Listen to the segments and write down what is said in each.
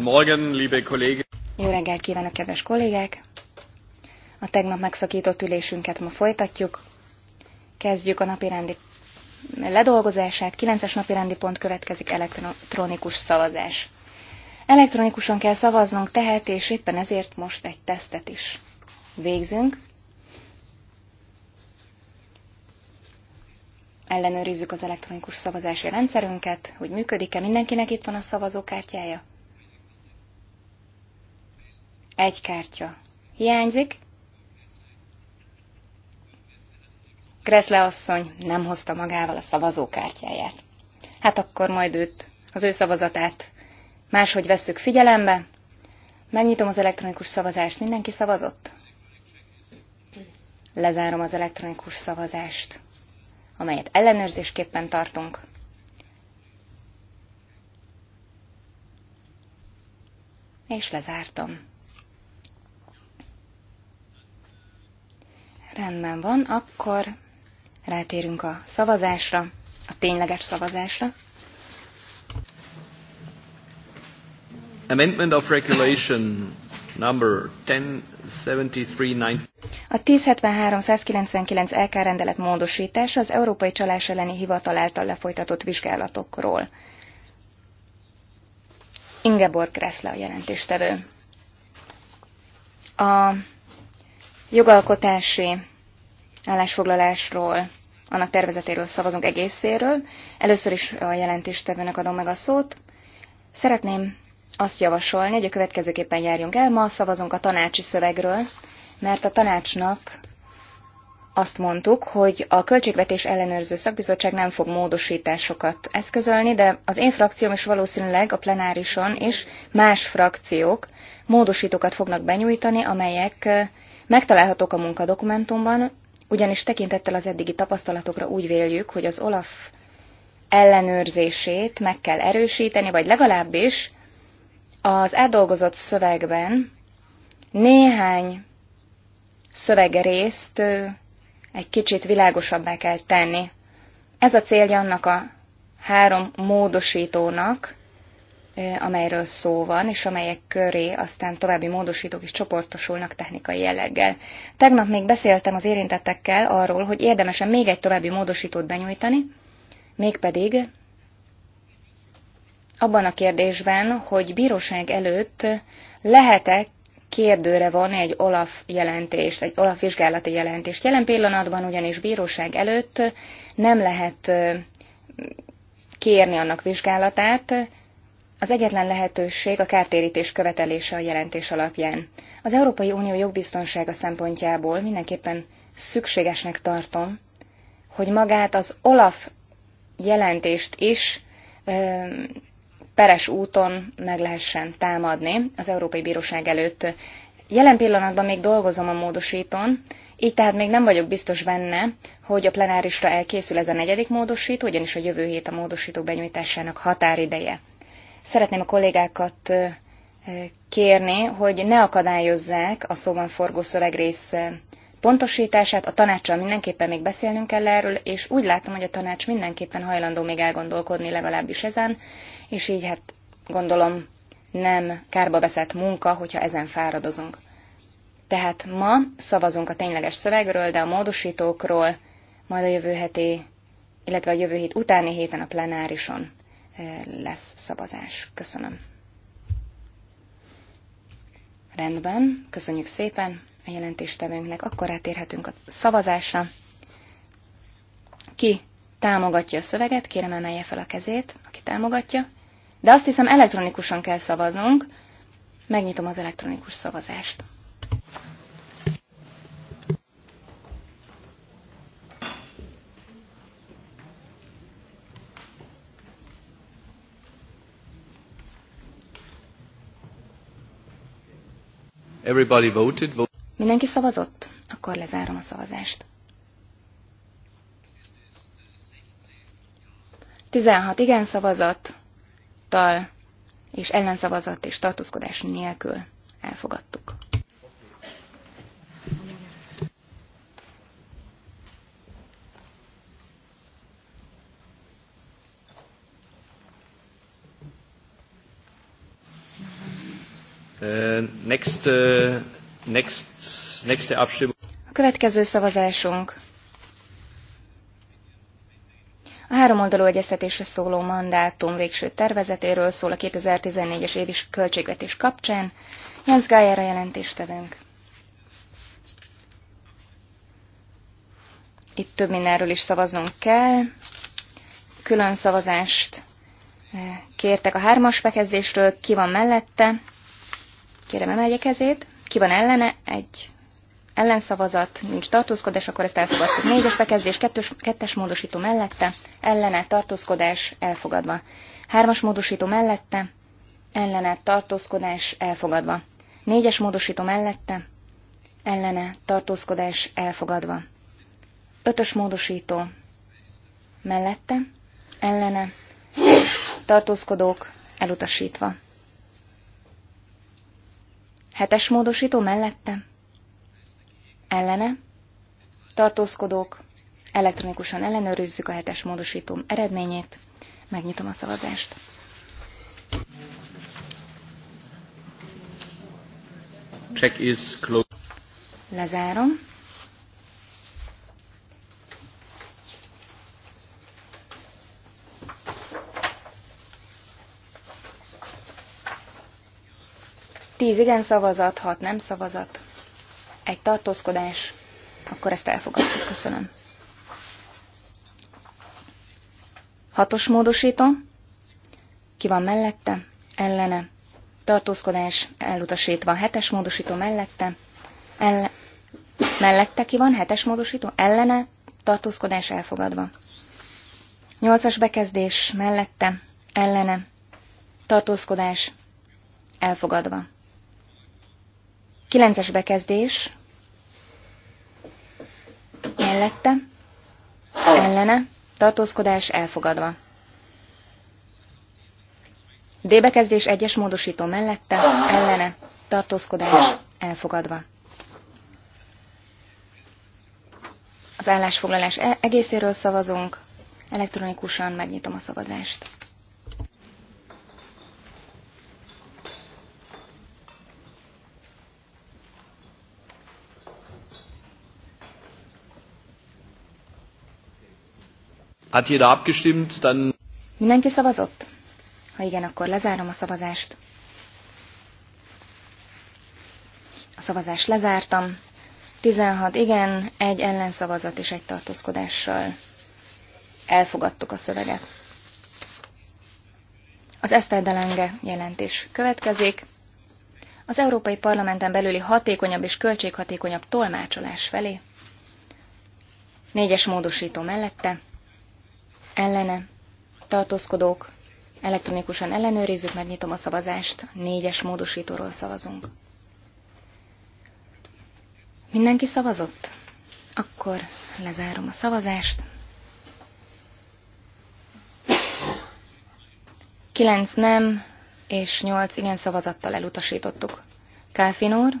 Guten Morgen, liebe Kollegen. Jó reggelt kívánok, kedves kollégák! A tegnap megszakított ülésünket ma folytatjuk. Kezdjük a napirendi ledolgozását. 9-es napirendi pont következik elektronikus szavazás. Elektronikusan kell szavaznunk tehát, és éppen ezért most egy tesztet is végzünk. Ellenőrizzük az elektronikus szavazási rendszerünket, hogy működik-e. Mindenkinek itt van a szavazókártyája? Egy kártya. Hiányzik. Kreszle asszony nem hozta magával a szavazókártyáját. Hát akkor majd őt, az ő szavazatát máshogy veszük figyelembe. Megnyitom az elektronikus szavazást. Mindenki szavazott? Lezárom az elektronikus szavazást, amelyet ellenőrzésképpen tartunk. És lezártam. Rendben van, akkor rátérünk a szavazásra, a tényleges szavazásra. Amendment of Regulation number 1073 A 1073-199 LK rendelet módosítása az Európai Csalás elleni hivatal által lefolytatott vizsgálatokról. Ingeborg Kressle a jelentéstevő. A jogalkotási állásfoglalásról, annak tervezetéről szavazunk egészéről. Először is a jelentéstevőnek adom meg a szót. Szeretném azt javasolni, hogy a következőképpen járjunk el. Ma szavazunk a tanácsi szövegről, mert a tanácsnak azt mondtuk, hogy a Költségvetés Ellenőrző Szakbizottság nem fog módosításokat eszközölni, de az én frakcióm és valószínűleg a plenárison és más frakciók módosítókat fognak benyújtani, amelyek megtalálhatók a munkadokumentumban, ugyanis tekintettel az eddigi tapasztalatokra úgy véljük, hogy az Olaf ellenőrzését meg kell erősíteni, vagy legalábbis az eldolgozott szövegben néhány szövegrészt egy kicsit világosabbá kell tenni. Ez a célja annak a három módosítónak, amelyről szó van, és amelyek köré aztán további módosítók is csoportosulnak technikai jelleggel. Tegnap még beszéltem az érintettekkel arról, hogy érdemesen még egy további módosítót benyújtani, mégpedig abban a kérdésben, hogy bíróság előtt lehet-e kérdőre vonni egy Olaf jelentést, egy Olaf vizsgálati jelentést. Jelen pillanatban ugyanis bíróság előtt nem lehet kérni annak vizsgálatát, az egyetlen lehetőség a kártérítés követelése a jelentés alapján. Az Európai Unió jogbiztonsága szempontjából mindenképpen szükségesnek tartom, hogy magát az Olaf jelentést is ö, peres úton meg lehessen támadni az Európai Bíróság előtt. Jelen pillanatban még dolgozom a módosítón, így tehát még nem vagyok biztos benne, hogy a plenárisra elkészül ez a negyedik módosító, ugyanis a jövő hét a módosítók benyújtásának határideje. Szeretném a kollégákat kérni, hogy ne akadályozzák a szóban forgó szövegrész pontosítását. A tanácssal mindenképpen még beszélnünk kell erről, és úgy látom, hogy a tanács mindenképpen hajlandó még elgondolkodni legalábbis ezen, és így hát gondolom nem kárba veszett munka, hogyha ezen fáradozunk. Tehát ma szavazunk a tényleges szövegről, de a módosítókról, majd a jövő heti, illetve a jövő hét utáni héten a plenárison lesz szavazás. Köszönöm. Rendben, köszönjük szépen a jelentéstevőnknek. Akkor átérhetünk a szavazásra. Ki támogatja a szöveget, kérem emelje fel a kezét, aki támogatja. De azt hiszem elektronikusan kell szavaznunk. Megnyitom az elektronikus szavazást. Everybody voted. Mindenki szavazott? Akkor lezárom a szavazást. 16 igen szavazattal és ellenszavazat és tartózkodás nélkül elfogadtuk. Next, uh, next, next abstimmung. A következő szavazásunk a háromoldalú egyeztetésre szóló mandátum végső tervezetéről szól a 2014-es évi költségvetés kapcsán. Jens Gájára jelentést tevünk. Itt több mindenről is szavaznunk kell. Külön szavazást eh, kértek a hármas bekezdésről, ki van mellette, Kérem, emelje kezét. Ki van ellene? Egy ellenszavazat, nincs tartózkodás, akkor ezt elfogadtuk. Négyes bekezdés, kettős, kettes módosító mellette, ellene, tartózkodás, elfogadva. Hármas módosító mellette, ellene, tartózkodás, elfogadva. Négyes módosító mellette, ellene, tartózkodás, elfogadva. Ötös módosító mellette, ellene, tartózkodók, elutasítva. Hetes módosító mellette? Ellene? Tartózkodók. Elektronikusan ellenőrizzük a hetes módosítóm eredményét. Megnyitom a szavazást. Check is closed. Lezárom. Tíz igen szavazat, hat nem szavazat, egy tartózkodás, akkor ezt elfogadjuk. Köszönöm. Hatos módosító. Ki van mellette? Ellene. Tartózkodás elutasítva. Hetes módosító mellette. Elle... Mellette ki van? Hetes módosító? Ellene. Tartózkodás elfogadva. Nyolcas bekezdés mellette. Ellene. Tartózkodás elfogadva. Kilences bekezdés. Mellette. Ellene. Tartózkodás elfogadva. D bekezdés egyes módosító mellette. Ellene. Tartózkodás elfogadva. Az állásfoglalás e- egészéről szavazunk. Elektronikusan megnyitom a szavazást. Hát jeder abgestimmt, dann... Mindenki szavazott? Ha igen, akkor lezárom a szavazást. A szavazást lezártam. 16 igen, egy ellenszavazat és egy tartózkodással elfogadtuk a szöveget. Az Eszter Delenge jelentés következik. Az Európai Parlamenten belüli hatékonyabb és költséghatékonyabb tolmácsolás felé. Négyes módosító mellette ellene, tartózkodók, elektronikusan ellenőrizzük, megnyitom a szavazást, négyes módosítóról szavazunk. Mindenki szavazott? Akkor lezárom a szavazást. 9 nem és 8 igen szavazattal elutasítottuk. Kálfin úr?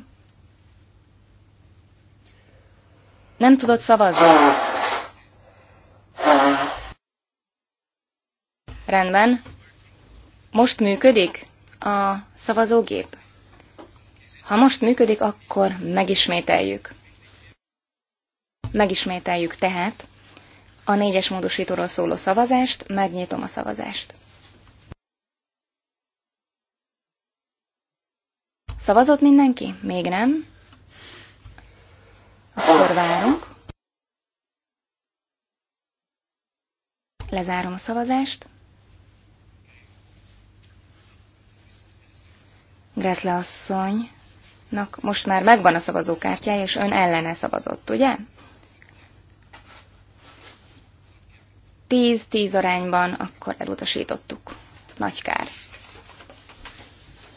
Nem tudott szavazni. Rendben. Most működik a szavazógép? Ha most működik, akkor megismételjük. Megismételjük tehát a négyes módosítóról szóló szavazást, megnyitom a szavazást. Szavazott mindenki? Még nem? Akkor várunk. Lezárom a szavazást. Greszle asszonynak most már megvan a szavazókártyája, és ön ellene szavazott, ugye? Tíz-tíz arányban akkor elutasítottuk. Nagy kár.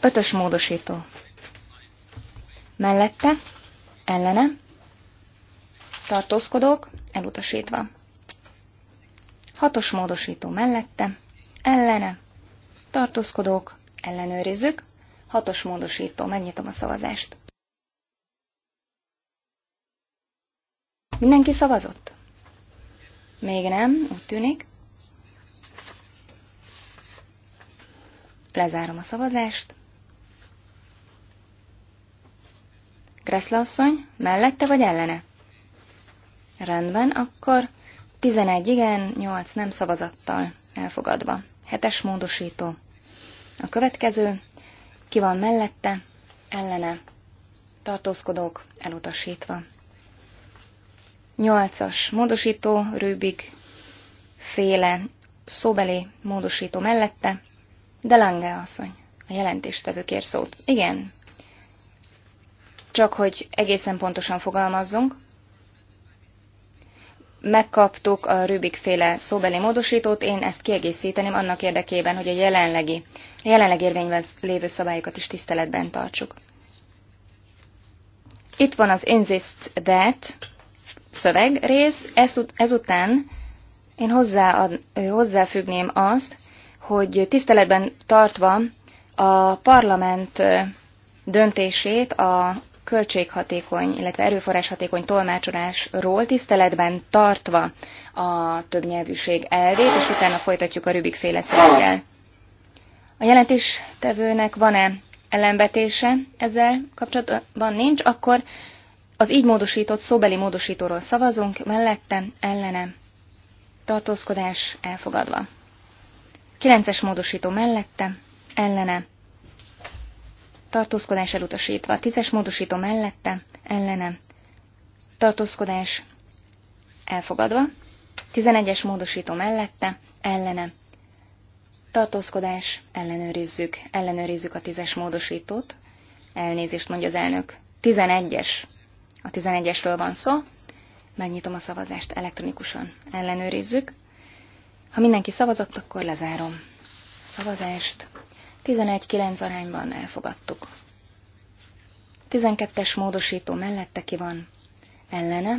Ötös módosító. Mellette, ellene, tartózkodók, elutasítva. Hatos módosító mellette, ellene, tartózkodók, ellenőrizzük, Hatos módosító, megnyitom a szavazást. Mindenki szavazott? Még nem, úgy tűnik. Lezárom a szavazást. Kreszla asszony, mellette vagy ellene? Rendben, akkor 11 igen, 8 nem szavazattal elfogadva. Hetes módosító. A következő ki van mellette? Ellene. Tartózkodók elutasítva. Nyolcas módosító, Rübig féle szóbeli módosító mellette, de Lange asszony, a jelentéstevő kér szót. Igen, csak hogy egészen pontosan fogalmazzunk, megkaptuk a Rubik féle szóbeli módosítót, én ezt kiegészíteném annak érdekében, hogy a jelenlegi, a jelenleg érvényben lévő szabályokat is tiszteletben tartsuk. Itt van az insist that szövegrész, Ezut ezután én hozzáad, hozzáfügném azt, hogy tiszteletben tartva a parlament döntését a költséghatékony, illetve erőforráshatékony tolmácsolásról tiszteletben tartva a többnyelvűség elvét, és utána folytatjuk a Rubik féle szöveggel. A jelentéstevőnek van-e ellenvetése ezzel kapcsolatban nincs, akkor az így módosított szóbeli módosítóról szavazunk, mellette ellene tartózkodás elfogadva. 9-es módosító mellette ellene tartózkodás elutasítva. Tízes módosító mellette, ellene, tartózkodás elfogadva. Tizenegyes módosító mellette, ellene, tartózkodás ellenőrizzük, ellenőrizzük a tízes módosítót. Elnézést mondja az elnök. Tizenegyes. A tizenegyesről van szó. Megnyitom a szavazást elektronikusan. Ellenőrizzük. Ha mindenki szavazott, akkor lezárom. Szavazást. 11-9 arányban elfogadtuk. 12-es módosító mellette ki van, ellene,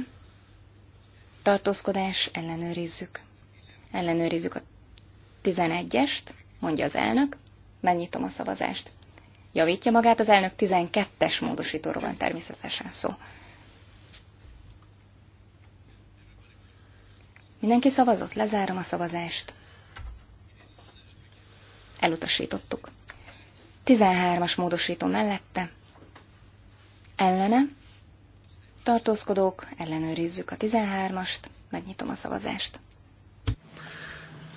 tartózkodás, ellenőrizzük. Ellenőrizzük a 11-est, mondja az elnök, megnyitom a szavazást. Javítja magát az elnök 12-es módosítóról van természetesen szó. Mindenki szavazott, lezárom a szavazást. Elutasítottuk. 13-as módosító mellette. Ellene. Tartózkodók, ellenőrizzük a 13-ast, megnyitom a szavazást.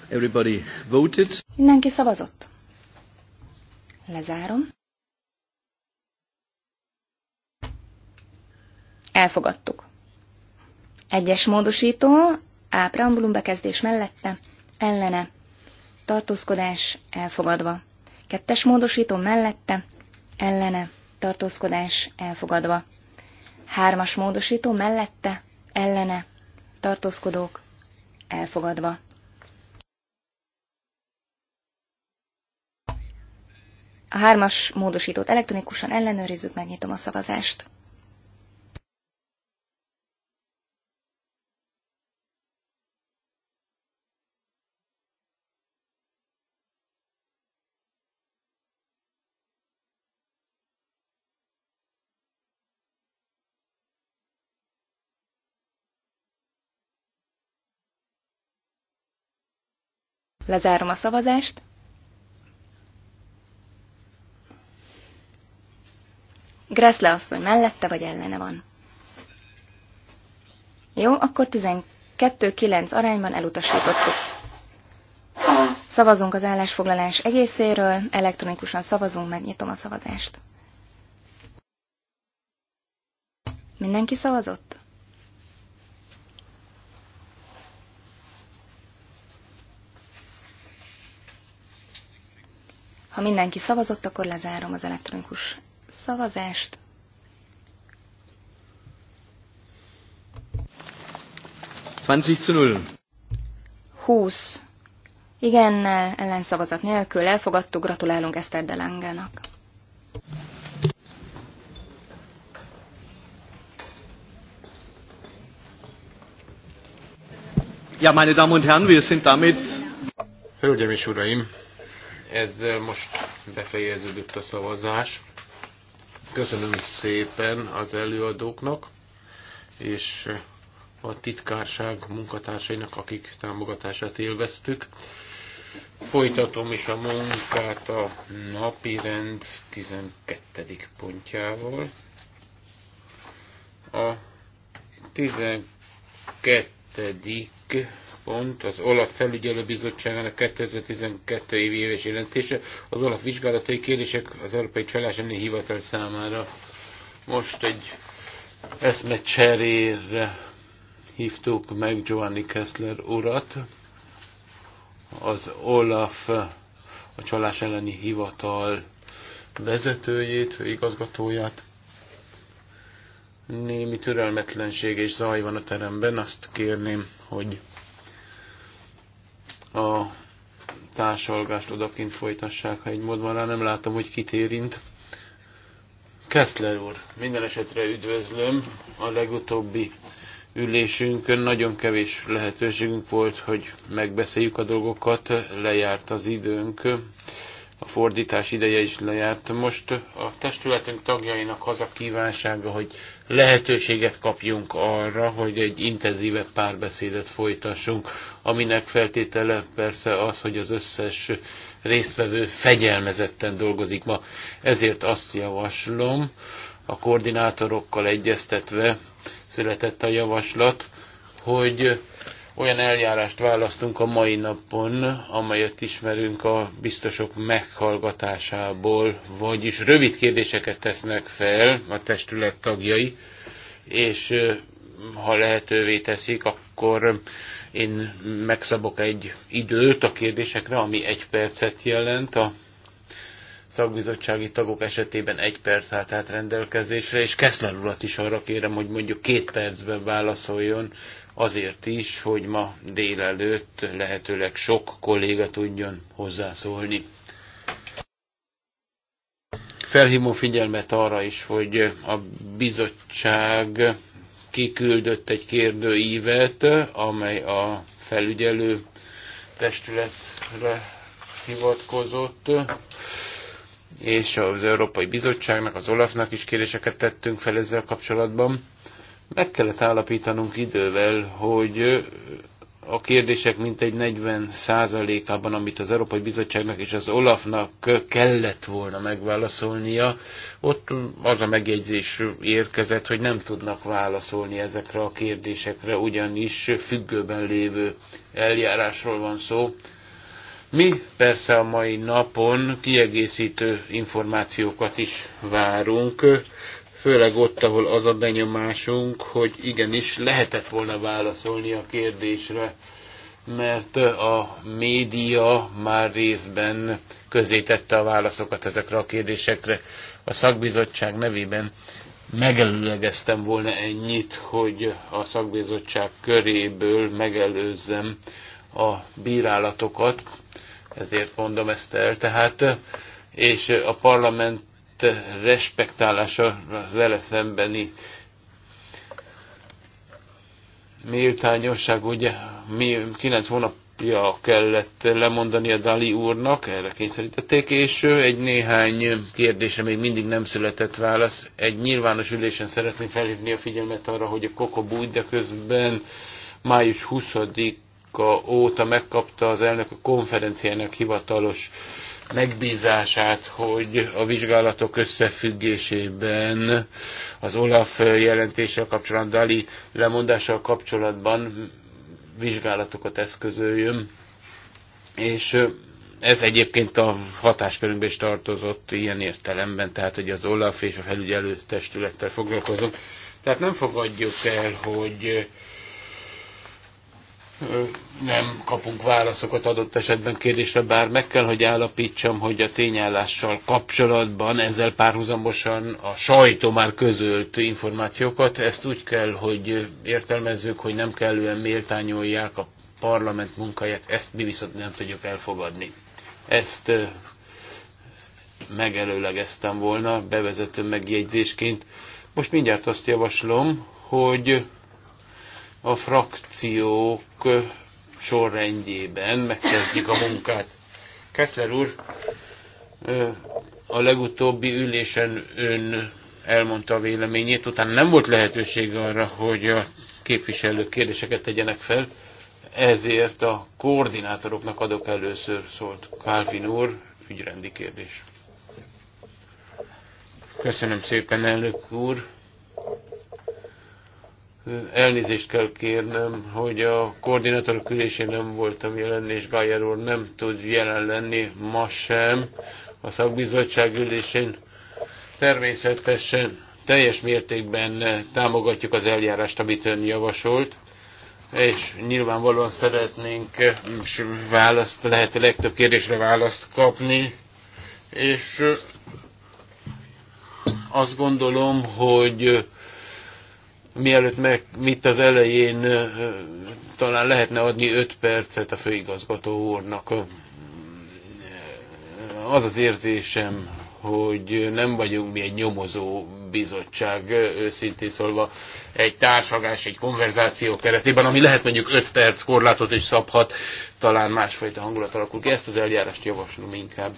Everybody voted. Mindenki szavazott. Lezárom. Elfogadtuk. Egyes módosító, A preambulum bekezdés mellette, ellene, tartózkodás elfogadva. Kettes módosító mellette, ellene, tartózkodás elfogadva. Hármas módosító mellette, ellene, tartózkodók elfogadva. A hármas módosítót elektronikusan ellenőrizzük, megnyitom a szavazást. Lezárom a szavazást. Gressle asszony mellette vagy ellene van. Jó, akkor 12-9 arányban elutasítottuk. Szavazunk az állásfoglalás egészéről, elektronikusan szavazunk, megnyitom a szavazást. Mindenki szavazott? Ha mindenki szavazott, akkor lezárom az elektronikus szavazást. Húsz. 0. 20. Igennel, ellenszavazat nélkül elfogadtuk, gratulálunk Eszter Delangának. Ja, meine Damen und Herren, wir sind damit... Hölgyeim és Uraim, ezzel most befejeződött a szavazás. Köszönöm szépen az előadóknak, és a titkárság munkatársainak, akik támogatását élveztük. Folytatom is a munkát a napi rend 12. pontjával. A 12 pont az Olaf felügyelőbizottságának 2012 évi éves jelentése, az Olaf vizsgálatai kérdések az Európai Csalás Emlé Hivatal számára. Most egy eszmecserére hívtuk meg Giovanni Kessler urat, az Olaf, a csalás elleni hivatal vezetőjét, igazgatóját. Némi türelmetlenség és zaj van a teremben, azt kérném, hogy a társalgást odakint folytassák, ha egy mód van rá, nem látom, hogy kit érint. Kessler úr, minden esetre üdvözlöm a legutóbbi ülésünkön nagyon kevés lehetőségünk volt, hogy megbeszéljük a dolgokat, lejárt az időnk a fordítás ideje is lejárt. Most a testületünk tagjainak az a kívánsága, hogy lehetőséget kapjunk arra, hogy egy intenzívebb párbeszédet folytassunk, aminek feltétele persze az, hogy az összes résztvevő fegyelmezetten dolgozik ma. Ezért azt javaslom, a koordinátorokkal egyeztetve született a javaslat, hogy olyan eljárást választunk a mai napon, amelyet ismerünk a biztosok meghallgatásából, vagyis rövid kérdéseket tesznek fel a testület tagjai, és ha lehetővé teszik, akkor én megszabok egy időt a kérdésekre, ami egy percet jelent a szakbizottsági tagok esetében egy perc állt át rendelkezésre, és Keszler urat is arra kérem, hogy mondjuk két percben válaszoljon, azért is, hogy ma délelőtt lehetőleg sok kolléga tudjon hozzászólni. Felhívom figyelmet arra is, hogy a bizottság kiküldött egy kérdőívet, amely a felügyelő testületre hivatkozott és az Európai Bizottságnak, az Olafnak is kéréseket tettünk fel ezzel kapcsolatban. Meg kellett állapítanunk idővel, hogy a kérdések mintegy 40%-ában, amit az Európai Bizottságnak és az Olafnak kellett volna megválaszolnia, ott az a megjegyzés érkezett, hogy nem tudnak válaszolni ezekre a kérdésekre, ugyanis függőben lévő eljárásról van szó, mi persze a mai napon kiegészítő információkat is várunk, főleg ott, ahol az a benyomásunk, hogy igenis lehetett volna válaszolni a kérdésre, mert a média már részben közzétette a válaszokat ezekre a kérdésekre. A szakbizottság nevében megelőlegeztem volna ennyit, hogy a szakbizottság köréből megelőzzem a bírálatokat, ezért mondom ezt el. Tehát, eh, és eh, a parlament eh, respektálása vele szembeni méltányosság, ugye mi kilenc hónapja kellett lemondani a Dali úrnak, erre kényszerítették, és egy néhány kérdése még mindig nem született válasz. Egy nyilvános ülésen szeretném felhívni a figyelmet arra, hogy a Kokobú, de közben május 20 éjszaka óta megkapta az elnök a konferenciának hivatalos megbízását, hogy a vizsgálatok összefüggésében az Olaf jelentéssel kapcsolatban, Dali lemondással kapcsolatban vizsgálatokat eszközöljön. És ez egyébként a hatáskörünkben is tartozott ilyen értelemben, tehát hogy az Olaf és a felügyelő testülettel foglalkozunk. Tehát nem fogadjuk el, hogy nem kapunk válaszokat adott esetben kérdésre, bár meg kell, hogy állapítsam, hogy a tényállással kapcsolatban ezzel párhuzamosan a sajtó már közölt információkat. Ezt úgy kell, hogy értelmezzük, hogy nem kellően méltányolják a parlament munkáját, ezt mi viszont nem tudjuk elfogadni. Ezt megelőlegeztem volna bevezető megjegyzésként. Most mindjárt azt javaslom, hogy a frakciók sorrendjében megkezdjük a munkát. Keszler úr, a legutóbbi ülésen ön elmondta a véleményét, utána nem volt lehetőség arra, hogy a képviselők kérdéseket tegyenek fel, ezért a koordinátoroknak adok először szólt. Calvin úr, ügyrendi kérdés. Köszönöm szépen, elnök úr. Elnézést kell kérnem, hogy a koordinátorok ülésén nem voltam jelen, és Gájer úr nem tud jelen lenni ma sem a szakbizottság ülésén. Természetesen teljes mértékben támogatjuk az eljárást, amit ön javasolt, és nyilvánvalóan szeretnénk választ, lehet legtöbb kérdésre választ kapni, és azt gondolom, hogy mielőtt meg, mit az elején talán lehetne adni 5 percet a főigazgató úrnak. Az az érzésem, hogy nem vagyunk mi egy nyomozó bizottság, őszintén szólva, egy társagás, egy konverzáció keretében, ami lehet mondjuk 5 perc korlátot is szabhat, talán másfajta hangulat alakul ki. Ezt az eljárást javaslom inkább.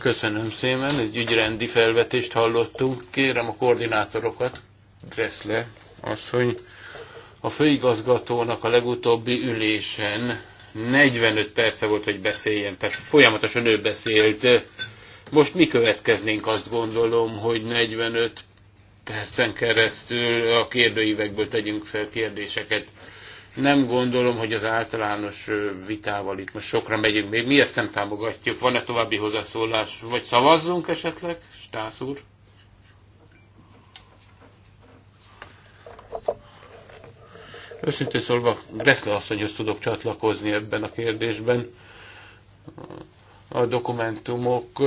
Köszönöm szépen, egy ügyrendi felvetést hallottunk. Kérem a koordinátorokat, Gressle asszony, a főigazgatónak a legutóbbi ülésen 45 perce volt, hogy beszéljen, tehát folyamatosan ő beszélt. Most mi következnénk, azt gondolom, hogy 45 percen keresztül a kérdőívekből tegyünk fel kérdéseket nem gondolom, hogy az általános vitával itt most sokra megyünk. Még mi ezt nem támogatjuk. Van-e további hozzászólás? Vagy szavazzunk esetleg? Stász úr? Őszintén szólva, Greszle asszonyhoz tudok csatlakozni ebben a kérdésben. A dokumentumok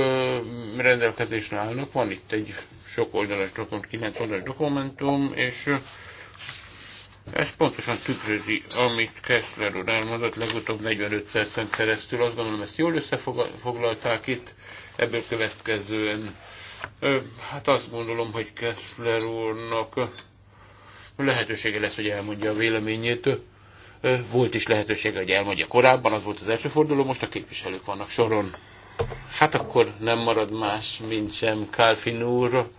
rendelkezésre állnak. Van itt egy sok oldalas dokumentum, 9 oldalas dokumentum, és ez pontosan tükrözi, amit Kessler úr elmondott legutóbb 45 percen keresztül. Azt gondolom, ezt jól összefoglalták itt, ebből következően. Hát azt gondolom, hogy Kessler úrnak lehetősége lesz, hogy elmondja a véleményét. Volt is lehetősége, hogy elmondja korábban, az volt az első forduló, most a képviselők vannak soron. Hát akkor nem marad más, mint sem Kálfin úr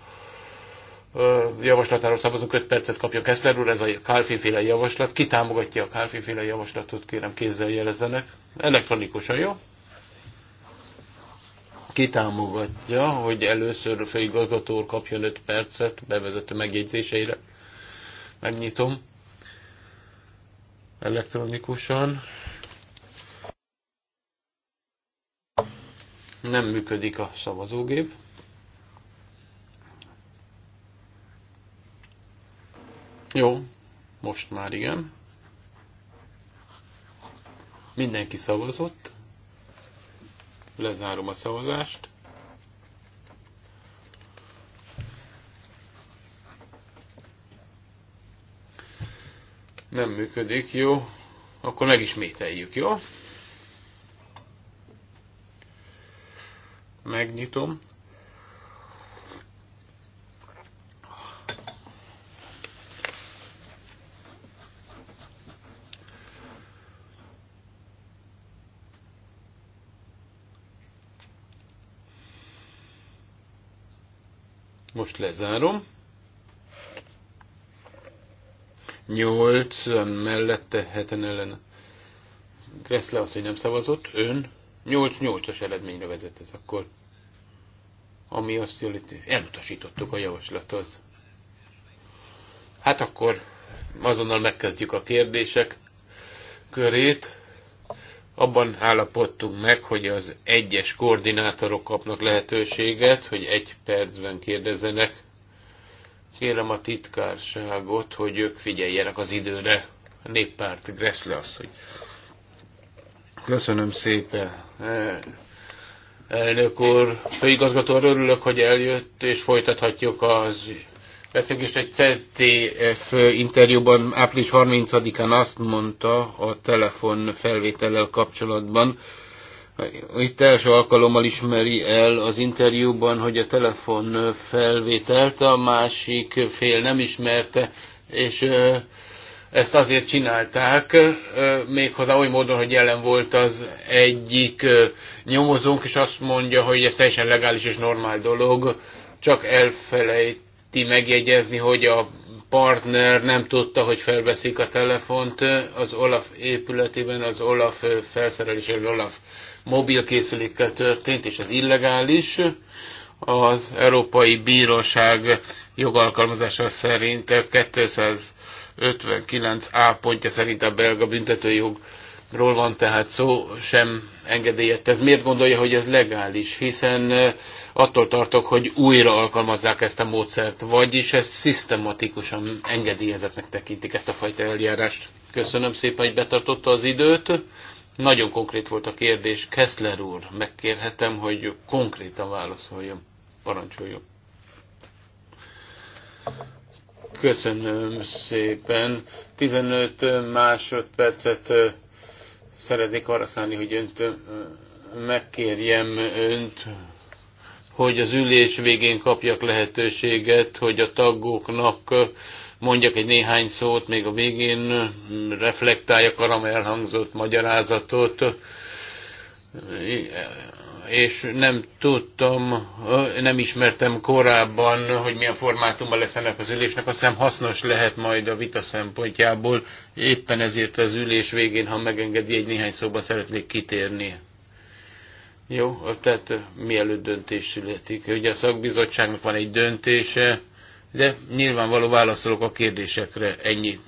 javaslatáról szavazunk, 5 percet kapja Keszler úr, ez a Kálfi féle javaslat. Ki támogatja a Kálfi féle javaslatot, kérem kézzel jelezzenek. Elektronikusan, jó? Ki támogatja, hogy először a főigazgató úr kapjon 5 percet bevezető megjegyzéseire? Megnyitom. Elektronikusan. Nem működik a szavazógép. Jó, most már igen. Mindenki szavazott. Lezárom a szavazást. Nem működik, jó. Akkor megismételjük, jó? Megnyitom Most lezárom. 8 mellette, heten ellen. Kressle azt, hogy nem szavazott, ön 8-8-as eredményre vezet ez akkor. Ami azt jelenti, elutasítottuk a javaslatot. Hát akkor azonnal megkezdjük a kérdések körét abban állapodtunk meg, hogy az egyes koordinátorok kapnak lehetőséget, hogy egy percben kérdezzenek. Kérem a titkárságot, hogy ők figyeljenek az időre. A néppárt Gressle az, hogy... Köszönöm szépen. Elnök úr, főigazgató, örülök, hogy eljött, és folytathatjuk az leszünk, egy CTF eh, interjúban április 30-án azt mondta a telefon felvétellel kapcsolatban, itt első alkalommal ismeri el az interjúban, hogy a telefon felvételt a másik fél nem ismerte, és eh, ezt azért csinálták, eh, méghozzá oly módon, hogy jelen volt az egyik nyomozónk, és azt mondja, hogy ez teljesen legális és normál dolog, csak elfelejt ti megjegyezni, hogy a partner nem tudta, hogy felveszik a telefont az Olaf épületében, az Olaf felszerelése, az Olaf mobilkészülékkel történt, és ez illegális. Az Európai Bíróság jogalkalmazása szerint 259 A pontja szerint a belga büntetőjog ról van tehát szó, sem engedélyett. Ez miért gondolja, hogy ez legális? Hiszen attól tartok, hogy újra alkalmazzák ezt a módszert, vagyis ezt szisztematikusan engedélyezetnek tekintik ezt a fajta eljárást. Köszönöm szépen, hogy betartotta az időt. Nagyon konkrét volt a kérdés. Kessler úr, megkérhetem, hogy konkrétan válaszoljon. Parancsoljon. Köszönöm szépen. 15 másodpercet Szeretnék arra szállni, hogy önt megkérjem önt, hogy az ülés végén kapjak lehetőséget, hogy a tagoknak mondjak egy néhány szót, még a végén reflektáljak arra, elhangzott magyarázatot és nem tudtam, nem ismertem korábban, hogy milyen formátumban lesz ennek az ülésnek. Azt hiszem hasznos lehet majd a vita szempontjából. Éppen ezért az ülés végén, ha megengedi, egy néhány szóba szeretnék kitérni. Jó, tehát mielőtt döntés születik. Ugye a szakbizottságnak van egy döntése, de nyilvánvaló válaszolok a kérdésekre. ennyit.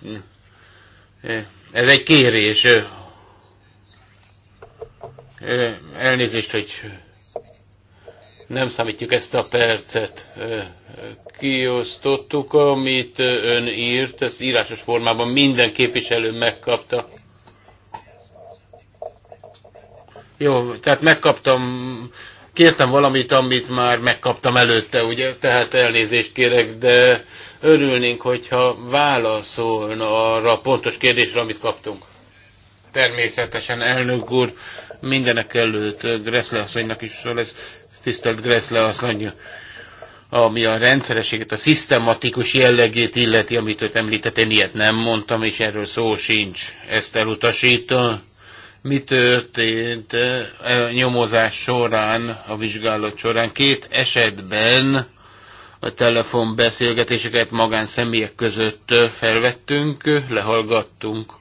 Ez egy kérés, Elnézést, hogy nem számítjuk ezt a percet. Kiosztottuk, amit ön írt, ezt írásos formában minden képviselő megkapta. Jó, tehát megkaptam, kértem valamit, amit már megkaptam előtte, ugye? Tehát elnézést kérek, de örülnénk, hogyha válaszolna arra a pontos kérdésre, amit kaptunk. Természetesen, elnök úr, Mindenek előtt eh, Greszle asszonynak is szól, ez tisztelt Greszle asszony, ami a rendszerességet, a szisztematikus jellegét illeti, amit őt említett, én ilyet nem mondtam, és erről szó sincs. Ezt elutasítom mi történt eh, a nyomozás során, a vizsgálat során. Két esetben a telefonbeszélgetéseket magánszemélyek között eh, felvettünk, lehallgattunk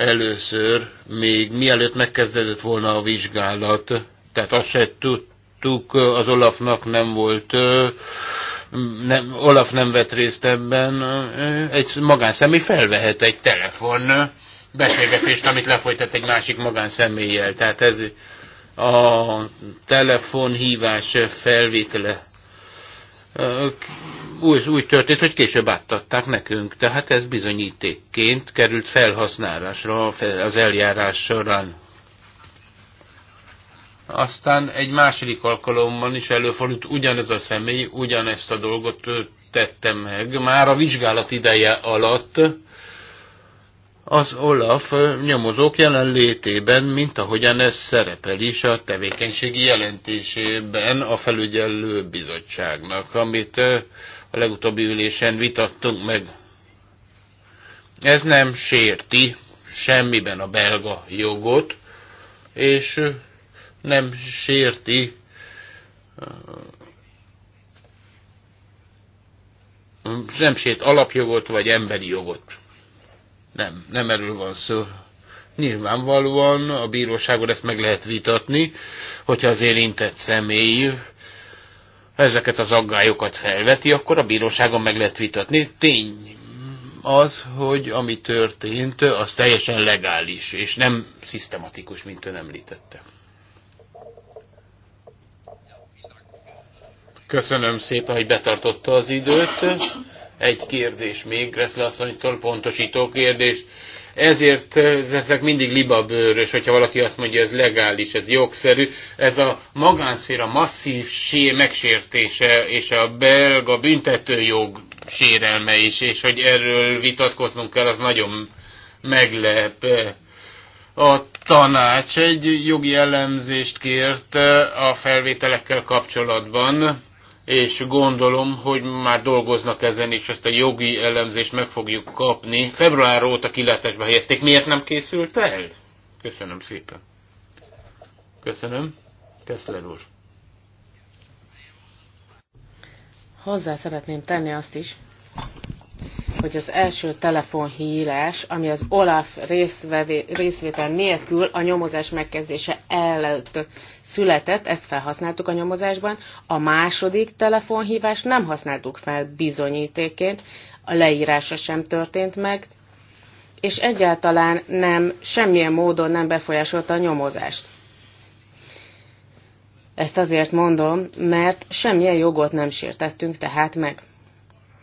először, még mielőtt megkezdődött volna a vizsgálat. Tehát azt se tudtuk, az Olafnak nem volt, nem, Olaf nem vett részt ebben. Egy magánszemély felvehet egy telefon beszélgetést, amit lefolytat egy másik magánszemélyel. Tehát ez a telefonhívás felvétele úgy, úgy történt, hogy később áttatták nekünk, tehát ez bizonyítékként került felhasználásra az eljárás során. Aztán egy második alkalommal is előfordult ugyanez a személy, ugyanezt a dolgot tette meg, már a vizsgálat ideje alatt, az Olaf nyomozók jelenlétében, mint ahogyan ez szerepel is a tevékenységi jelentésében a felügyelő bizottságnak, amit a legutóbbi ülésen vitattunk meg. Ez nem sérti semmiben a belga jogot, és nem sérti nem sért alapjogot vagy emberi jogot nem, nem erről van szó. Nyilvánvalóan a bíróságon ezt meg lehet vitatni, hogyha az érintett személy ezeket az aggályokat felveti, akkor a bíróságon meg lehet vitatni. Tény az, hogy ami történt, az teljesen legális, és nem szisztematikus, mint ön említette. Köszönöm szépen, hogy betartotta az időt. Egy kérdés még, Greszle asszonytól pontosító kérdés. Ezért ezek mindig libabőrös, hogyha valaki azt mondja, ez legális, ez jogszerű. Ez a magánszféra masszív sé megsértése és a belga büntetőjog sérelme is, és hogy erről vitatkoznunk kell, az nagyon meglep. A tanács egy jogi elemzést kért a felvételekkel kapcsolatban és gondolom, hogy már dolgoznak ezen, és ezt a jogi elemzést meg fogjuk kapni. Február óta kilátásba helyezték. Miért nem készült el? Köszönöm szépen. Köszönöm. Keszler úr. Hozzá szeretném tenni azt is, hogy az első telefonhívás, ami az OLAF részvétel nélkül a nyomozás megkezdése előtt született, ezt felhasználtuk a nyomozásban, a második telefonhívást nem használtuk fel bizonyítéként, a leírása sem történt meg, és egyáltalán nem, semmilyen módon nem befolyásolta a nyomozást. Ezt azért mondom, mert semmilyen jogot nem sértettünk tehát meg.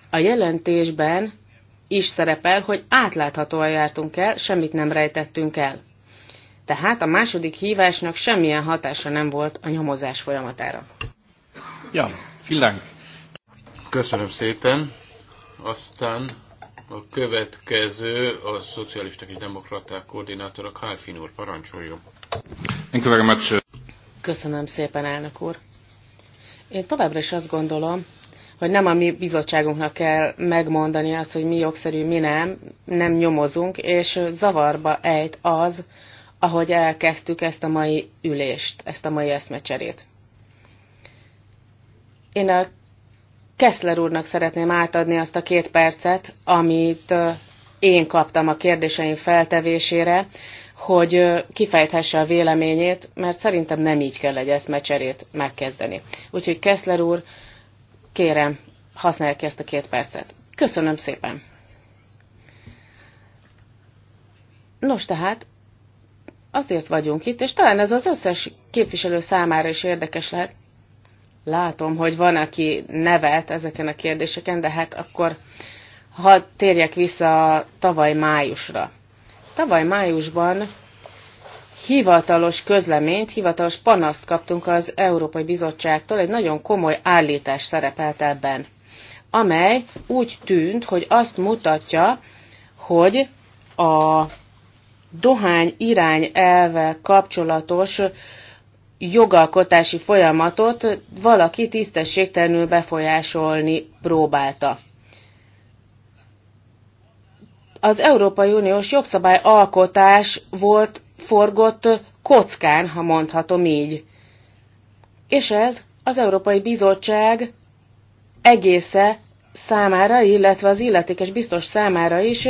A jelentésben is szerepel, hogy átláthatóan jártunk el, semmit nem rejtettünk el. Tehát a második hívásnak semmilyen hatása nem volt a nyomozás folyamatára. Ja, filánk. Köszönöm szépen. Aztán a következő a szocialisták és demokraták koordinátora Kálfin úr, parancsoljon. Köszönöm szépen, elnök úr. Én továbbra is azt gondolom, hogy nem a mi bizottságunknak kell megmondani azt, hogy mi jogszerű, mi nem, nem nyomozunk, és zavarba ejt az, ahogy elkezdtük ezt a mai ülést, ezt a mai eszmecserét. Én a Keszler úrnak szeretném átadni azt a két percet, amit én kaptam a kérdéseim feltevésére, hogy kifejthesse a véleményét, mert szerintem nem így kell egy eszmecserét megkezdeni. Úgyhogy Keszler úr, Kérem, használják ki ezt a két percet. Köszönöm szépen. Nos tehát, azért vagyunk itt, és talán ez az összes képviselő számára is érdekes lehet. Látom, hogy van, aki nevet ezeken a kérdéseken, de hát akkor ha térjek vissza tavaly májusra. Tavaly májusban hivatalos közleményt, hivatalos panaszt kaptunk az Európai Bizottságtól, egy nagyon komoly állítás szerepelt ebben, amely úgy tűnt, hogy azt mutatja, hogy a dohány irány elve kapcsolatos jogalkotási folyamatot valaki tisztességtelenül befolyásolni próbálta. Az Európai Uniós jogszabály alkotás volt forgott kockán, ha mondhatom így. És ez az Európai Bizottság egésze számára, illetve az illetékes biztos számára is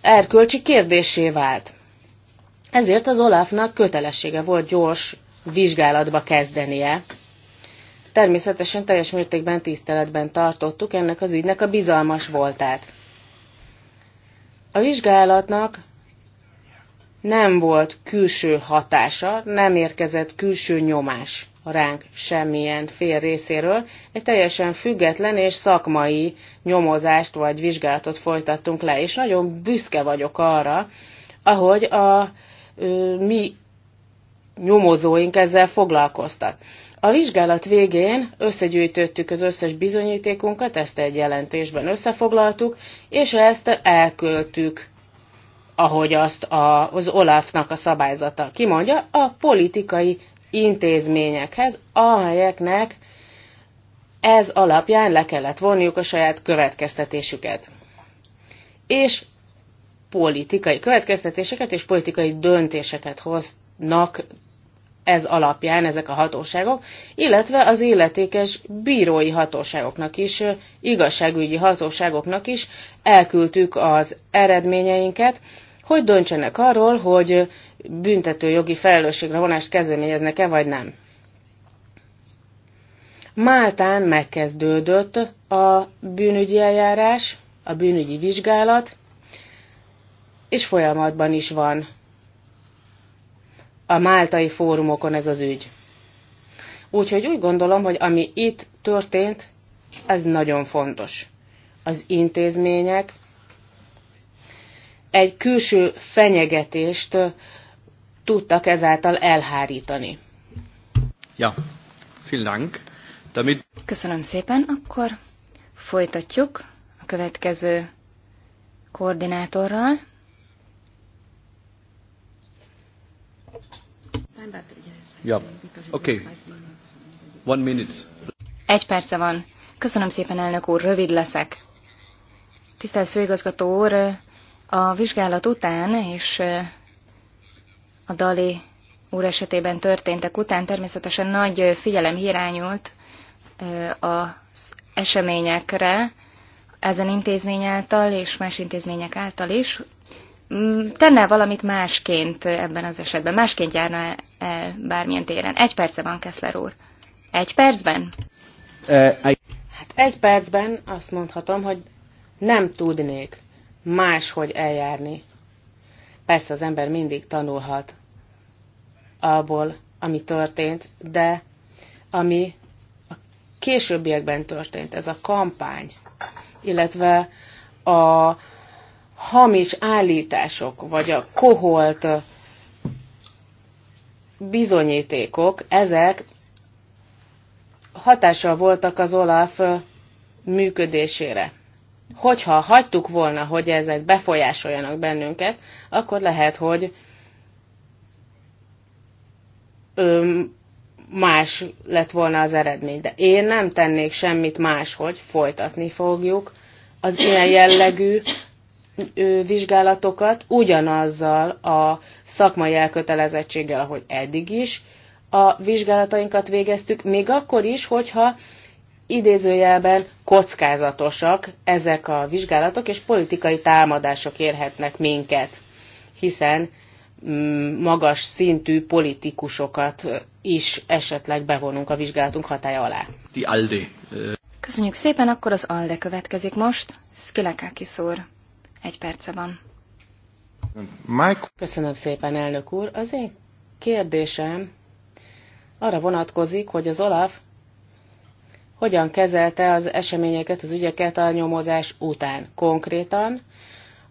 erkölcsi kérdésé vált. Ezért az Olafnak kötelessége volt gyors vizsgálatba kezdenie. Természetesen teljes mértékben tiszteletben tartottuk ennek az ügynek a bizalmas voltát. A vizsgálatnak nem volt külső hatása, nem érkezett külső nyomás ránk semmilyen fél részéről. Egy teljesen független és szakmai nyomozást vagy vizsgálatot folytattunk le, és nagyon büszke vagyok arra, ahogy a ö, mi nyomozóink ezzel foglalkoztak. A vizsgálat végén összegyűjtöttük az összes bizonyítékunkat, ezt egy jelentésben összefoglaltuk, és ezt elköltük ahogy azt az Olafnak a szabályzata kimondja, a politikai intézményekhez, amelyeknek ez alapján le kellett vonniuk a saját következtetésüket. És politikai következtetéseket és politikai döntéseket hoznak ez alapján ezek a hatóságok, illetve az illetékes bírói hatóságoknak is, igazságügyi hatóságoknak is elküldtük az eredményeinket, hogy döntsenek arról, hogy jogi felelősségre vonást kezdeményeznek-e, vagy nem. Máltán megkezdődött a bűnügyi eljárás, a bűnügyi vizsgálat, és folyamatban is van a máltai fórumokon ez az ügy. Úgyhogy úgy gondolom, hogy ami itt történt, ez nagyon fontos. Az intézmények egy külső fenyegetést tudtak ezáltal elhárítani. Ja, vielen Dank. Damit... Köszönöm szépen, akkor folytatjuk a következő koordinátorral. Ja, oké. Okay. One minute. Egy perce van. Köszönöm szépen, elnök úr, rövid leszek. Tisztelt főigazgató úr, a vizsgálat után és a Dali úr esetében történtek után természetesen nagy figyelem irányult az eseményekre, ezen intézmény által és más intézmények által is. Mm, tenne valamit másként ebben az esetben? Másként járna el bármilyen téren? Egy perce van, Keszler úr. Egy percben? Hát egy percben azt mondhatom, hogy nem tudnék máshogy eljárni. Persze az ember mindig tanulhat abból, ami történt, de ami a későbbiekben történt, ez a kampány, illetve a hamis állítások, vagy a koholt bizonyítékok, ezek hatással voltak az Olaf működésére. Hogyha hagytuk volna, hogy ezek befolyásoljanak bennünket, akkor lehet, hogy öm, más lett volna az eredmény. De én nem tennék semmit máshogy, folytatni fogjuk az ilyen jellegű vizsgálatokat ugyanazzal a szakmai elkötelezettséggel, ahogy eddig is a vizsgálatainkat végeztük, még akkor is, hogyha idézőjelben kockázatosak ezek a vizsgálatok, és politikai támadások érhetnek minket, hiszen mm, magas szintű politikusokat is esetleg bevonunk a vizsgálatunk hatája alá. Aldi. Köszönjük szépen, akkor az Alde következik most. Szkilekákis úr. Egy perce van. Mike. Köszönöm szépen, elnök úr. Az én kérdésem arra vonatkozik, hogy az Olaf hogyan kezelte az eseményeket, az ügyeket a nyomozás után. Konkrétan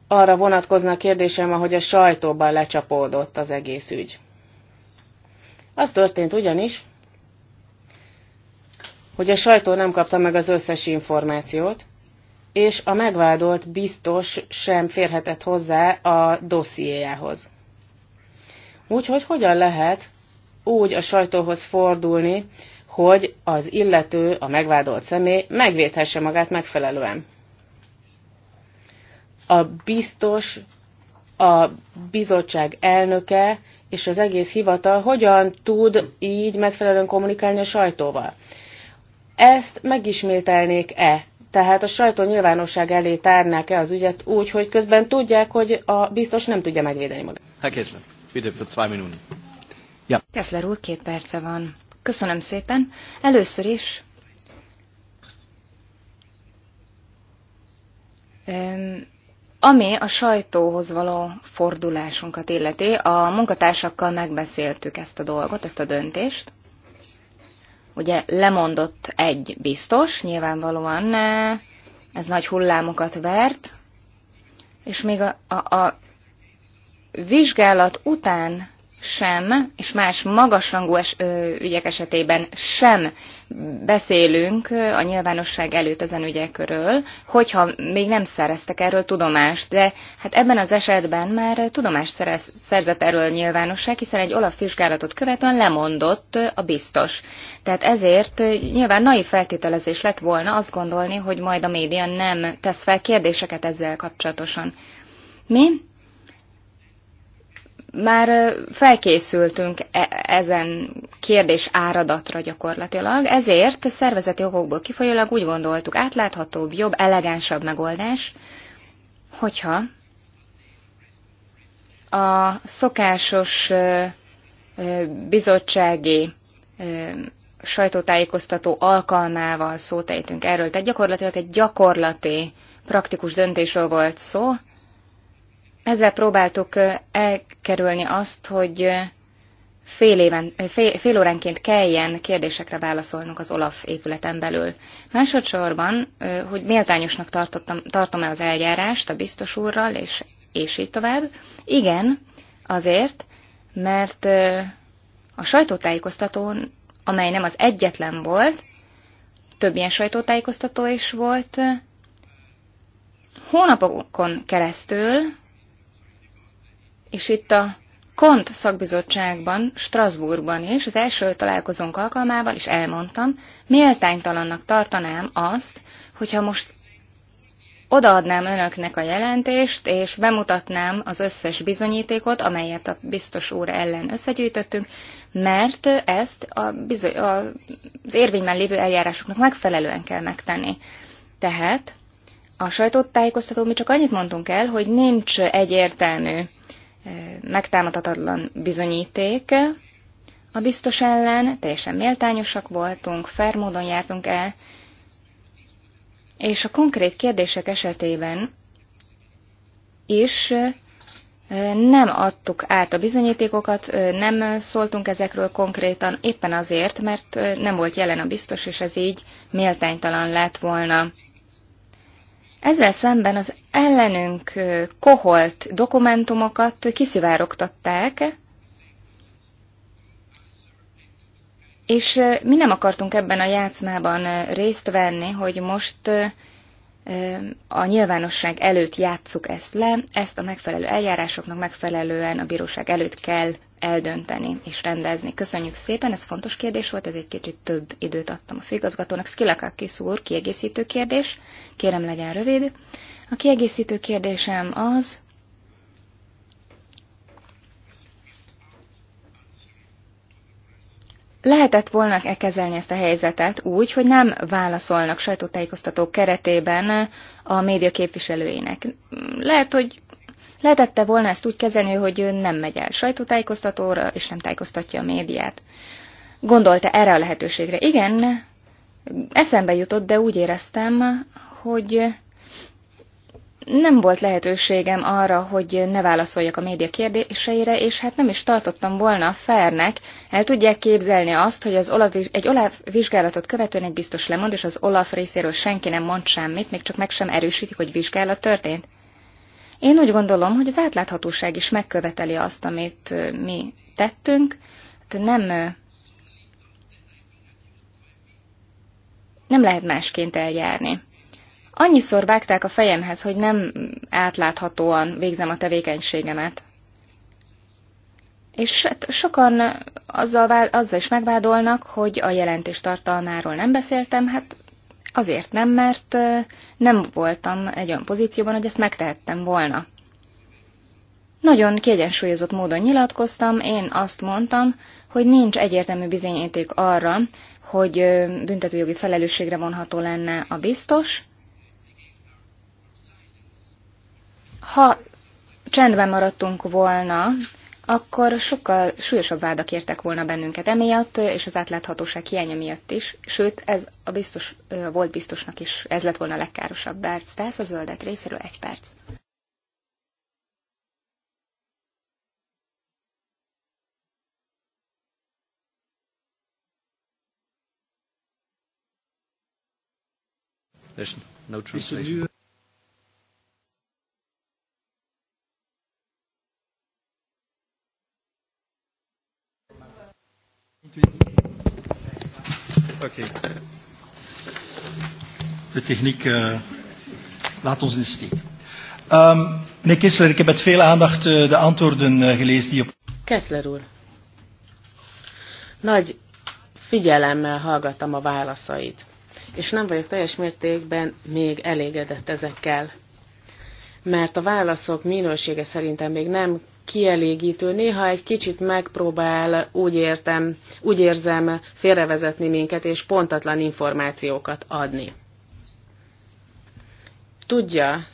arra vonatkozna a kérdésem, ahogy a sajtóban lecsapódott az egész ügy. Az történt ugyanis, hogy a sajtó nem kapta meg az összes információt, és a megvádolt biztos sem férhetett hozzá a dossziéjához. Úgyhogy hogyan lehet úgy a sajtóhoz fordulni, hogy az illető, a megvádolt személy megvédhesse magát megfelelően. A biztos, a bizottság elnöke és az egész hivatal hogyan tud így megfelelően kommunikálni a sajtóval. Ezt megismételnék-e? Tehát a sajtó nyilvánosság elé tárnák-e az ügyet úgy, hogy közben tudják, hogy a biztos nem tudja megvédeni magát? Herr Kessler, bitte für zwei Minuten. Ja. Kessler úr, két perce van. Köszönöm szépen. Először is ami a sajtóhoz való fordulásunkat illeti, a munkatársakkal megbeszéltük ezt a dolgot, ezt a döntést. Ugye lemondott egy biztos, nyilvánvalóan eh, ez nagy hullámokat vert, és még a, a, a vizsgálat után sem, és más magasrangú es, ö, ügyek esetében sem beszélünk a nyilvánosság előtt ezen ügyekről, hogyha még nem szereztek erről tudomást, de hát ebben az esetben már tudomást szerez, szerzett erről a nyilvánosság, hiszen egy olaf vizsgálatot követően lemondott a biztos. Tehát ezért nyilván nai feltételezés lett volna azt gondolni, hogy majd a média nem tesz fel kérdéseket ezzel kapcsolatosan. Mi már felkészültünk e ezen kérdés áradatra gyakorlatilag, ezért szervezeti okokból kifolyólag úgy gondoltuk, átláthatóbb, jobb, elegánsabb megoldás, hogyha a szokásos bizottsági sajtótájékoztató alkalmával szótejtünk erről. Tehát gyakorlatilag egy gyakorlati, praktikus döntésről volt szó, ezzel próbáltuk elkerülni azt, hogy fél, éven, fél, fél óránként kelljen kérdésekre válaszolnunk az OLAF épületen belül. Másodszorban, hogy méltányosnak tartom-e az eljárást a biztos úrral, és, és így tovább. Igen, azért, mert a sajtótájékoztatón, amely nem az egyetlen volt, több ilyen sajtótájékoztató is volt, hónapokon keresztül és itt a Kont szakbizottságban, Strasbourgban is, az első találkozónk alkalmával is elmondtam, méltánytalannak tartanám azt, hogyha most odaadnám önöknek a jelentést, és bemutatnám az összes bizonyítékot, amelyet a biztos úr ellen összegyűjtöttünk, mert ezt a bizony, a, az érvényben lévő eljárásoknak megfelelően kell megtenni. Tehát a sajtótájékoztató mi csak annyit mondtunk el, hogy nincs egyértelmű megtámadhatatlan bizonyíték. A biztos ellen teljesen méltányosak voltunk, fair módon jártunk el, és a konkrét kérdések esetében is nem adtuk át a bizonyítékokat, nem szóltunk ezekről konkrétan, éppen azért, mert nem volt jelen a biztos, és ez így méltánytalan lett volna. Ezzel szemben az ellenünk koholt dokumentumokat kiszivárogtatták, és mi nem akartunk ebben a játszmában részt venni, hogy most a nyilvánosság előtt játsszuk ezt le, ezt a megfelelő eljárásoknak megfelelően a bíróság előtt kell eldönteni és rendezni. Köszönjük szépen, ez fontos kérdés volt, ez egy kicsit több időt adtam a főigazgatónak. Szkilakakis úr, kiegészítő kérdés, kérem legyen rövid. A kiegészítő kérdésem az, lehetett volna -e kezelni ezt a helyzetet úgy, hogy nem válaszolnak sajtótájékoztató keretében a média képviselőinek. Lehet, hogy Lehetette volna ezt úgy kezelni, hogy ő nem megy el sajtótájékoztatóra, és nem tájékoztatja a médiát. Gondolta erre a lehetőségre? Igen, eszembe jutott, de úgy éreztem, hogy nem volt lehetőségem arra, hogy ne válaszoljak a média kérdéseire, és hát nem is tartottam volna fernek. El tudják képzelni azt, hogy az Olaf, egy Olaf vizsgálatot követően egy biztos lemond, és az Olaf részéről senki nem mond semmit, még csak meg sem erősítik, hogy vizsgálat történt. Én úgy gondolom, hogy az átláthatóság is megköveteli azt, amit mi tettünk, Hát nem, nem lehet másként eljárni. Annyiszor vágták a fejemhez, hogy nem átláthatóan végzem a tevékenységemet. És hát sokan azzal, azzal is megvádolnak, hogy a jelentés tartalmáról nem beszéltem, hát Azért nem, mert nem voltam egy olyan pozícióban, hogy ezt megtehettem volna. Nagyon kiegyensúlyozott módon nyilatkoztam, én azt mondtam, hogy nincs egyértelmű bizonyíték arra, hogy büntetőjogi felelősségre vonható lenne a biztos. Ha csendben maradtunk volna, akkor sokkal súlyosabb vádak értek volna bennünket emiatt, és az átláthatóság hiánya miatt is. Sőt, ez a biztos, volt biztosnak is, ez lett volna a legkárosabb. Bárc Tehát a zöldek részéről egy perc. There's no translation. Oké. Okay. De techniek uh, laat ons in de steek. Um, meneer Kessler, ik heb met veel aandacht uh, de antwoorden uh, gelezen die op... Kessler úr. Nagy figyelemmel hallgattam a válaszait, és nem vagyok teljes mértékben még elégedett ezekkel, mert a válaszok minősége szerintem még nem kielégítő. Néha egy kicsit megpróbál, úgy, értem, úgy érzem, félrevezetni minket és pontatlan információkat adni. Tudja,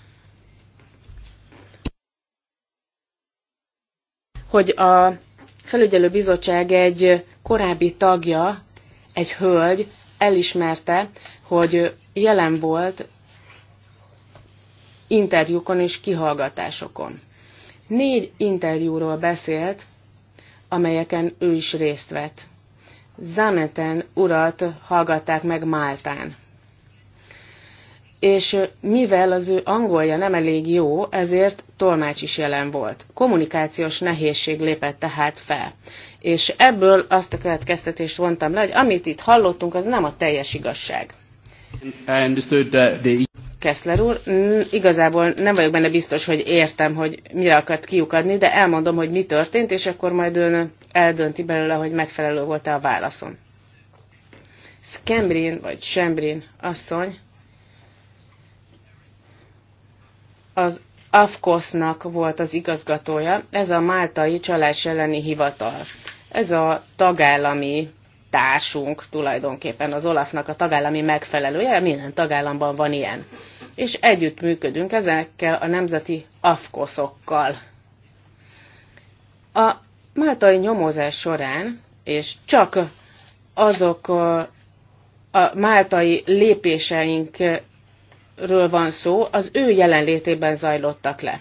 hogy a felügyelő bizottság egy korábbi tagja, egy hölgy elismerte, hogy jelen volt interjúkon és kihallgatásokon. Négy interjúról beszélt, amelyeken ő is részt vett. Zameten urat hallgatták meg Máltán. És mivel az ő angolja nem elég jó, ezért tolmács is jelen volt. Kommunikációs nehézség lépett tehát fel. És ebből azt a következtetést vontam le, hogy amit itt hallottunk, az nem a teljes igazság. I understood the Keszler úr. Mm, igazából nem vagyok benne biztos, hogy értem, hogy mire akart kiukadni, de elmondom, hogy mi történt, és akkor majd ön eldönti belőle, hogy megfelelő volt-e a válaszom. Skembrin vagy Sembrin asszony az Afkosznak volt az igazgatója, ez a Máltai Csalás elleni hivatal. Ez a tagállami társunk tulajdonképpen az Olafnak a tagállami megfelelője, minden tagállamban van ilyen. És együtt működünk ezekkel a nemzeti afkoszokkal. A máltai nyomozás során, és csak azok a máltai lépéseinkről van szó, az ő jelenlétében zajlottak le.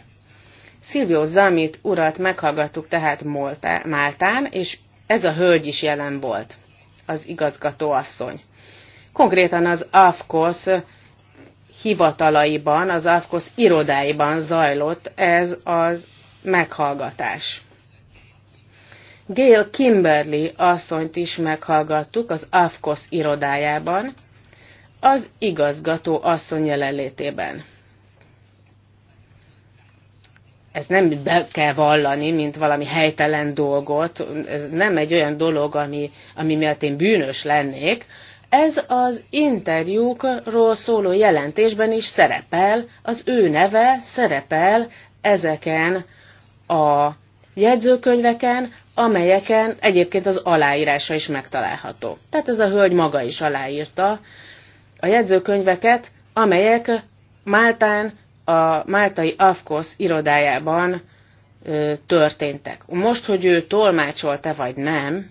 Szilvió Zamit urat meghallgattuk tehát Máltán, és ez a hölgy is jelen volt az igazgatóasszony. Konkrétan az AFKOSZ hivatalaiban, az AFKOSZ irodáiban zajlott ez az meghallgatás. Gail Kimberly asszonyt is meghallgattuk az AFKOSZ irodájában, az igazgató asszony jelenlétében ez nem be kell vallani, mint valami helytelen dolgot, ez nem egy olyan dolog, ami, ami miatt én bűnös lennék. Ez az interjúkról szóló jelentésben is szerepel, az ő neve szerepel ezeken a jegyzőkönyveken, amelyeken egyébként az aláírása is megtalálható. Tehát ez a hölgy maga is aláírta a jegyzőkönyveket, amelyek Máltán a máltai AFKOSZ irodájában ö, történtek. Most, hogy ő tolmácsolta vagy nem,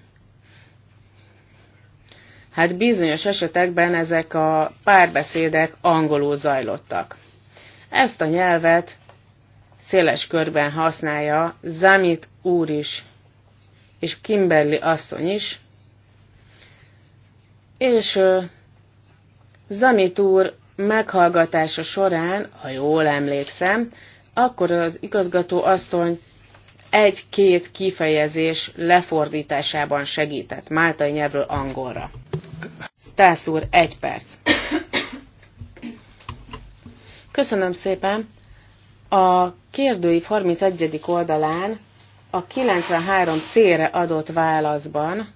hát bizonyos esetekben ezek a párbeszédek angolul zajlottak. Ezt a nyelvet széles körben használja Zamit úr is, és Kimberly asszony is, és ö, Zamit úr meghallgatása során, ha jól emlékszem, akkor az igazgató asszony egy-két kifejezés lefordításában segített máltai nyelvről angolra. Stász úr, egy perc. Köszönöm szépen. A kérdőív 31. oldalán a 93 C-re adott válaszban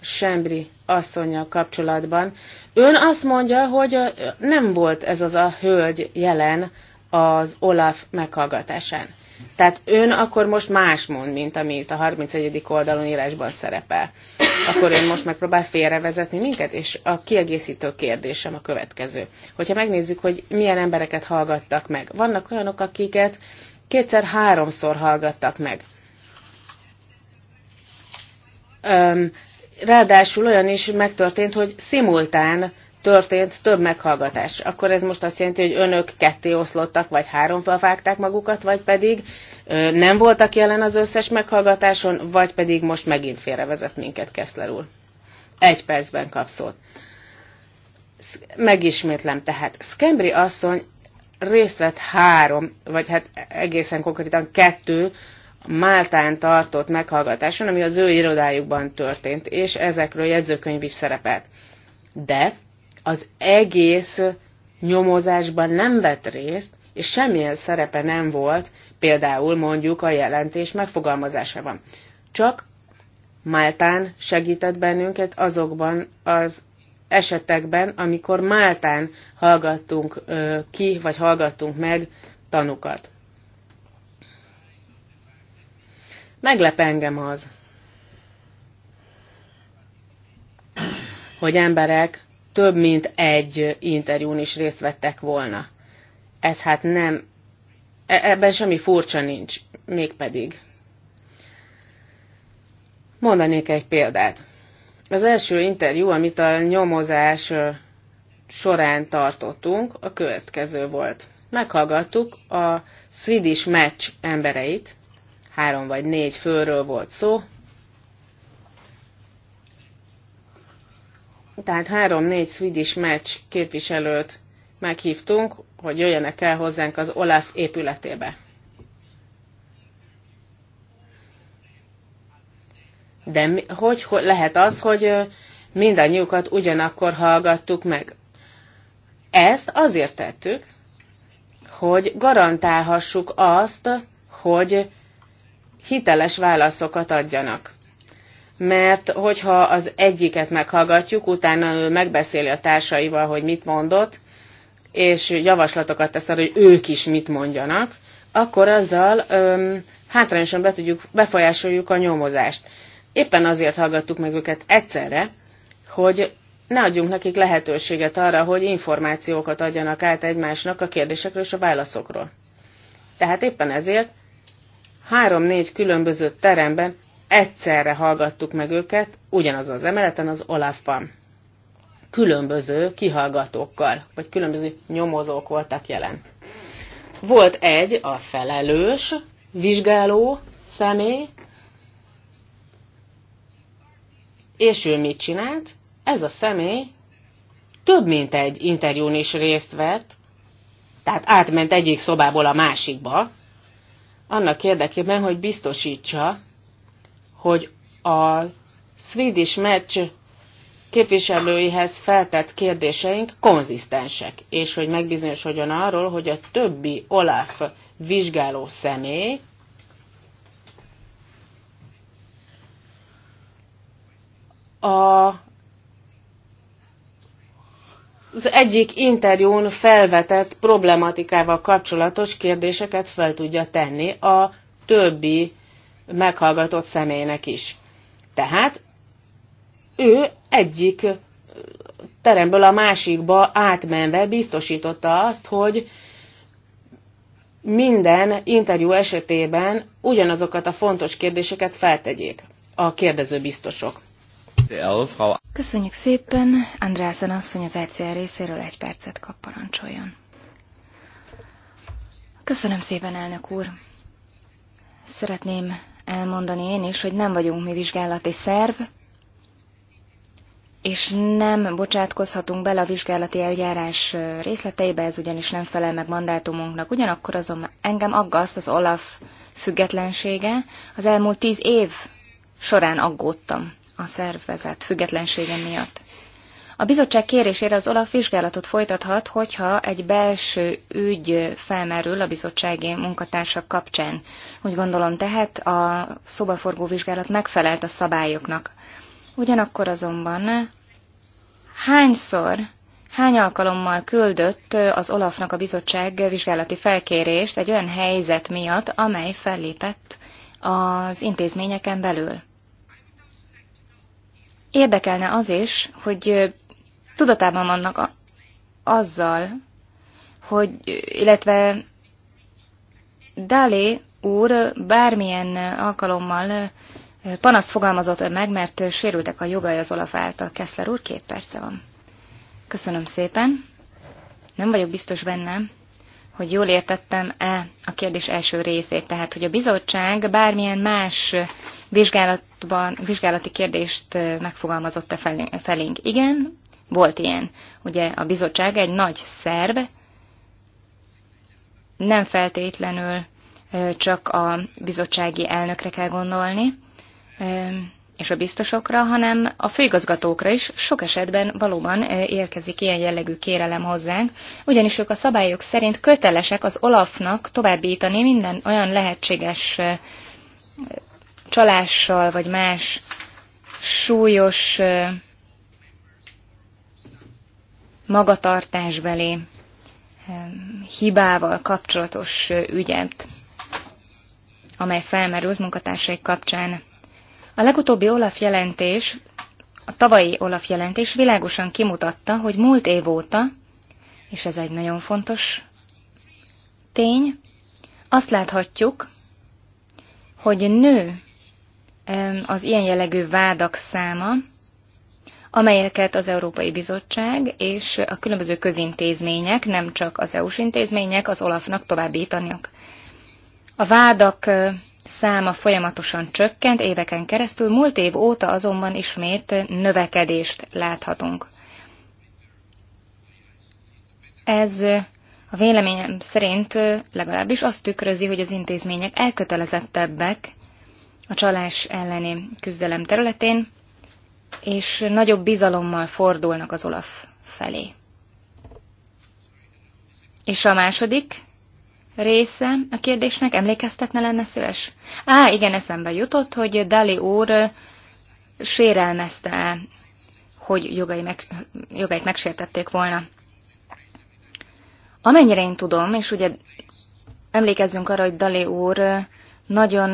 Sembri asszonyjal kapcsolatban Ön azt mondja, hogy nem volt ez az a hölgy jelen az Olaf meghallgatásán. Tehát ön akkor most más mond, mint amit a 31. oldalon írásban szerepel. Akkor ön most megpróbál félrevezetni minket, és a kiegészítő kérdésem a következő. Hogyha megnézzük, hogy milyen embereket hallgattak meg. Vannak olyanok, akiket kétszer-háromszor hallgattak meg. Öm, Ráadásul olyan is megtörtént, hogy szimultán történt több meghallgatás. Akkor ez most azt jelenti, hogy önök ketté oszlottak, vagy három vágták magukat, vagy pedig ö, nem voltak jelen az összes meghallgatáson, vagy pedig most megint félrevezet minket Keszler úr. Egy percben kapszott. Megismétlem tehát. Skembri asszony részt vett három, vagy hát egészen konkrétan kettő Máltán tartott meghallgatáson, ami az ő irodájukban történt, és ezekről jegyzőkönyv is szerepelt. De az egész nyomozásban nem vett részt, és semmilyen szerepe nem volt, például mondjuk a jelentés megfogalmazásában. Csak Máltán segített bennünket azokban az esetekben, amikor Máltán hallgattunk ki, vagy hallgattunk meg tanukat. Meglep engem az, hogy emberek több mint egy interjún is részt vettek volna. Ez hát nem, e- ebben semmi furcsa nincs, mégpedig. Mondanék egy példát. Az első interjú, amit a nyomozás során tartottunk, a következő volt. Meghallgattuk a Swedish Match embereit, három vagy négy főről volt szó. Tehát három-négy Swedish Match képviselőt meghívtunk, hogy jöjjenek el hozzánk az Olaf épületébe. De mi, hogy, hogy lehet az, hogy mindannyiukat ugyanakkor hallgattuk meg? Ezt azért tettük, hogy garantálhassuk azt, hogy hiteles válaszokat adjanak. Mert hogyha az egyiket meghallgatjuk, utána ő megbeszéli a társaival, hogy mit mondott, és javaslatokat tesz arra, hogy ők is mit mondjanak, akkor azzal öm, hátrányosan be tudjuk, befolyásoljuk a nyomozást. Éppen azért hallgattuk meg őket egyszerre, hogy ne adjunk nekik lehetőséget arra, hogy információkat adjanak át egymásnak a kérdésekről és a válaszokról. Tehát éppen ezért három-négy különböző teremben egyszerre hallgattuk meg őket, ugyanazon az emeleten, az Olafban. Különböző kihallgatókkal, vagy különböző nyomozók voltak jelen. Volt egy, a felelős, vizsgáló személy, és ő mit csinált? Ez a személy több mint egy interjún is részt vett, tehát átment egyik szobából a másikba, annak érdekében, hogy biztosítsa, hogy a Swedish Match képviselőihez feltett kérdéseink konzisztensek, és hogy megbizonyosodjon arról, hogy a többi Olaf vizsgáló személy a az egyik interjún felvetett problematikával kapcsolatos kérdéseket fel tudja tenni a többi meghallgatott személynek is. Tehát ő egyik teremből a másikba átmenve biztosította azt, hogy minden interjú esetében ugyanazokat a fontos kérdéseket feltegyék a kérdező biztosok. Köszönjük szépen. Andrásen asszony az ECR részéről egy percet kap parancsoljon. Köszönöm szépen, elnök úr. Szeretném elmondani én is, hogy nem vagyunk mi vizsgálati szerv, és nem bocsátkozhatunk bele a vizsgálati eljárás részleteibe, ez ugyanis nem felel meg mandátumunknak. Ugyanakkor azon engem aggaszt az Olaf függetlensége. Az elmúlt tíz év során aggódtam a szervezet függetlensége miatt. A bizottság kérésére az OLAF vizsgálatot folytathat, hogyha egy belső ügy felmerül a bizottsági munkatársak kapcsán. Úgy gondolom tehát a szobaforgó vizsgálat megfelelt a szabályoknak. Ugyanakkor azonban hányszor, hány alkalommal küldött az Olafnak a bizottság vizsgálati felkérést egy olyan helyzet miatt, amely fellépett az intézményeken belül érdekelne az is, hogy tudatában vannak a, azzal, hogy, illetve Dali úr bármilyen alkalommal panaszt fogalmazott meg, mert sérültek a jogai az Olaf által. Keszler úr, két perce van. Köszönöm szépen. Nem vagyok biztos benne, hogy jól értettem-e a kérdés első részét, tehát hogy a bizottság bármilyen más vizsgálatban, vizsgálati kérdést megfogalmazott-e felénk. Igen, volt ilyen. Ugye a bizottság egy nagy szerb, nem feltétlenül csak a bizottsági elnökre kell gondolni, és a biztosokra, hanem a főigazgatókra is sok esetben valóban érkezik ilyen jellegű kérelem hozzánk, ugyanis ők a szabályok szerint kötelesek az Olafnak továbbítani minden olyan lehetséges csalással vagy más súlyos magatartásbeli hibával kapcsolatos ügyet, amely felmerült munkatársai kapcsán. A legutóbbi Olaf jelentés, a tavalyi Olaf jelentés világosan kimutatta, hogy múlt év óta, és ez egy nagyon fontos tény, azt láthatjuk, hogy nő az ilyen jellegű vádak száma, amelyeket az Európai Bizottság és a különböző közintézmények, nem csak az EU-s intézmények, az Olafnak továbbítaniak. A vádak száma folyamatosan csökkent éveken keresztül, múlt év óta azonban ismét növekedést láthatunk. Ez a véleményem szerint legalábbis azt tükrözi, hogy az intézmények elkötelezettebbek a csalás elleni küzdelem területén, és nagyobb bizalommal fordulnak az Olaf felé. És a második része a kérdésnek emlékeztetne lenne szíves? Á, igen, eszembe jutott, hogy Dali úr sérelmezte -e, hogy jogai meg, jogait megsértették volna. Amennyire én tudom, és ugye emlékezzünk arra, hogy Dali úr nagyon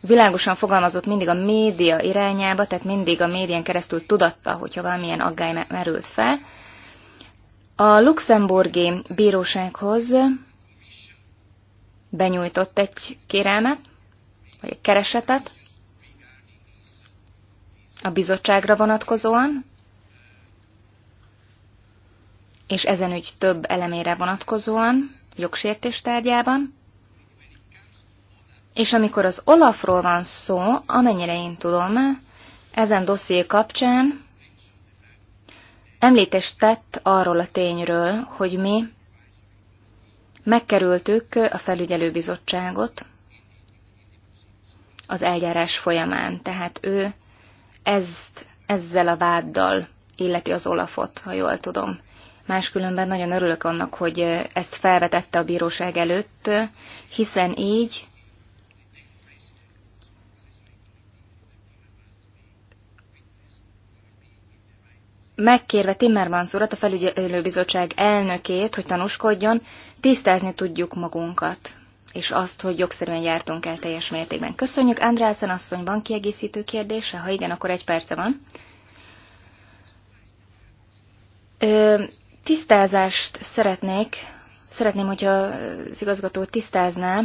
világosan fogalmazott mindig a média irányába, tehát mindig a médián keresztül tudatta, hogyha valamilyen aggály merült fel. A luxemburgi bírósághoz benyújtott egy kérelmet, vagy egy keresetet a bizottságra vonatkozóan, és ezen ügy több elemére vonatkozóan, jogsértés tárgyában, és amikor az Olafról van szó, amennyire én tudom, ezen dosszié kapcsán említést tett arról a tényről, hogy mi megkerültük a felügyelőbizottságot az eljárás folyamán. Tehát ő ezt, ezzel a váddal illeti az Olafot, ha jól tudom. Máskülönben nagyon örülök annak, hogy ezt felvetette a bíróság előtt, hiszen így megkérve Timmermans urat, a felügyelőbizottság elnökét, hogy tanúskodjon, tisztázni tudjuk magunkat, és azt, hogy jogszerűen jártunk el teljes mértékben. Köszönjük, Andrásen asszony, van kiegészítő kérdése? Ha igen, akkor egy perce van. Ö, tisztázást szeretnék, szeretném, hogyha az igazgató tisztázná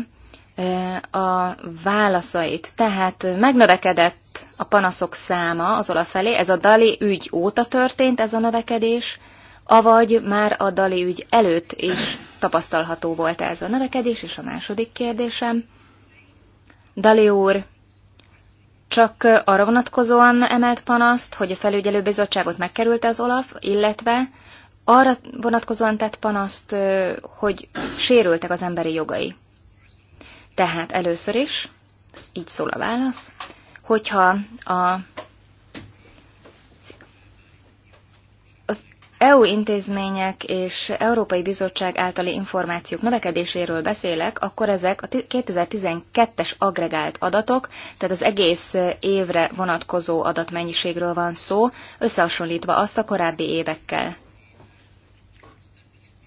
a válaszait. Tehát megnövekedett a panaszok száma az felé. ez a Dali ügy óta történt ez a növekedés, avagy már a Dali ügy előtt is tapasztalható volt ez a növekedés, és a második kérdésem. Dali úr, csak arra vonatkozóan emelt panaszt, hogy a felügyelőbizottságot megkerülte az Olaf, illetve arra vonatkozóan tett panaszt, hogy sérültek az emberi jogai. Tehát először is, így szól a válasz, hogyha a EU intézmények és Európai Bizottság általi információk növekedéséről beszélek, akkor ezek a 2012-es agregált adatok, tehát az egész évre vonatkozó adatmennyiségről van szó, összehasonlítva azt a korábbi évekkel.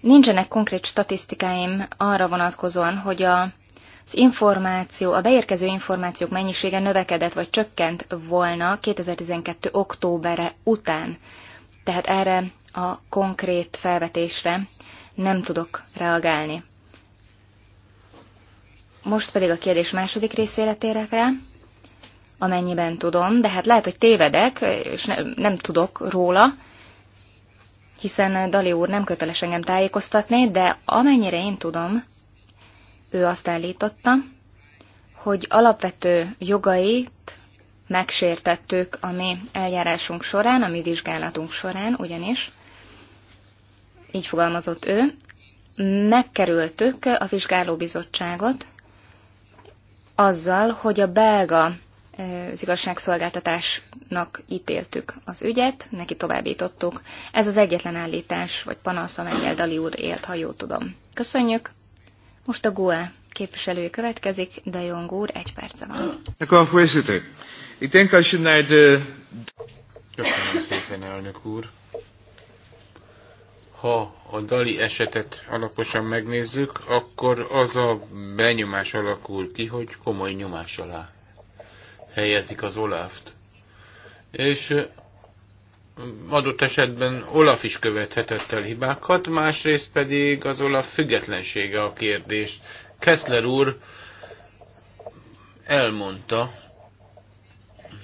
Nincsenek konkrét statisztikáim arra vonatkozóan, hogy a az információ, a beérkező információk mennyisége növekedett vagy csökkent volna 2012. októberre után. Tehát erre a konkrét felvetésre nem tudok reagálni. Most pedig a kérdés második részére térek rá, amennyiben tudom, de hát lehet, hogy tévedek, és ne, nem tudok róla, hiszen Dali úr nem köteles engem tájékoztatni, de amennyire én tudom, ő azt állította, hogy alapvető jogait megsértettük a mi eljárásunk során, a mi vizsgálatunk során, ugyanis, így fogalmazott ő, megkerültük a vizsgálóbizottságot azzal, hogy a belga az igazságszolgáltatásnak ítéltük az ügyet, neki továbbítottuk. Ez az egyetlen állítás, vagy panasz, amelyel Dali úr élt, ha jól tudom. Köszönjük! Most a GUE képviselő következik, de Jong úr, egy perce van. Köszönöm szépen, elnök úr. Ha a Dali esetet alaposan megnézzük, akkor az a benyomás alakul ki, hogy komoly nyomás alá helyezik az olaft, És adott esetben Olaf is követhetett el hibákat, másrészt pedig az Olaf függetlensége a kérdés. Kessler úr elmondta,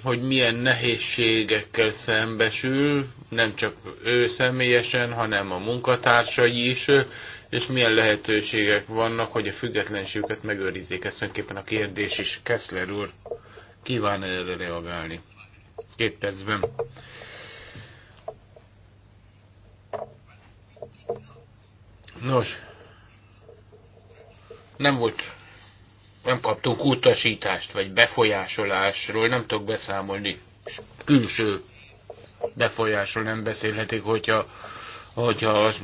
hogy milyen nehézségekkel szembesül, nem csak ő személyesen, hanem a munkatársai is, és milyen lehetőségek vannak, hogy a függetlenségüket megőrizzék. Ez tulajdonképpen a kérdés is. Kessler úr kíván erre reagálni. Két percben. Nos, nem volt, nem kaptunk utasítást, vagy befolyásolásról, nem tudok beszámolni. Külső befolyásról nem beszélhetik, hogyha, hogyha az,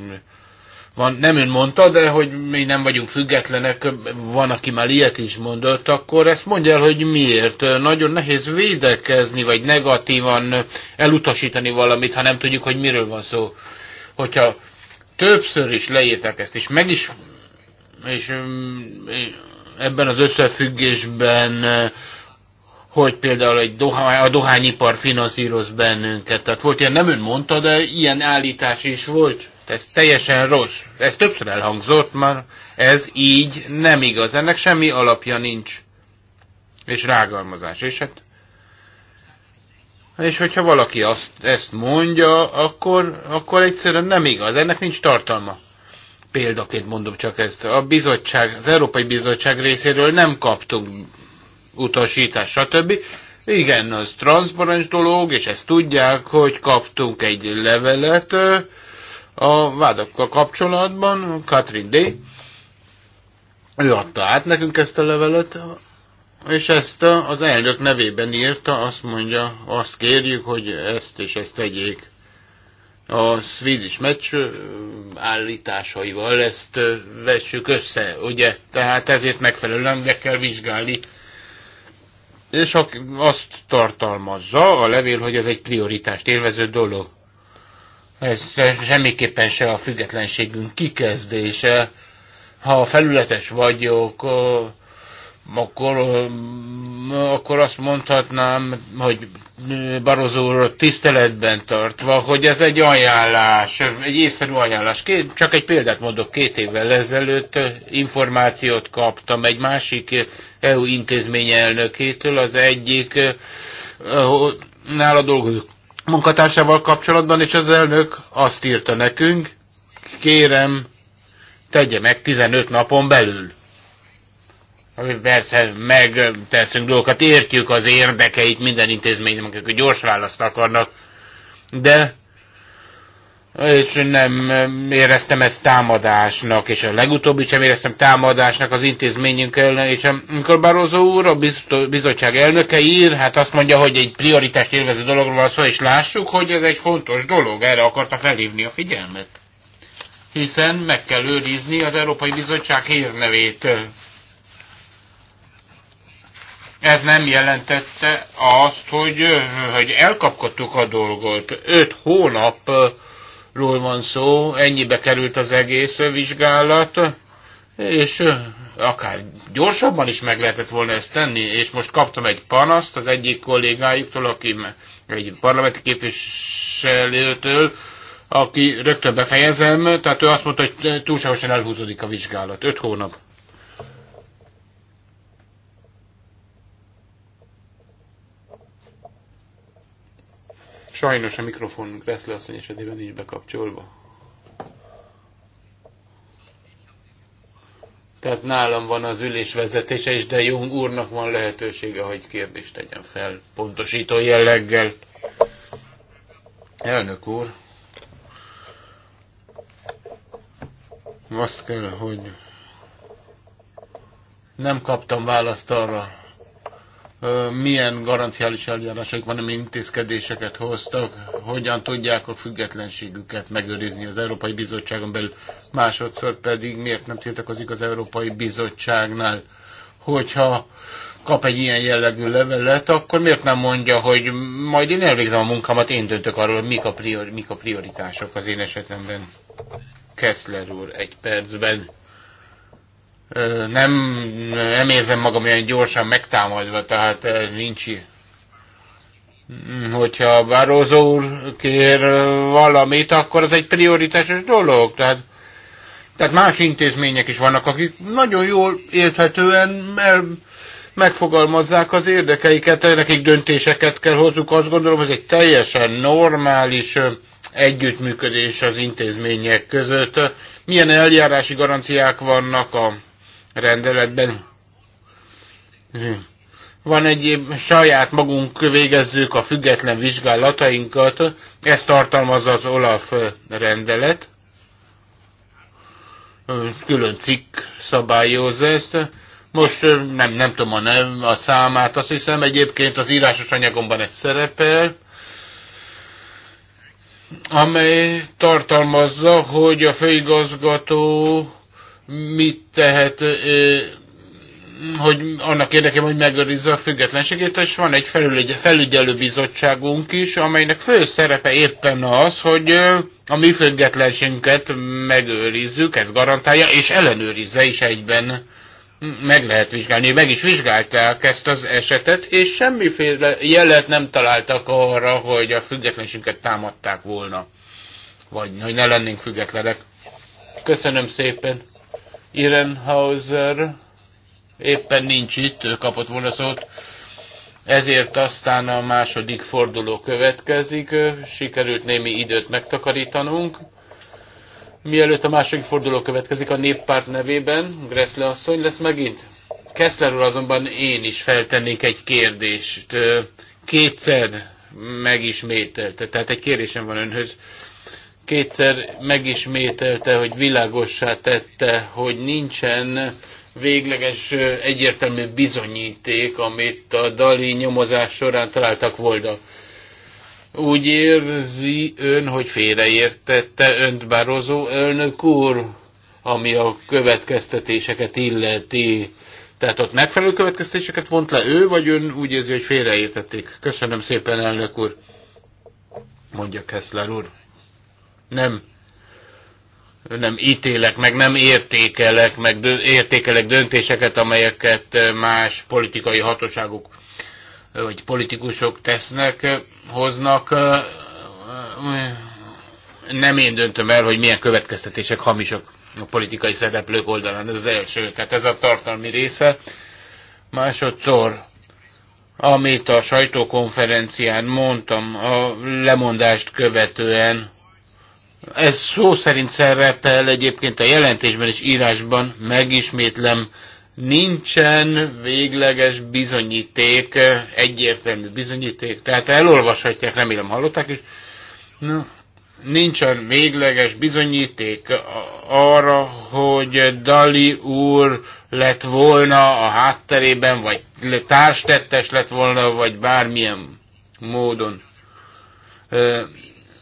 van, nem ön mondta, de hogy mi nem vagyunk függetlenek, van, aki már ilyet is mondott, akkor ezt mondja el, hogy miért. Nagyon nehéz védekezni, vagy negatívan elutasítani valamit, ha nem tudjuk, hogy miről van szó. Hogyha Többször is leírták ezt, és meg is, és mm, ebben az összefüggésben, eh, hogy például egy dohány, a dohányipar finanszíroz bennünket. Tehát volt ilyen, nem ön mondta, de ilyen állítás is volt. Ez teljesen rossz. Ez többször elhangzott már. Ez így nem igaz. Ennek semmi alapja nincs. És rágalmazás. És hát és hogyha valaki azt, ezt mondja, akkor, akkor egyszerűen nem igaz, ennek nincs tartalma. Példaként mondom csak ezt. A bizottság, az Európai Bizottság részéről nem kaptunk utasítást, stb. Igen, az transzparens dolog, és ezt tudják, hogy kaptunk egy levelet a vádakkal kapcsolatban, Katrin D. Ő adta át nekünk ezt a levelet, és ezt az elnök nevében írta, azt mondja, azt kérjük, hogy ezt és ezt tegyék. A Swedish meccs állításaival ezt vessük össze, ugye? Tehát ezért megfelelően meg kell vizsgálni. És azt tartalmazza a levél, hogy ez egy prioritást élvező dolog. Ez semmiképpen se a függetlenségünk kikezdése. Ha felületes vagyok, akkor, akkor azt mondhatnám, hogy Barozó tiszteletben tartva, hogy ez egy ajánlás, egy észszerű ajánlás. csak egy példát mondok, két évvel ezelőtt információt kaptam egy másik EU intézmény elnökétől, az egyik nála dolgozó munkatársával kapcsolatban, és az elnök azt írta nekünk, kérem, tegye meg 15 napon belül persze megteszünk dolgokat, értjük az érdekeit minden intézménynek, akik gyors választ akarnak, de és nem éreztem ezt támadásnak, és a legutóbbi sem éreztem támadásnak az intézményünk ellen, és amikor Barroso úr, a bizottság elnöke ír, hát azt mondja, hogy egy prioritást élvező dologról van szó, és lássuk, hogy ez egy fontos dolog, erre akarta felhívni a figyelmet. Hiszen meg kell őrizni az Európai Bizottság hírnevét ez nem jelentette azt, hogy, hogy elkapkodtuk a dolgot. Öt hónapról van szó, ennyibe került az egész vizsgálat, és akár gyorsabban is meg lehetett volna ezt tenni, és most kaptam egy panaszt az egyik kollégájuktól, aki egy parlamenti képviselőtől, aki rögtön befejezem, tehát ő azt mondta, hogy túlságosan elhúzódik a vizsgálat. Öt hónap. Sajnos a mikrofon lesz le asszony esetében nincs bekapcsolva. Tehát nálam van az ülés vezetése is, de Jung úrnak van lehetősége, hogy kérdést tegyen fel pontosító jelleggel. Elnök úr, azt kell, hogy nem kaptam választ arra, milyen garanciális eljárásaik van, amilyen intézkedéseket hoztak, hogyan tudják a függetlenségüket megőrizni az Európai Bizottságon belül, másodszor pedig miért nem tiltakozik az Európai Bizottságnál, hogyha kap egy ilyen jellegű levelet, akkor miért nem mondja, hogy majd én elvégzem a munkámat, én döntök arról, hogy mik a, priori, mik a prioritások az én esetemben. Kessler úr, egy percben nem, nem érzem magam olyan gyorsan megtámadva, tehát nincs hogyha Barroso úr kér valamit, akkor az egy prioritásos dolog. Tehát, tehát más intézmények is vannak, akik nagyon jól érthetően el, megfogalmazzák az érdekeiket, nekik döntéseket kell hozzuk. Azt gondolom, hogy ez egy teljesen normális együttműködés az intézmények között. Milyen eljárási garanciák vannak a rendeletben. Van egy saját magunk végezzük a független vizsgálatainkat, ezt tartalmaz az OLAF rendelet, külön cikk szabályozza ezt. Most nem, nem tudom a, nem, a számát, azt hiszem egyébként az írásos anyagomban ez szerepel, amely tartalmazza, hogy a főigazgató mit tehet, hogy annak érdekében, hogy megőrizze a függetlenségét, és van egy bizottságunk is, amelynek fő szerepe éppen az, hogy a mi függetlenségünket megőrizzük, ez garantálja, és ellenőrizze is egyben. Meg lehet vizsgálni, meg is vizsgálták ezt az esetet, és semmiféle jelet nem találtak arra, hogy a függetlenségünket támadták volna, vagy hogy ne lennénk függetlenek. Köszönöm szépen! Irenhauser éppen nincs itt, ő kapott volna szót, ezért aztán a második forduló következik, sikerült némi időt megtakarítanunk. Mielőtt a második forduló következik a néppárt nevében, Gressle asszony lesz megint. Kessler úr azonban én is feltennék egy kérdést. Kétszer megismételte, tehát egy kérdésem van önhöz kétszer megismételte, hogy világossá tette, hogy nincsen végleges egyértelmű bizonyíték, amit a Dali nyomozás során találtak volna. Úgy érzi ön, hogy félreértette önt bározó elnök úr, ami a következtetéseket illeti. Tehát ott megfelelő következtetéseket vont le ő, vagy ön úgy érzi, hogy félreértették? Köszönöm szépen, elnök úr. Mondja Keszler úr nem nem ítélek meg, nem értékelek, meg dö értékelek döntéseket, amelyeket más politikai hatóságok vagy politikusok tesznek, hoznak. Nem én döntöm el, hogy milyen következtetések hamisak a politikai szereplők oldalán. Ez az első, tehát ez a tartalmi része. Másodszor, amit a sajtókonferencián mondtam, a lemondást követően, ez szó szerint szerepel egyébként a jelentésben és írásban, megismétlem, nincsen végleges bizonyíték, egyértelmű bizonyíték, tehát elolvashatják, remélem hallották is, na, nincsen végleges bizonyíték arra, hogy Dali úr lett volna a hátterében, vagy társtettes lett volna, vagy bármilyen módon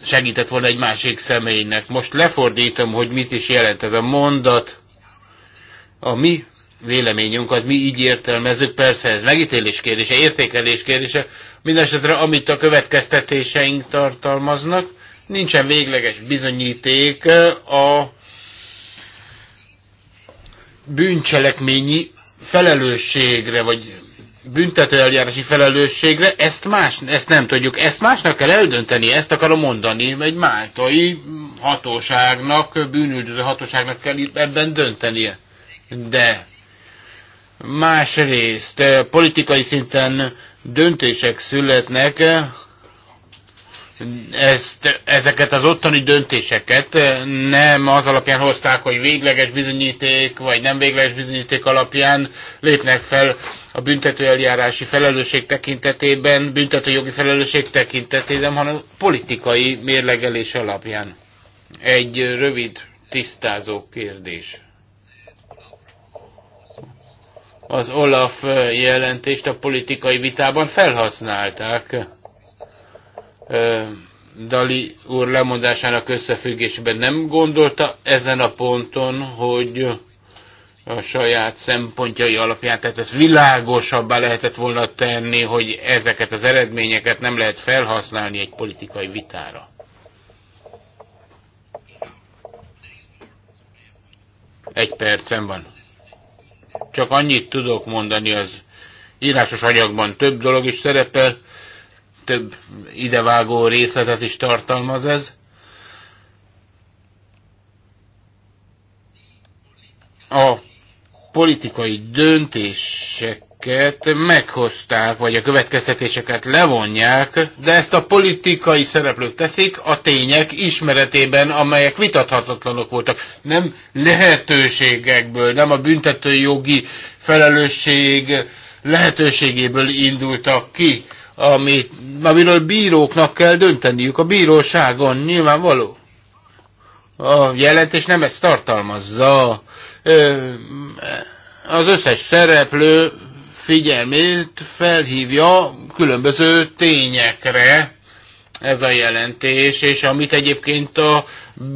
segített volna egy másik személynek. Most lefordítom, hogy mit is jelent ez a mondat. A mi véleményünket mi így értelmezzük, persze ez megítélés kérdése, értékelés kérdése, mindesetre amit a következtetéseink tartalmaznak, nincsen végleges bizonyíték a bűncselekményi felelősségre, vagy büntetőeljárási felelősségre, ezt más, ezt nem tudjuk, ezt másnak kell eldönteni, ezt akarom mondani, egy máltai hatóságnak, bűnüldöző hatóságnak kell ebben döntenie. De másrészt politikai szinten döntések születnek, ezt, ezeket az ottani döntéseket eh, nem az alapján hozták, hogy végleges bizonyíték, vagy nem végleges bizonyíték alapján lépnek fel a büntetőeljárási felelősség tekintetében, büntetőjogi felelősség tekintetében, hanem politikai mérlegelés alapján. Egy rövid, tisztázó kérdés. Az Olaf eh, jelentést a politikai vitában felhasználták Dali úr lemondásának összefüggésében nem gondolta ezen a ponton, hogy a saját szempontjai alapján, tehát ezt világosabbá lehetett volna tenni, hogy ezeket az eredményeket nem lehet felhasználni egy politikai vitára. Egy percem van. Csak annyit tudok mondani, az írásos anyagban több dolog is szerepel, több idevágó részletet is tartalmaz ez. A politikai döntéseket meghozták, vagy a következtetéseket levonják, de ezt a politikai szereplők teszik a tények ismeretében, amelyek vitathatatlanok voltak. Nem lehetőségekből, nem a büntetőjogi felelősség lehetőségéből indultak ki ami, amiről bíróknak kell dönteniük a bíróságon, nyilvánvaló. A jelentés nem ezt tartalmazza. Az összes szereplő figyelmét felhívja különböző tényekre ez a jelentés, és amit egyébként a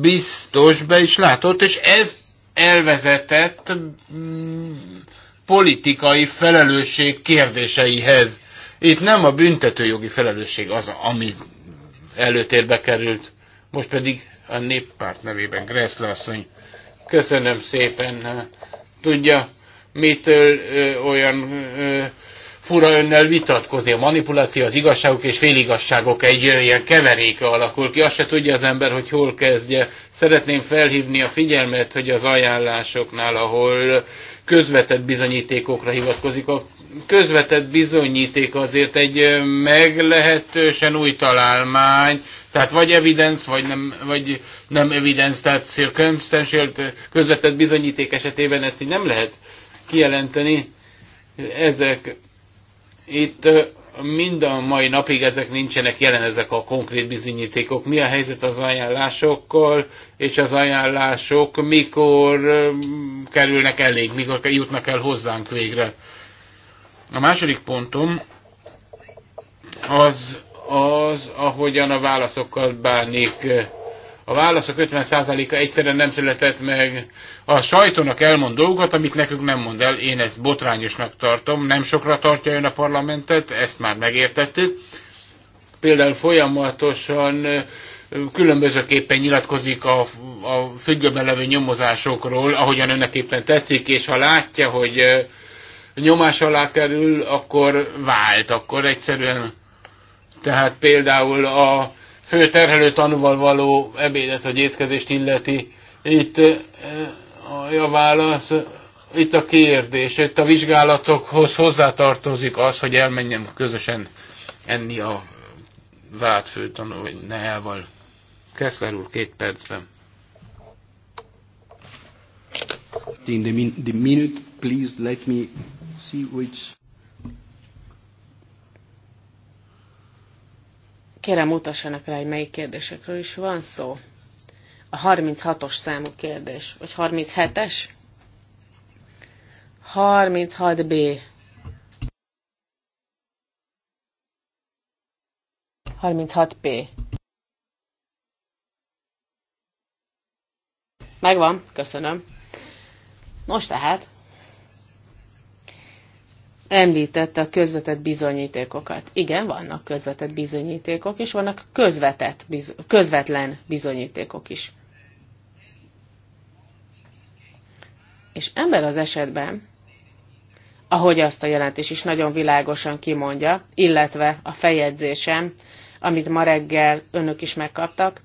biztos be is látott, és ez elvezetett mm, politikai felelősség kérdéseihez. Itt nem a büntetőjogi felelősség az, ami előtérbe került. Most pedig a néppárt nevében Gressle asszony. Köszönöm szépen. Tudja, mitől ö, olyan ö, fura önnel vitatkozni. A manipuláció, az igazságok és féligasságok egy ö, ilyen keveréke alakul ki. Azt se tudja az ember, hogy hol kezdje. Szeretném felhívni a figyelmet, hogy az ajánlásoknál, ahol közvetett bizonyítékokra hivatkozik, a közvetett bizonyíték azért egy meglehetősen új találmány, tehát vagy evidence, vagy nem, vagy nem evidence, tehát circumstantial közvetett bizonyíték esetében ezt így nem lehet kijelenteni. Ezek itt mind a mai napig ezek nincsenek jelen, ezek a konkrét bizonyítékok. Mi a helyzet az ajánlásokkal, és az ajánlások mikor kerülnek elég, mikor jutnak el hozzánk végre. A második pontom az, az ahogyan a válaszokkal bánik. A válaszok 50%-a egyszerűen nem született meg. A sajtónak elmond dolgokat, amit nekünk nem mond el. Én ezt botrányosnak tartom. Nem sokra tartja ön a parlamentet, ezt már megértettük. Például folyamatosan különbözőképpen nyilatkozik a, a függőben levő nyomozásokról, ahogyan önnek éppen tetszik, és ha látja, hogy nyomás alá kerül, akkor vált, akkor egyszerűen. Tehát például a fő terhelő tanúval való ebédet vagy étkezést illeti. Itt eh, a válasz, itt a kérdés, itt a vizsgálatokhoz hozzátartozik az, hogy elmenjen közösen enni a vált főtanú, vagy neával. Keszler úr, két percben. In the, min the minute, please let me see which... Kérem, utassanak rá, hogy melyik kérdésekről is van szó. A 36-os számú kérdés, vagy 37-es? 36B. 36P. Megvan, köszönöm. Nos tehát, említette a közvetett bizonyítékokat. Igen, vannak közvetett bizonyítékok, és vannak közvetett, közvetlen bizonyítékok is. És ember az esetben, ahogy azt a jelentés is nagyon világosan kimondja, illetve a feljegyzésem, amit ma reggel önök is megkaptak,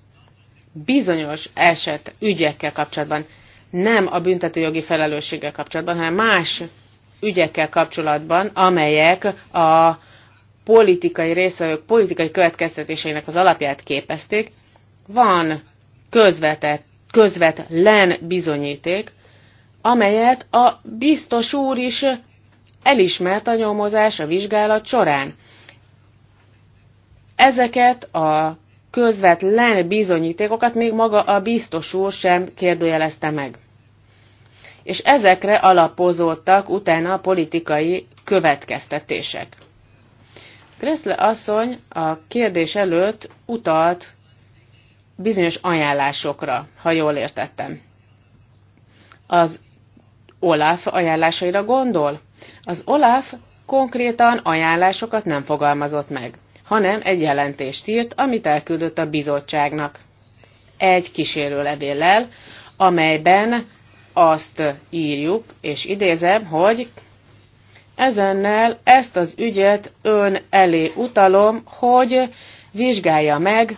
bizonyos eset ügyekkel kapcsolatban, nem a büntetőjogi felelősséggel kapcsolatban, hanem más ügyekkel kapcsolatban, amelyek a politikai részvevők politikai következtetéseinek az alapját képezték, van közvetett, közvetlen bizonyíték, amelyet a biztos úr is elismert a nyomozás a vizsgálat során. Ezeket a közvetlen bizonyítékokat még maga a biztos úr sem kérdőjelezte meg és ezekre alapozódtak utána a politikai következtetések. Kreszle asszony a kérdés előtt utalt bizonyos ajánlásokra, ha jól értettem. Az Olaf ajánlásaira gondol? Az Olaf konkrétan ajánlásokat nem fogalmazott meg, hanem egy jelentést írt, amit elküldött a bizottságnak. Egy kísérőlevéllel, amelyben azt írjuk, és idézem, hogy ezennel ezt az ügyet ön elé utalom, hogy vizsgálja meg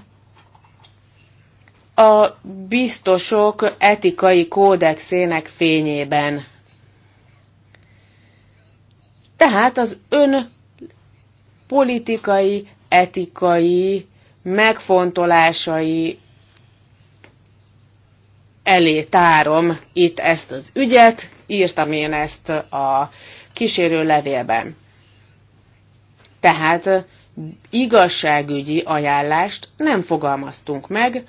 a biztosok etikai kódexének fényében. Tehát az ön politikai, etikai megfontolásai elé tárom itt ezt az ügyet, írtam én ezt a kísérő levélben. Tehát igazságügyi ajánlást nem fogalmaztunk meg,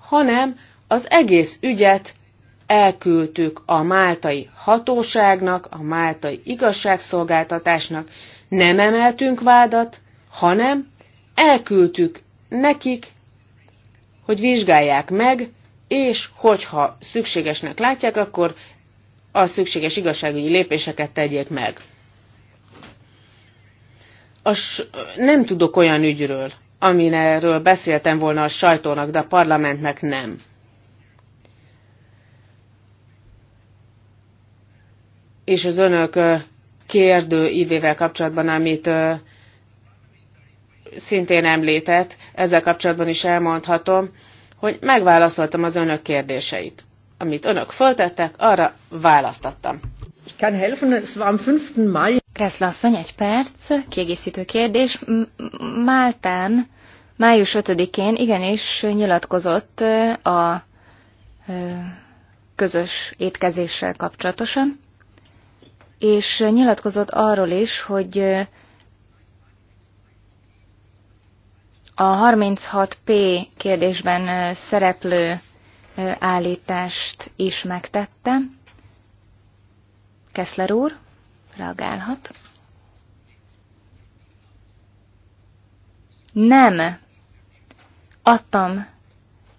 hanem az egész ügyet elküldtük a máltai hatóságnak, a máltai igazságszolgáltatásnak, nem emeltünk vádat, hanem elküldtük nekik, hogy vizsgálják meg, és hogyha szükségesnek látják, akkor a szükséges igazságügyi lépéseket tegyék meg. As, nem tudok olyan ügyről, amin erről beszéltem volna a sajtónak, de a parlamentnek nem. És az önök kérdő ívével kapcsolatban, amit szintén említett, ezzel kapcsolatban is elmondhatom, hogy megválaszoltam az önök kérdéseit. Amit önök föltettek, arra választattam. Kresszlasszony, egy perc, kiegészítő kérdés. Máltán május 5-én igenis nyilatkozott a közös étkezéssel kapcsolatosan, és nyilatkozott arról is, hogy a 36P kérdésben szereplő állítást is megtette. Keszler úr reagálhat. Nem adtam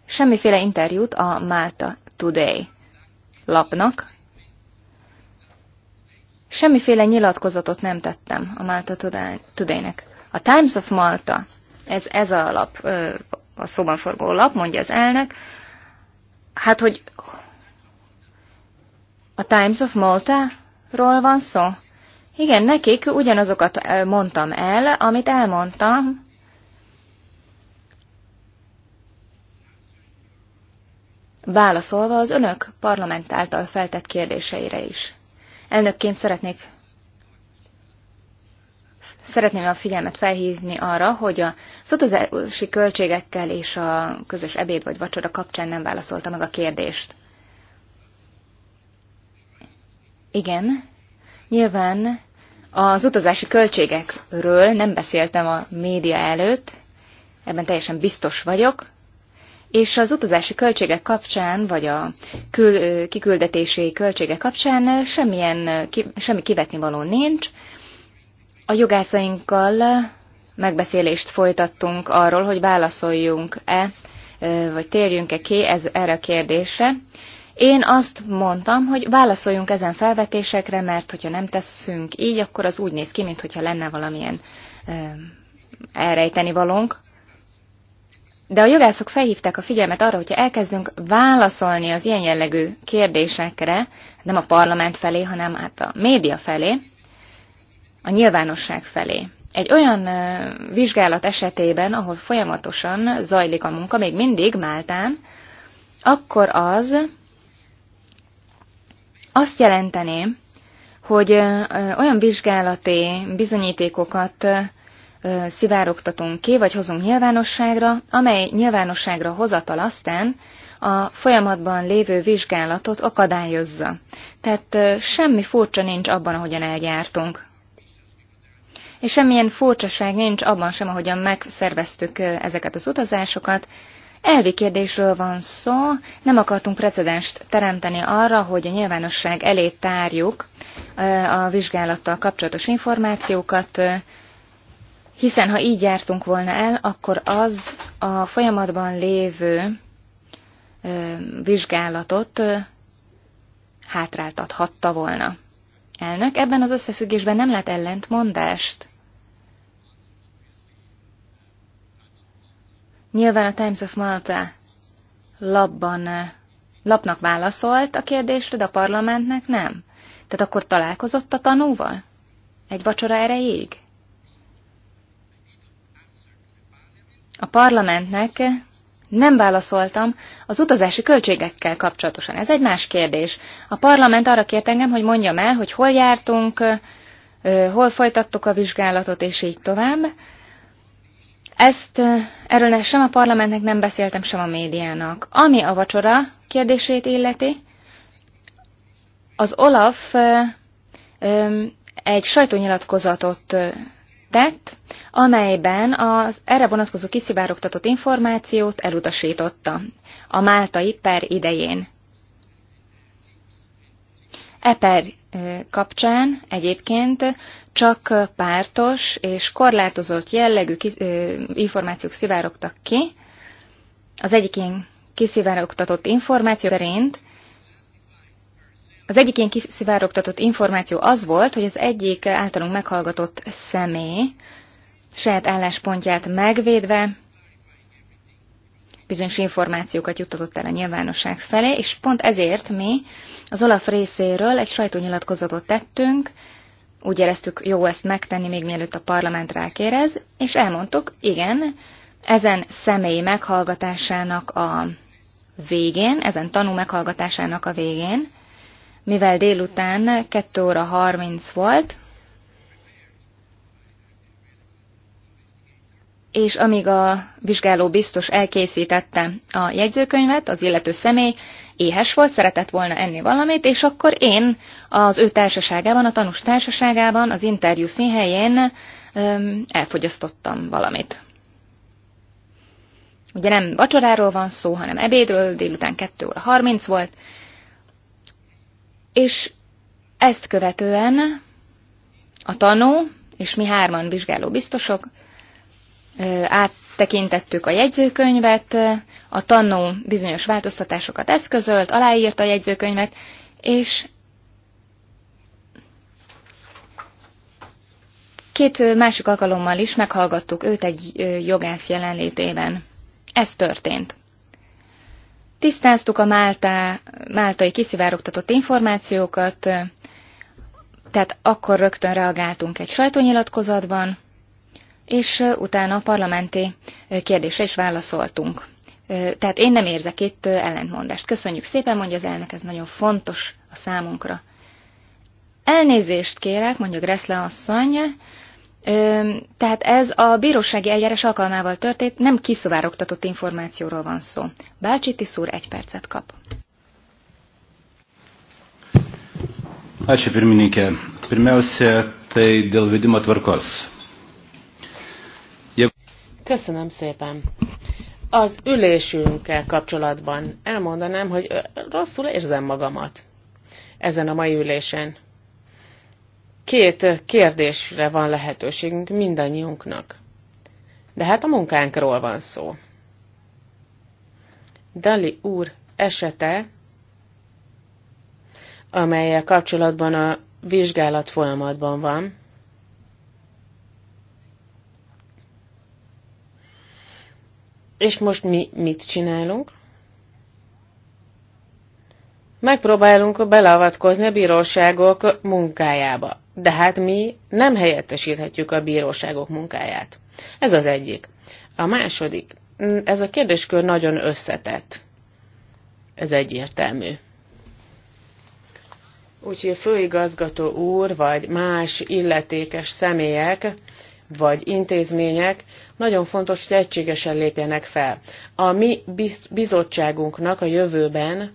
semmiféle interjút a Malta Today lapnak. Semmiféle nyilatkozatot nem tettem a Malta Today-nek. A Times of Malta ez, ez a lap, a szóban forgó lap, mondja az elnök. Hát, hogy a Times of Malta-ról van szó? Igen, nekik ugyanazokat mondtam el, amit elmondtam. Válaszolva az önök parlament által feltett kérdéseire is. Elnökként szeretnék Szeretném a figyelmet felhívni arra, hogy a utazási költségekkel és a közös ebéd vagy vacsora kapcsán nem válaszolta meg a kérdést. Igen, nyilván az utazási költségekről nem beszéltem a média előtt, ebben teljesen biztos vagyok, és az utazási költségek kapcsán, vagy a kül, kiküldetési költségek kapcsán semmilyen, ki, semmi kivetni való nincs, a jogászainkkal megbeszélést folytattunk arról, hogy válaszoljunk-e, vagy térjünk-e ki ez, erre a kérdésre. Én azt mondtam, hogy válaszoljunk ezen felvetésekre, mert hogyha nem tesszünk így, akkor az úgy néz ki, mintha lenne valamilyen elrejteni valónk. De a jogászok felhívták a figyelmet arra, hogyha elkezdünk válaszolni az ilyen jellegű kérdésekre, nem a parlament felé, hanem hát a média felé, a nyilvánosság felé. Egy olyan vizsgálat esetében, ahol folyamatosan zajlik a munka, még mindig Máltán, akkor az azt jelentené, hogy olyan vizsgálati bizonyítékokat szivárogtatunk ki, vagy hozunk nyilvánosságra, amely nyilvánosságra hozatal aztán a folyamatban lévő vizsgálatot akadályozza. Tehát semmi furcsa nincs abban, ahogyan eljártunk és semmilyen furcsaság nincs abban sem, ahogyan megszerveztük ezeket az utazásokat. Elvi kérdésről van szó, nem akartunk precedenst teremteni arra, hogy a nyilvánosság elé tárjuk a vizsgálattal kapcsolatos információkat, hiszen ha így jártunk volna el, akkor az a folyamatban lévő vizsgálatot hátráltathatta volna. Elnök, ebben az összefüggésben nem lát ellentmondást. Nyilván a Times of Malta labban, lapnak válaszolt a kérdésre, de a parlamentnek nem. Tehát akkor találkozott a tanúval? Egy vacsora erejéig? A parlamentnek nem válaszoltam az utazási költségekkel kapcsolatosan. Ez egy más kérdés. A parlament arra kért engem, hogy mondjam el, hogy hol jártunk, hol folytattuk a vizsgálatot, és így tovább. Ezt erről sem a parlamentnek nem beszéltem, sem a médiának. Ami a vacsora kérdését illeti, az Olaf egy sajtónyilatkozatot tett, amelyben az erre vonatkozó kiszivárogtatott információt elutasította a máltai per idején. Eper kapcsán egyébként csak pártos és korlátozott jellegű információk szivárogtak ki. Az egyik kiszivárogtatott információ szerint az egyik ilyen kiszivárogtatott információ az volt, hogy az egyik általunk meghallgatott személy saját álláspontját megvédve bizonyos információkat juttatott el a nyilvánosság felé, és pont ezért mi az Olaf részéről egy sajtónyilatkozatot tettünk, úgy éreztük jó ezt megtenni, még mielőtt a parlament rákérez, és elmondtuk, igen, ezen személyi meghallgatásának a végén, ezen tanú meghallgatásának a végén mivel délután 2 óra 30 volt, és amíg a vizsgáló biztos elkészítette a jegyzőkönyvet, az illető személy éhes volt, szeretett volna enni valamit, és akkor én az ő társaságában, a tanús társaságában, az interjú színhelyén elfogyasztottam valamit. Ugye nem vacsoráról van szó, hanem ebédről, délután 2 óra 30 volt, és ezt követően a tanó és mi hárman vizsgáló biztosok áttekintettük a jegyzőkönyvet, a tanó bizonyos változtatásokat eszközölt, aláírta a jegyzőkönyvet, és két másik alkalommal is meghallgattuk őt egy jogász jelenlétében. Ez történt. Tisztáztuk a Máltá, máltai kiszivárogtatott információkat, tehát akkor rögtön reagáltunk egy sajtónyilatkozatban, és utána a parlamenti kérdésre is válaszoltunk. Tehát én nem érzek itt ellentmondást. Köszönjük szépen, mondja az elnök, ez nagyon fontos a számunkra. Elnézést kérek, mondja Greszle asszony, tehát ez a bírósági eljárás alkalmával történt, nem kiszivárogtatott információról van szó. Bácsi Tiszúr egy percet kap. Ačiū pirmininkė. Pirmiausia, tai dėl vedimo tvarkos. Köszönöm szépen. Az ülésünkkel kapcsolatban elmondanám, hogy rosszul érzem magamat ezen a mai ülésen. Két kérdésre van lehetőségünk mindannyiunknak. De hát a munkánkról van szó. Dali úr esete, amelyel kapcsolatban a vizsgálat folyamatban van, És most mi mit csinálunk? Megpróbálunk beleavatkozni a bíróságok munkájába de hát mi nem helyettesíthetjük a bíróságok munkáját. Ez az egyik. A második, ez a kérdéskör nagyon összetett. Ez egyértelmű. Úgyhogy főigazgató úr, vagy más illetékes személyek, vagy intézmények nagyon fontos, hogy egységesen lépjenek fel. A mi bizottságunknak a jövőben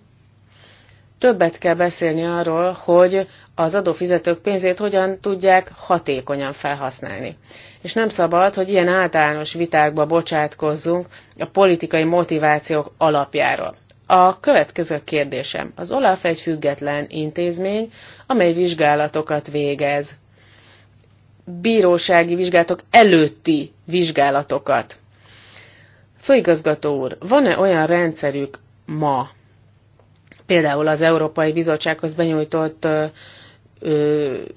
Többet kell beszélni arról, hogy az adófizetők pénzét hogyan tudják hatékonyan felhasználni. És nem szabad, hogy ilyen általános vitákba bocsátkozzunk a politikai motivációk alapjáról. A következő kérdésem. Az OLAF egy független intézmény, amely vizsgálatokat végez. Bírósági vizsgálatok előtti vizsgálatokat. Főigazgató úr, van-e olyan rendszerük ma, Például az Európai Bizottsághoz benyújtott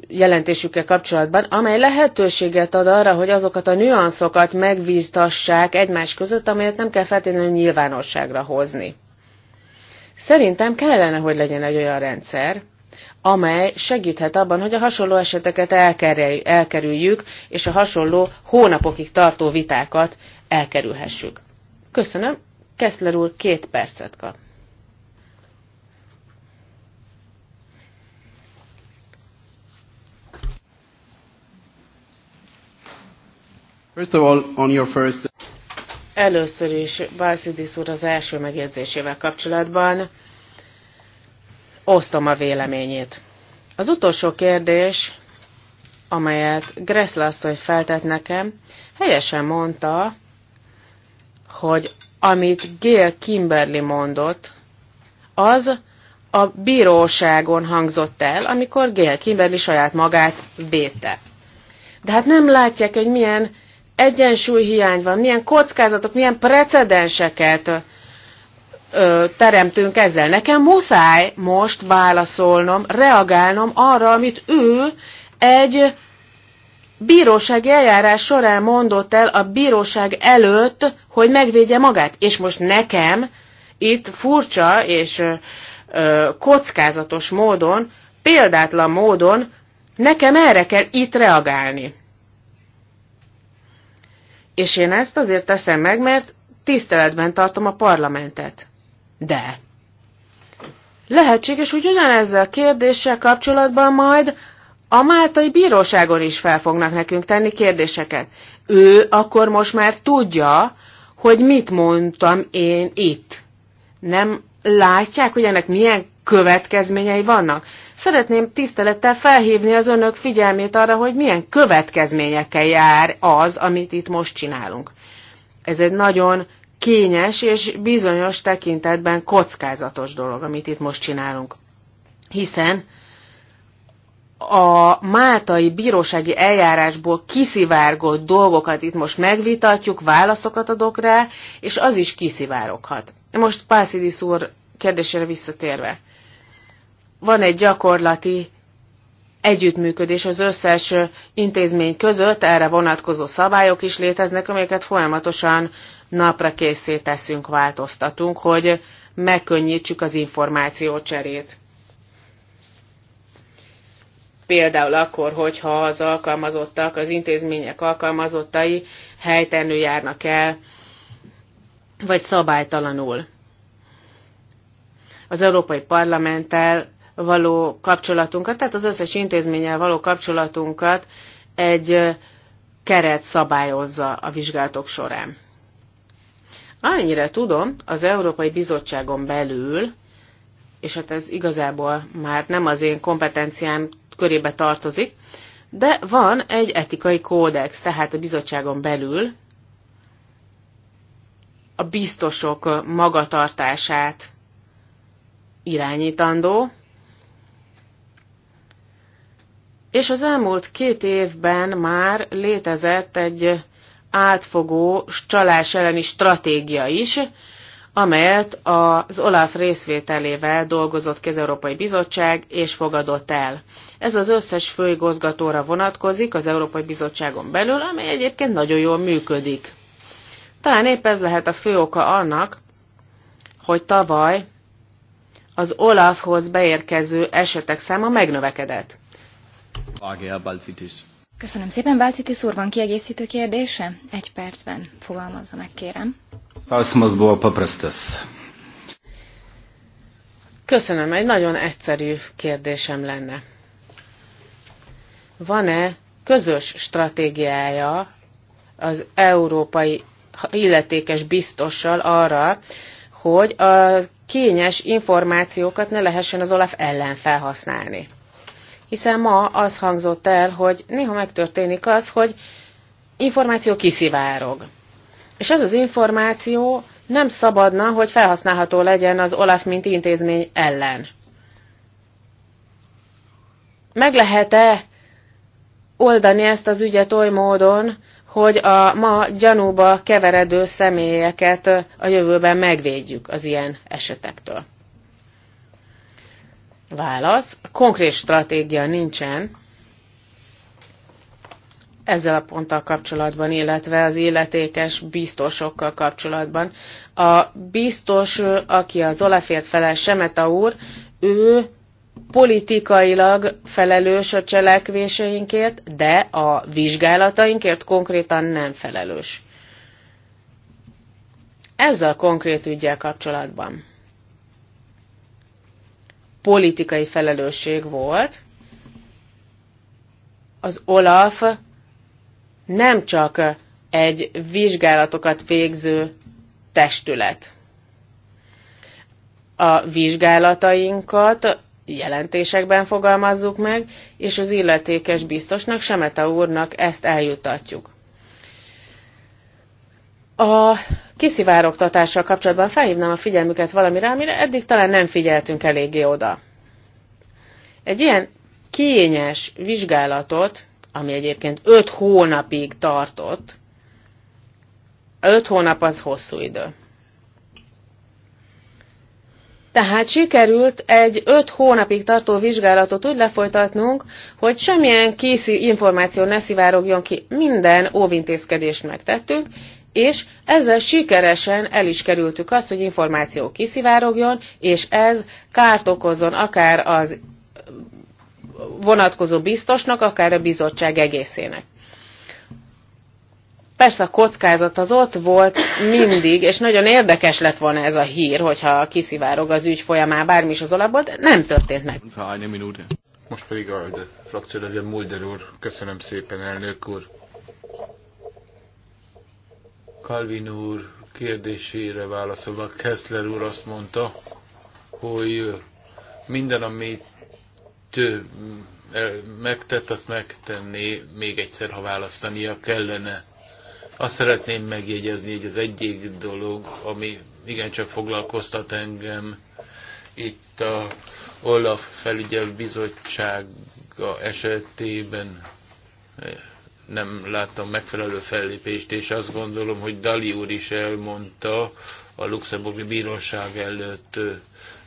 jelentésükkel kapcsolatban, amely lehetőséget ad arra, hogy azokat a nüanszokat megvíztassák egymás között, amelyet nem kell feltétlenül nyilvánosságra hozni. Szerintem kellene, hogy legyen egy olyan rendszer, amely segíthet abban, hogy a hasonló eseteket elkerüljük, és a hasonló hónapokig tartó vitákat elkerülhessük. Köszönöm, Keszler úr két percet kap. First of all, on your first... Először is Balszidis úr az első megjegyzésével kapcsolatban osztom a véleményét. Az utolsó kérdés, amelyet Gressl asszony feltett nekem, helyesen mondta, hogy amit Gail Kimberly mondott, az a bíróságon hangzott el, amikor Gail Kimberly saját magát védte. De hát nem látják, hogy milyen egyensúlyhiány van, milyen kockázatok, milyen precedenseket ö, teremtünk ezzel. Nekem muszáj most válaszolnom, reagálnom arra, amit ő egy bírósági eljárás során mondott el a bíróság előtt, hogy megvédje magát. És most nekem itt furcsa és ö, kockázatos módon, példátlan módon nekem erre kell itt reagálni. És én ezt azért teszem meg, mert tiszteletben tartom a parlamentet. De lehetséges, hogy ugyanezzel a kérdéssel kapcsolatban majd a máltai bíróságon is fel fognak nekünk tenni kérdéseket. Ő akkor most már tudja, hogy mit mondtam én itt. Nem látják, hogy ennek milyen következményei vannak? Szeretném tisztelettel felhívni az önök figyelmét arra, hogy milyen következményekkel jár az, amit itt most csinálunk. Ez egy nagyon kényes és bizonyos tekintetben kockázatos dolog, amit itt most csinálunk. Hiszen a máltai bírósági eljárásból kiszivárgott dolgokat itt most megvitatjuk, válaszokat adok rá, és az is kiszivároghat. Most Pászidis úr kérdésére visszatérve van egy gyakorlati együttműködés az összes intézmény között, erre vonatkozó szabályok is léteznek, amelyeket folyamatosan napra készé teszünk, változtatunk, hogy megkönnyítsük az információcserét. Például akkor, hogyha az alkalmazottak, az intézmények alkalmazottai helytelenül járnak el, vagy szabálytalanul. Az Európai Parlamenttel való kapcsolatunkat, tehát az összes intézménnyel való kapcsolatunkat egy keret szabályozza a vizsgálatok során. Amennyire tudom, az Európai Bizottságon belül, és hát ez igazából már nem az én kompetenciám körébe tartozik, de van egy etikai kódex, tehát a bizottságon belül a biztosok magatartását irányítandó, És az elmúlt két évben már létezett egy átfogó csalás elleni stratégia is, amelyet az OLAF részvételével dolgozott ki az Európai Bizottság és fogadott el. Ez az összes főigazgatóra vonatkozik az Európai Bizottságon belül, amely egyébként nagyon jól működik. Talán épp ez lehet a fő oka annak, hogy tavaly az Olafhoz beérkező esetek száma megnövekedett. Köszönöm szépen, Balcitis úr, van kiegészítő kérdése? Egy percben fogalmazza meg, kérem. Köszönöm, egy nagyon egyszerű kérdésem lenne. Van-e közös stratégiája az európai illetékes biztossal arra, hogy a kényes információkat ne lehessen az Olaf ellen felhasználni? hiszen ma az hangzott el, hogy néha megtörténik az, hogy információ kiszivárog. És ez az információ nem szabadna, hogy felhasználható legyen az OLAF mint intézmény ellen. Meg lehet-e oldani ezt az ügyet oly módon, hogy a ma gyanúba keveredő személyeket a jövőben megvédjük az ilyen esetektől? Válasz. Konkrét stratégia nincsen ezzel a ponttal kapcsolatban, illetve az illetékes biztosokkal kapcsolatban. A biztos, aki az Olafért felel, Semeta úr, ő politikailag felelős a cselekvéseinkért, de a vizsgálatainkért konkrétan nem felelős. Ezzel konkrét ügyel kapcsolatban politikai felelősség volt. Az Olaf nem csak egy vizsgálatokat végző testület. A vizsgálatainkat jelentésekben fogalmazzuk meg, és az illetékes biztosnak, Semeta úrnak ezt eljutatjuk. A kiszivárogtatással kapcsolatban felhívnám a figyelmüket valamire, amire eddig talán nem figyeltünk eléggé oda. Egy ilyen kényes vizsgálatot, ami egyébként 5 hónapig tartott, 5 hónap az hosszú idő. Tehát sikerült egy 5 hónapig tartó vizsgálatot úgy lefolytatnunk, hogy semmilyen kész információ ne szivárogjon ki, minden óvintézkedést megtettünk, és ezzel sikeresen el is kerültük azt, hogy információ kiszivárogjon, és ez kárt okozzon akár az vonatkozó biztosnak, akár a bizottság egészének. Persze a kockázat az ott volt mindig, és nagyon érdekes lett volna ez a hír, hogyha kiszivárog az ügy folyamán bármi is az alapból, de nem történt meg. Most pedig a frakció Mulder úr. Köszönöm szépen, elnök úr. Calvin úr kérdésére válaszolva, Kessler úr azt mondta, hogy minden, amit megtett, azt megtenné még egyszer, ha választania kellene. Azt szeretném megjegyezni, hogy az egyik dolog, ami igencsak foglalkoztat engem, itt a Olaf felügyel bizottsága esetében nem láttam megfelelő fellépést, és azt gondolom, hogy Dali úr is elmondta a luxemburgi bíróság előtt.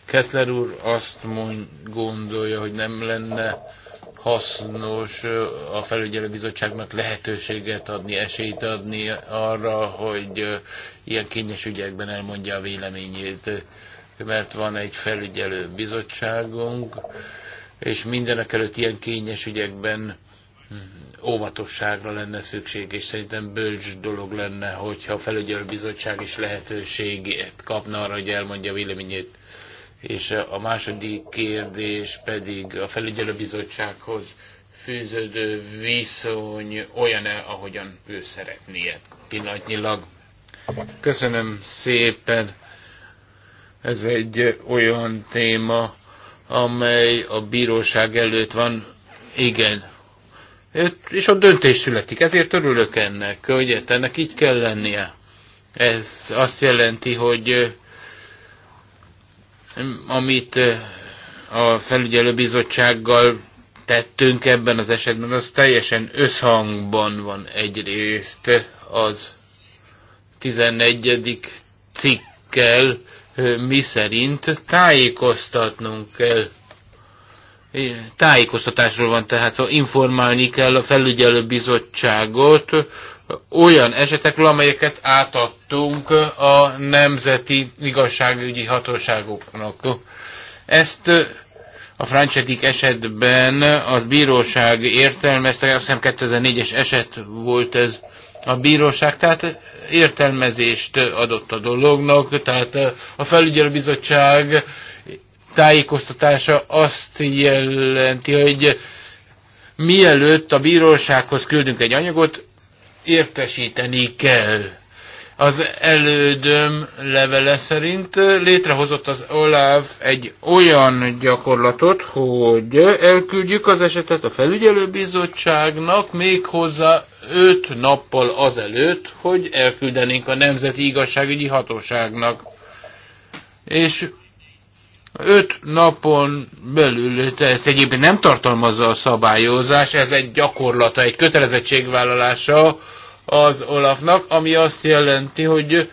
Kessler úr azt mond, gondolja, hogy nem lenne hasznos a felügyelőbizottságnak lehetőséget adni, esélyt adni arra, hogy ilyen kényes ügyekben elmondja a véleményét, mert van egy felügyelőbizottságunk, és mindenek előtt ilyen kényes ügyekben óvatosságra lenne szükség, és szerintem bölcs dolog lenne, hogyha a bizottság is lehetőséget kapna arra, hogy elmondja véleményét. És a második kérdés pedig a felügyelőbizottsághoz fűződő viszony olyan-e, ahogyan ő szeretnie pillanatnyilag. Köszönöm szépen. Ez egy olyan téma, amely a bíróság előtt van. Igen, és ott döntés születik. Ezért örülök ennek, hogy ennek így kell lennie. Ez azt jelenti, hogy amit a felügyelőbizottsággal tettünk ebben az esetben, az teljesen összhangban van egyrészt az 11. cikkel, mi szerint tájékoztatnunk kell Tájékoztatásról van tehát, szóval informálni kell a felügyelő bizottságot olyan esetekről, amelyeket átadtunk a nemzeti igazságügyi hatóságoknak. Ezt a Franchetik esetben az bíróság értelmezte, azt hiszem 2004-es eset volt ez a bíróság, tehát értelmezést adott a dolognak, tehát a felügyelőbizottság tájékoztatása azt jelenti, hogy mielőtt a bírósághoz küldünk egy anyagot, értesíteni kell. Az elődöm levele szerint létrehozott az OLAV egy olyan gyakorlatot, hogy elküldjük az esetet a felügyelőbizottságnak méghozzá 5 nappal azelőtt, hogy elküldenénk a Nemzeti Igazságügyi Hatóságnak. És öt napon belül, ezt egyébként nem tartalmazza a szabályozás, ez egy gyakorlata, egy kötelezettségvállalása az Olafnak, ami azt jelenti, hogy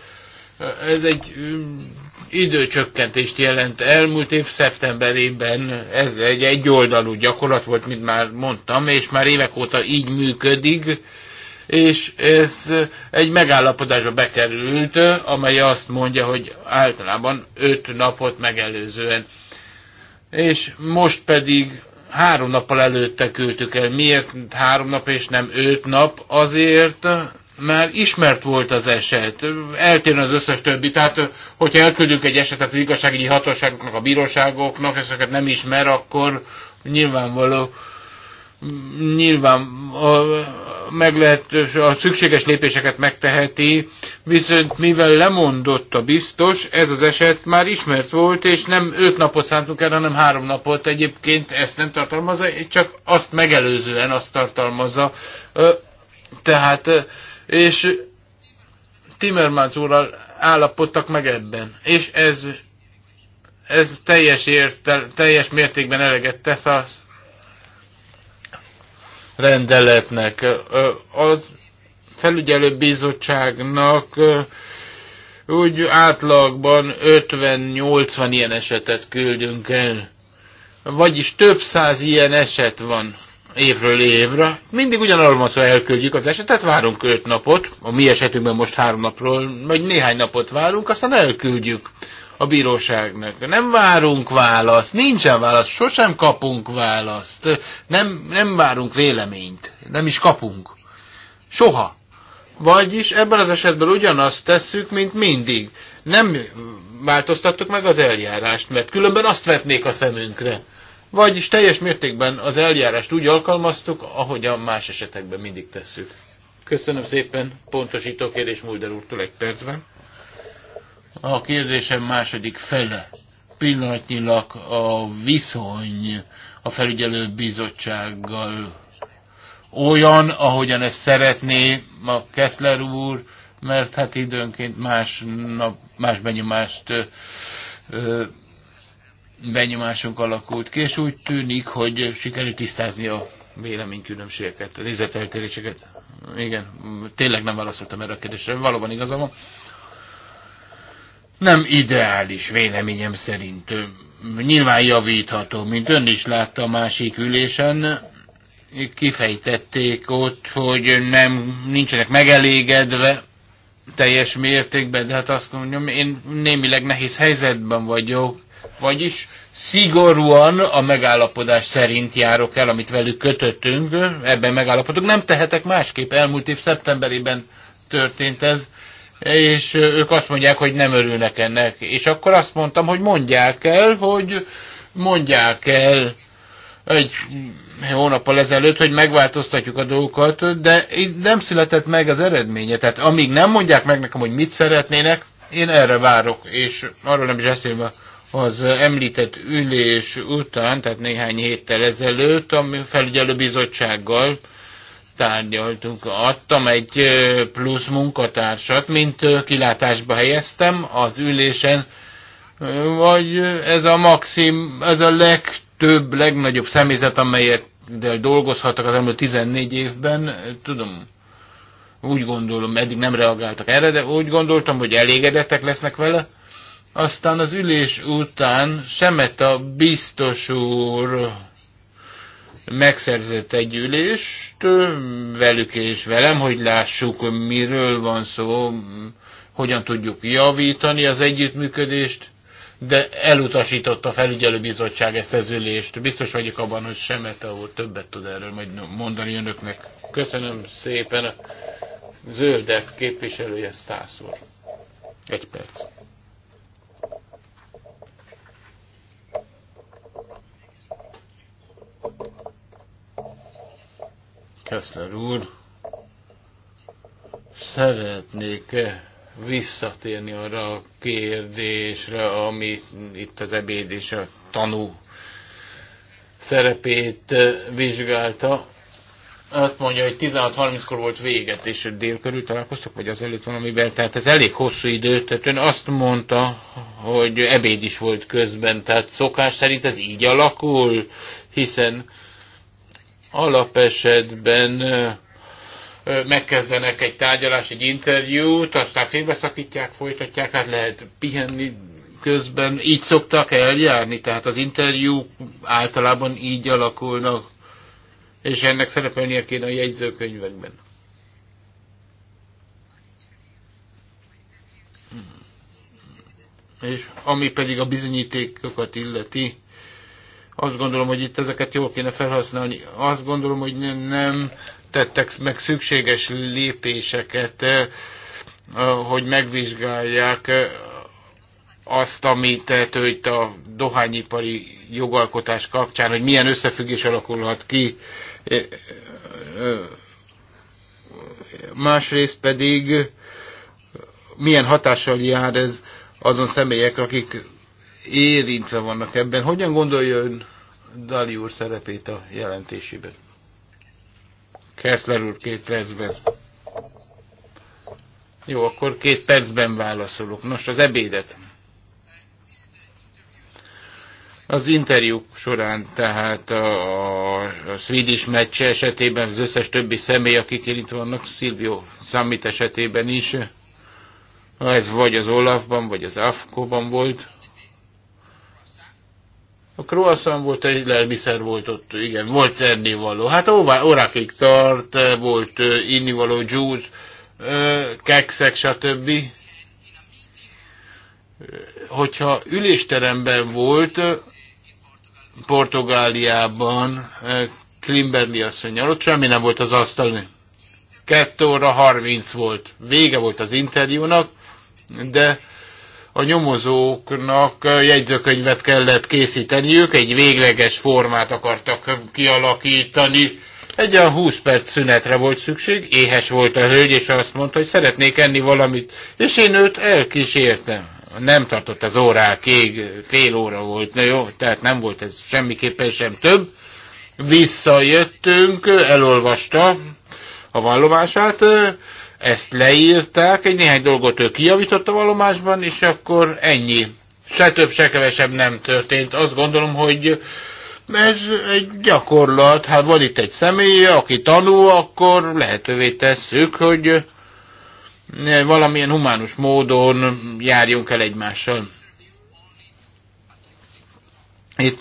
ez egy mm, időcsökkentést jelent. Elmúlt év szeptemberében ez egy egyoldalú gyakorlat volt, mint már mondtam, és már évek óta így működik, és ez egy megállapodásba bekerült, amely azt mondja, hogy általában 5 napot megelőzően. És most pedig három nappal előtte küldtük el. Miért három nap és nem öt nap? Azért, mert ismert volt az eset. Eltérne az összes többi. Tehát, hogyha elküldünk egy esetet az igazságügyi hatóságoknak, a bíróságoknak, ezeket nem ismer, akkor nyilvánvaló nyilván meg lehet, a szükséges lépéseket megteheti, viszont mivel lemondott a biztos, ez az eset már ismert volt, és nem öt napot szántunk el, hanem három napot. Egyébként ezt nem tartalmazza, csak azt megelőzően azt tartalmazza. Tehát, és Timmermans úrral állapodtak meg ebben. És ez, ez teljes, értel, teljes mértékben eleget tesz az rendeletnek. Az felügyelőbizottságnak úgy átlagban 50-80 ilyen esetet küldünk el. Vagyis több száz ilyen eset van évről évre. Mindig ugyanarról van szó, elküldjük az esetet, várunk öt napot, a mi esetünkben most három napról, vagy néhány napot várunk, aztán elküldjük a bíróságnak. Nem várunk választ, nincsen választ, sosem kapunk választ, nem, nem várunk véleményt, nem is kapunk. Soha. Vagyis ebben az esetben ugyanazt tesszük, mint mindig. Nem változtattuk meg az eljárást, mert különben azt vetnék a szemünkre. Vagyis teljes mértékben az eljárást úgy alkalmaztuk, ahogy a más esetekben mindig tesszük. Köszönöm szépen, pontosító kérdés Mulder úrtól egy percben. A kérdésem második fele. Pillanatnyilag a viszony a felügyelő bizottsággal olyan, ahogyan ezt szeretné a Kessler úr, mert hát időnként más, nap, más benyomást ö, benyomásunk alakult ki, és úgy tűnik, hogy sikerült tisztázni a véleménykülönbségeket, a nézeteltéréseket. Igen, tényleg nem válaszoltam erre a kérdésre, valóban igaza van nem ideális véleményem szerint. Nyilván javítható, mint ön is látta a másik ülésen, kifejtették ott, hogy nem, nincsenek megelégedve teljes mértékben, de hát azt mondjam, én némileg nehéz helyzetben vagyok, vagyis szigorúan a megállapodás szerint járok el, amit velük kötöttünk, ebben megállapodok. nem tehetek másképp, elmúlt év szeptemberében történt ez, és ők azt mondják, hogy nem örülnek ennek. És akkor azt mondtam, hogy mondják el, hogy mondják el egy hónappal ezelőtt, hogy megváltoztatjuk a dolgokat, de itt nem született meg az eredménye. Tehát amíg nem mondják meg nekem, hogy mit szeretnének, én erre várok, és arról nem is beszélve az említett ülés után, tehát néhány héttel ezelőtt, a felügyelőbizottsággal, bizottsággal, tárgyaltunk. Adtam egy plusz munkatársat, mint kilátásba helyeztem az ülésen, vagy ez a maxim, ez a legtöbb, legnagyobb személyzet, amelyekkel dolgozhattak az elmúlt 14 évben, tudom, úgy gondolom, eddig nem reagáltak erre, de úgy gondoltam, hogy elégedettek lesznek vele. Aztán az ülés után Semeta biztos úr megszerzett egy ülést velük és velem, hogy lássuk, miről van szó, hogyan tudjuk javítani az együttműködést, de elutasította a felügyelőbizottság ezt az ülést. Biztos vagyok abban, hogy Semete ahol többet tud erről majd mondani önöknek. Köszönöm szépen a zöldek képviselője Stászor. Egy perc. Kessler úr, szeretnék visszatérni arra a kérdésre, ami itt az ebéd és a tanú szerepét vizsgálta. Azt mondja, hogy 16.30-kor volt véget, és dél körül találkoztak, vagy az előtt valamiben, tehát ez elég hosszú idő, tehát ön azt mondta, hogy ebéd is volt közben, tehát szokás szerint ez így alakul, hiszen alapesetben megkezdenek egy tárgyalás, egy interjút, aztán félbeszakítják, folytatják, hát lehet pihenni közben. Így szoktak eljárni, tehát az interjúk általában így alakulnak, és ennek szerepelnie kéne a jegyzőkönyvekben. És ami pedig a bizonyítékokat illeti, azt gondolom, hogy itt ezeket jól kéne felhasználni. Azt gondolom, hogy nem tettek meg szükséges lépéseket, eh, hogy megvizsgálják eh, azt, amit tehető itt a dohányipari jogalkotás kapcsán, hogy milyen összefüggés alakulhat ki. Eh, másrészt pedig milyen hatással jár ez azon személyekre, akik érintve vannak ebben. Hogyan gondolja ön Dali úr szerepét a jelentésében? Kessler úr két percben. Jó, akkor két percben válaszolok. Nos, az ebédet. Az interjú során, tehát a, a Swedish meccse esetében az összes többi személy, akik érintve vannak, Silvio Summit esetében is, ez vagy az Olafban, vagy az Afkóban volt, a croissant volt, egy lelmiszer, volt ott, igen, volt ennivaló. Hát óvá, órákig tart, volt innivaló, juice, kekszek, stb. Hogyha ülésteremben volt, Portugáliában, Klimberli asszony ott semmi nem volt az asztalon. 2 óra 30 volt. Vége volt az interjúnak, de a nyomozóknak jegyzőkönyvet kellett készíteni, ők egy végleges formát akartak kialakítani. Egy olyan 20 perc szünetre volt szükség, éhes volt a hölgy, és azt mondta, hogy szeretnék enni valamit, és én őt elkísértem. Nem tartott az órákig, fél óra volt, na jó, tehát nem volt ez semmiképpen sem több. Visszajöttünk, elolvasta a vallomását, ezt leírták, egy néhány dolgot ő kijavított a valomásban, és akkor ennyi. Se több, se kevesebb nem történt. Azt gondolom, hogy ez egy gyakorlat. Hát van itt egy személy, aki tanul, akkor lehetővé tesszük, hogy valamilyen humánus módon járjunk el egymással. Itt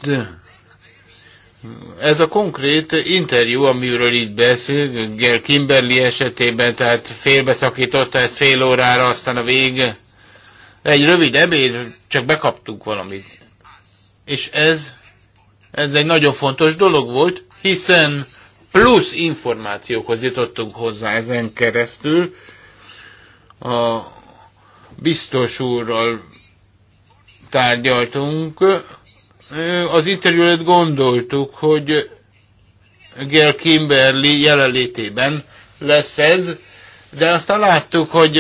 ez a konkrét interjú, amiről itt beszél, Gail Kimberly esetében, tehát félbeszakította ezt fél órára, aztán a vég, Egy rövid ebéd, csak bekaptuk valamit. És ez, ez egy nagyon fontos dolog volt, hiszen plusz információkhoz jutottunk hozzá ezen keresztül. A biztos úrral tárgyaltunk, az interjúlet gondoltuk, hogy Gail Kimberly jelenlétében lesz ez, de aztán láttuk, hogy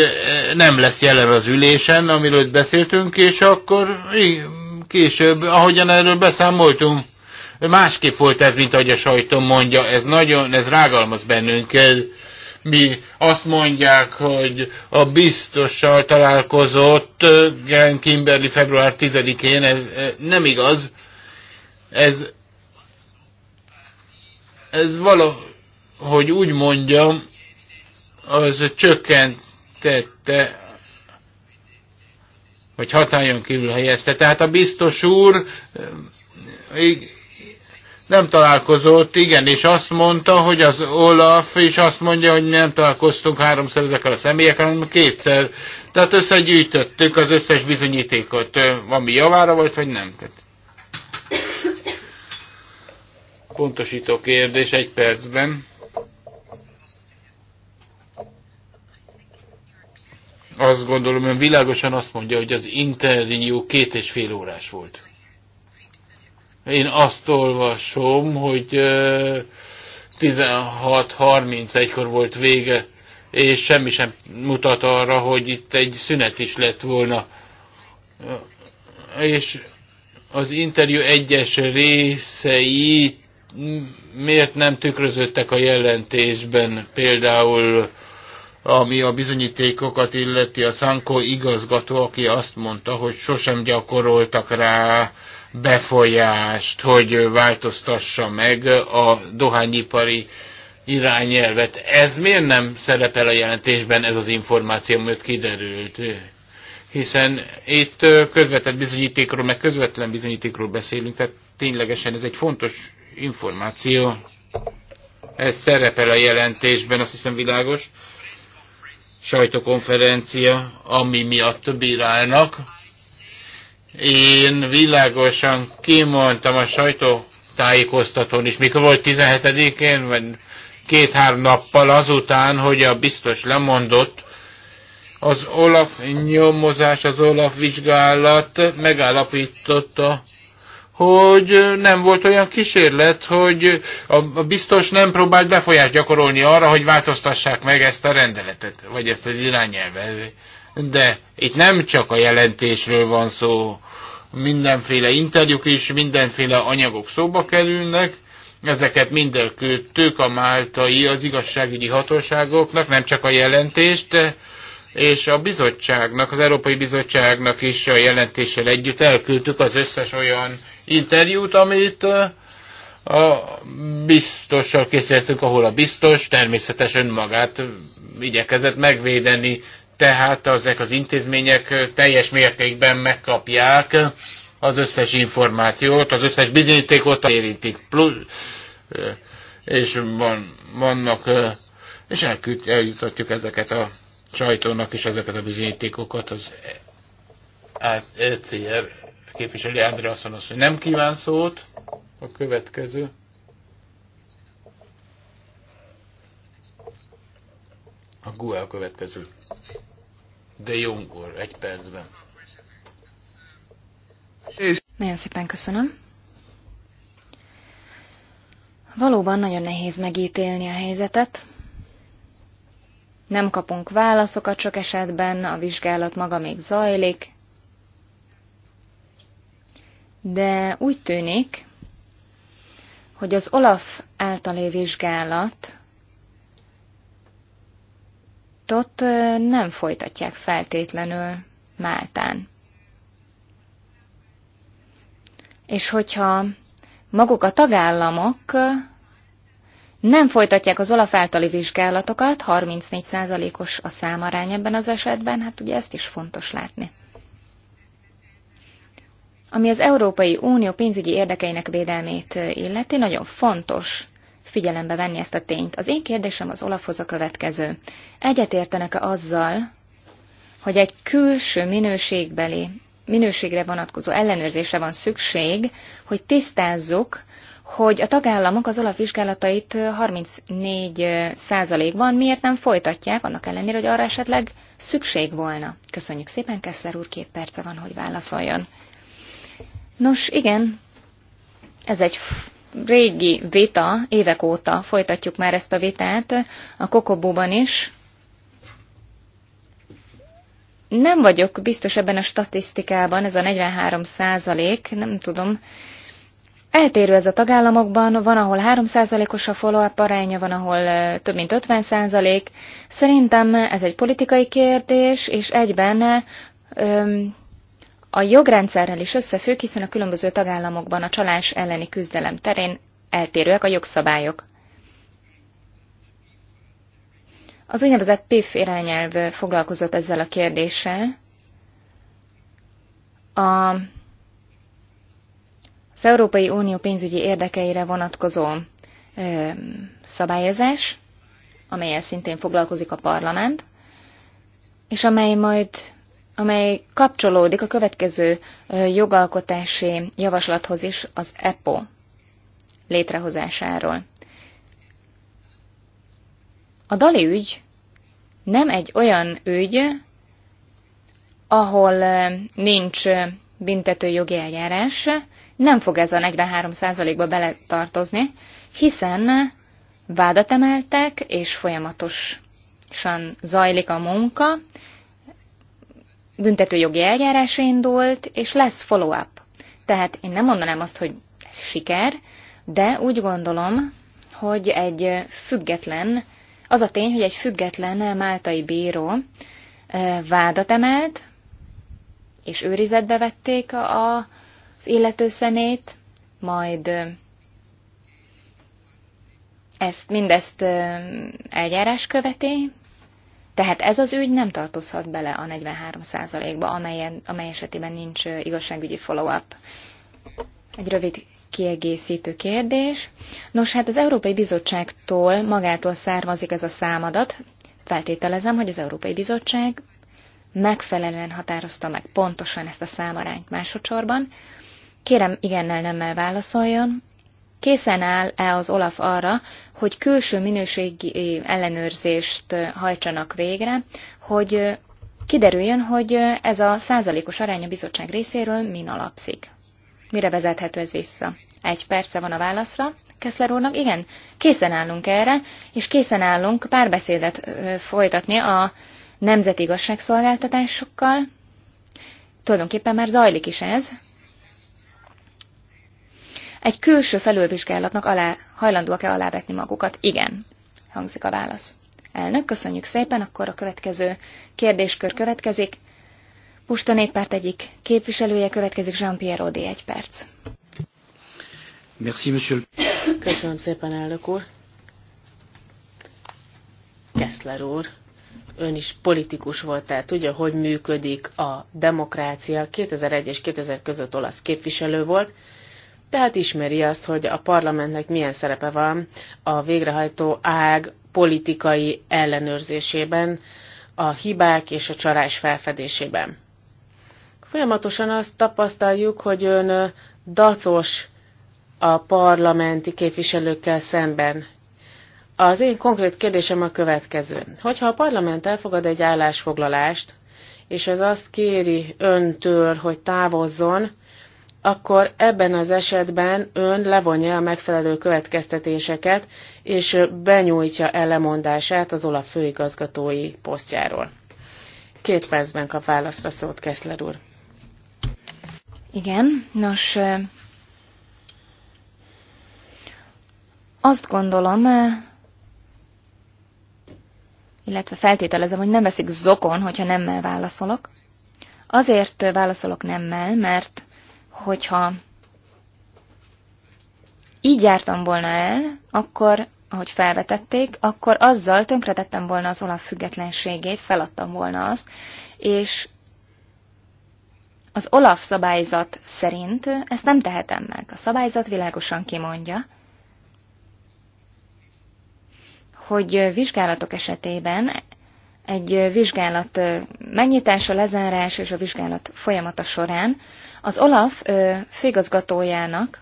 nem lesz jelen az ülésen, amiről beszéltünk, és akkor később, ahogyan erről beszámoltunk, másképp volt ez, mint ahogy a sajtó mondja, ez nagyon, ez rágalmaz bennünket, mi azt mondják, hogy a biztossal találkozott Gen Kimberly február 10-én, ez nem igaz. Ez, ez valahogy úgy mondjam, az csökkentette vagy hatályon kívül helyezte. Tehát a biztos úr nem találkozott, igen, és azt mondta, hogy az Olaf, és azt mondja, hogy nem találkoztunk háromszor ezekkel a személyekkel, hanem kétszer. Tehát összegyűjtöttük az összes bizonyítékot, ami javára volt, vagy nem. Tehát pontosító kérdés egy percben. Azt gondolom, hogy világosan azt mondja, hogy az interjú két és fél órás volt. Én azt olvasom, hogy 16.31-kor volt vége, és semmi sem mutat arra, hogy itt egy szünet is lett volna. És az interjú egyes részei. miért nem tükröződtek a jelentésben, például ami a bizonyítékokat illeti, a Szankó igazgató, aki azt mondta, hogy sosem gyakoroltak rá befolyást, hogy változtassa meg a dohányipari irányelvet. Ez miért nem szerepel a jelentésben ez az információ, amit kiderült? Hiszen itt közvetett bizonyítékról, meg közvetlen bizonyítékról beszélünk, tehát ténylegesen ez egy fontos információ. Ez szerepel a jelentésben, azt hiszem világos sajtókonferencia, ami miatt bírálnak én világosan kimondtam a sajtótájékoztatón is, mikor volt 17-én, vagy két-három nappal azután, hogy a biztos lemondott, az Olaf nyomozás, az Olaf vizsgálat megállapította, hogy nem volt olyan kísérlet, hogy a biztos nem próbált befolyást gyakorolni arra, hogy változtassák meg ezt a rendeletet, vagy ezt az irányelvet de itt nem csak a jelentésről van szó, mindenféle interjúk is, mindenféle anyagok szóba kerülnek, ezeket mind a máltai az igazságügyi hatóságoknak, nem csak a jelentést, és a bizottságnak, az Európai Bizottságnak is a jelentéssel együtt elküldtük az összes olyan interjút, amit a biztossal készítettünk, ahol a biztos természetesen magát igyekezett megvédeni tehát ezek az intézmények teljes mértékben megkapják az összes információt, az összes bizonyítékot érintik. Plusz, eh, és van, vannak, eh, és eljutatjuk ezeket a sajtónak is ezeket a bizonyítékokat az ECR képviselő Andreasson azt mondja, nem kíván szót. A következő. A GUE a következő. De Jong úr, egy percben. És... Nagyon szépen köszönöm. Valóban nagyon nehéz megítélni a helyzetet. Nem kapunk válaszokat sok esetben, a vizsgálat maga még zajlik, de úgy tűnik, hogy az Olaf általi vizsgálat projektot nem folytatják feltétlenül Máltán. És hogyha maguk a tagállamok nem folytatják az Olaf általi vizsgálatokat, 34%-os a számarány ebben az esetben, hát ugye ezt is fontos látni. Ami az Európai Unió pénzügyi érdekeinek védelmét illeti, nagyon fontos figyelembe venni ezt a tényt. Az én kérdésem az Olafhoz a következő. Egyetértenek-e azzal, hogy egy külső minőségbeli, minőségre vonatkozó ellenőrzésre van szükség, hogy tisztázzuk, hogy a tagállamok az olaf vizsgálatait 34 százalékban? miért nem folytatják, annak ellenére, hogy arra esetleg szükség volna. Köszönjük szépen, Keszler úr, két perce van, hogy válaszoljon. Nos, igen, ez egy régi vita, évek óta folytatjuk már ezt a vitát, a Kokobóban is. Nem vagyok biztos ebben a statisztikában, ez a 43 százalék, nem tudom. Eltérő ez a tagállamokban, van, ahol 3 százalékos a follow-up aránya, van, ahol több mint 50 százalék. Szerintem ez egy politikai kérdés, és egyben öm, a jogrendszerrel is összefügg, hiszen a különböző tagállamokban a csalás elleni küzdelem terén eltérőek a jogszabályok. Az úgynevezett PIF irányelv foglalkozott ezzel a kérdéssel. A, az Európai Unió pénzügyi érdekeire vonatkozó ö, szabályozás, amelyel szintén foglalkozik a parlament, és amely majd amely kapcsolódik a következő jogalkotási javaslathoz is, az EPO létrehozásáról. A Dali ügy nem egy olyan ügy, ahol nincs büntető jogi eljárás, nem fog ez a 43%-ba beletartozni, hiszen vádat emeltek, és folyamatosan zajlik a munka, büntetőjogi eljárás indult, és lesz follow-up. Tehát én nem mondanám azt, hogy ez siker, de úgy gondolom, hogy egy független, az a tény, hogy egy független máltai bíró vádat emelt, és őrizetbe vették a, az illető szemét, majd ezt mindezt eljárás követi, tehát ez az ügy nem tartozhat bele a 43%-ba, amelyen, amely esetében nincs igazságügyi follow-up. Egy rövid kiegészítő kérdés. Nos, hát az Európai Bizottságtól magától származik ez a számadat. Feltételezem, hogy az Európai Bizottság megfelelően határozta meg pontosan ezt a számarányt másodszorban. Kérem, igennel nemmel válaszoljon, készen áll-e az Olaf arra, hogy külső minőségi eh, ellenőrzést eh, hajtsanak végre, hogy eh, kiderüljön, hogy ez a százalékos arány a bizottság részéről min alapszik. Mire vezethető ez vissza? Egy perce van a válaszra. Kessler úrnak, igen, készen állunk erre, és készen állunk párbeszédet folytatni a nemzeti igazságszolgáltatásokkal. Tulajdonképpen már zajlik is ez, egy külső felülvizsgálatnak alá, hajlandóak-e alávetni magukat? Igen, hangzik a válasz. Elnök, köszönjük szépen, akkor a következő kérdéskör következik. Pusta néppárt egyik képviselője következik, Jean-Pierre Odé, egy perc. Merci, monsieur. Köszönöm szépen, elnök úr. Kessler úr, ön is politikus volt, tehát tudja, hogy működik a demokrácia. 2001 és 2000 között olasz képviselő volt, tehát ismeri azt, hogy a parlamentnek milyen szerepe van a végrehajtó ág politikai ellenőrzésében, a hibák és a csalás felfedésében. Folyamatosan azt tapasztaljuk, hogy ön dacos a parlamenti képviselőkkel szemben. Az én konkrét kérdésem a következő. Hogyha a parlament elfogad egy állásfoglalást, és ez azt kéri öntől, hogy távozzon, akkor ebben az esetben ön levonja a megfelelő következtetéseket, és benyújtja ellemondását az OLAF főigazgatói posztjáról. Két percben kap válaszra szót Keszler úr. Igen, nos, azt gondolom, illetve feltételezem, hogy nem veszik zokon, hogyha nemmel válaszolok. Azért válaszolok nemmel, mert hogyha így jártam volna el, akkor, ahogy felvetették, akkor azzal tönkretettem volna az olaf függetlenségét, feladtam volna azt, és az olaf szabályzat szerint ezt nem tehetem meg. A szabályzat világosan kimondja, hogy vizsgálatok esetében egy vizsgálat megnyitása, lezárás és a vizsgálat folyamata során az Olaf ö, főigazgatójának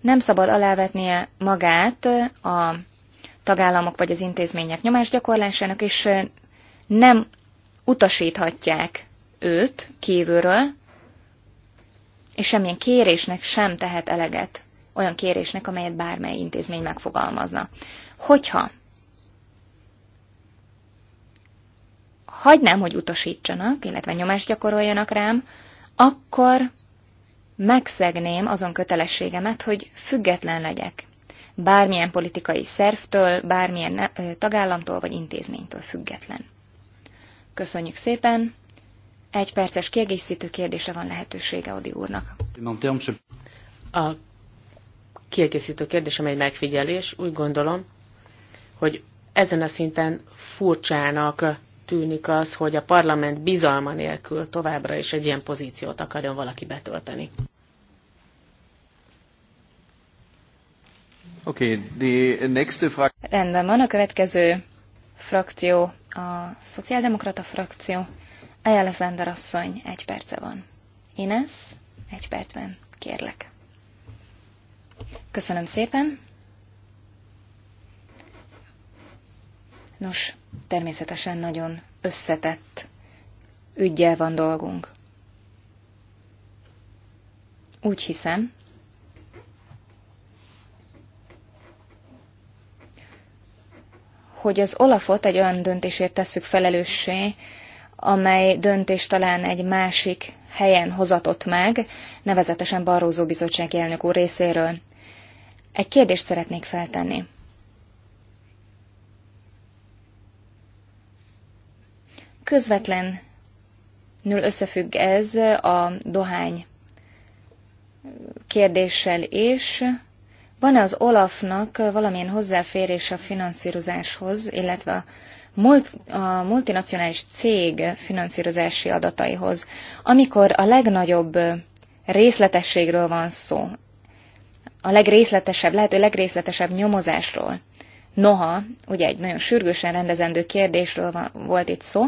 nem szabad alávetnie magát a tagállamok vagy az intézmények nyomásgyakorlásának, és nem utasíthatják őt kívülről, és semmilyen kérésnek sem tehet eleget, olyan kérésnek, amelyet bármely intézmény megfogalmazna. Hogyha hagynám, hogy utasítsanak, illetve nyomást gyakoroljanak rám, akkor megszegném azon kötelességemet, hogy független legyek. Bármilyen politikai szervtől, bármilyen tagállamtól vagy intézménytől független. Köszönjük szépen! Egy perces kiegészítő kérdése van lehetősége Odi úrnak. A kiegészítő kérdésem egy megfigyelés. Úgy gondolom, hogy ezen a szinten furcsának tűnik az, hogy a parlament bizalma nélkül továbbra is egy ilyen pozíciót akarjon valaki betölteni. Okay, the next... Rendben van, a következő frakció, a szociáldemokrata frakció. Ayala Zander asszony, egy perce van. Ines, egy percben, kérlek. Köszönöm szépen. Nos, természetesen nagyon összetett ügyjel van dolgunk. Úgy hiszem, hogy az Olafot egy olyan döntésért tesszük felelőssé, amely döntés talán egy másik helyen hozatott meg, nevezetesen Barózó bizottság elnök úr részéről. Egy kérdést szeretnék feltenni. közvetlenül összefügg ez a dohány kérdéssel is. Van-e az Olafnak valamilyen hozzáférés a finanszírozáshoz, illetve a, a multinacionális cég finanszírozási adataihoz, amikor a legnagyobb részletességről van szó, a legrészletesebb, lehető legrészletesebb nyomozásról noha, ugye egy nagyon sürgősen rendezendő kérdésről van, volt itt szó,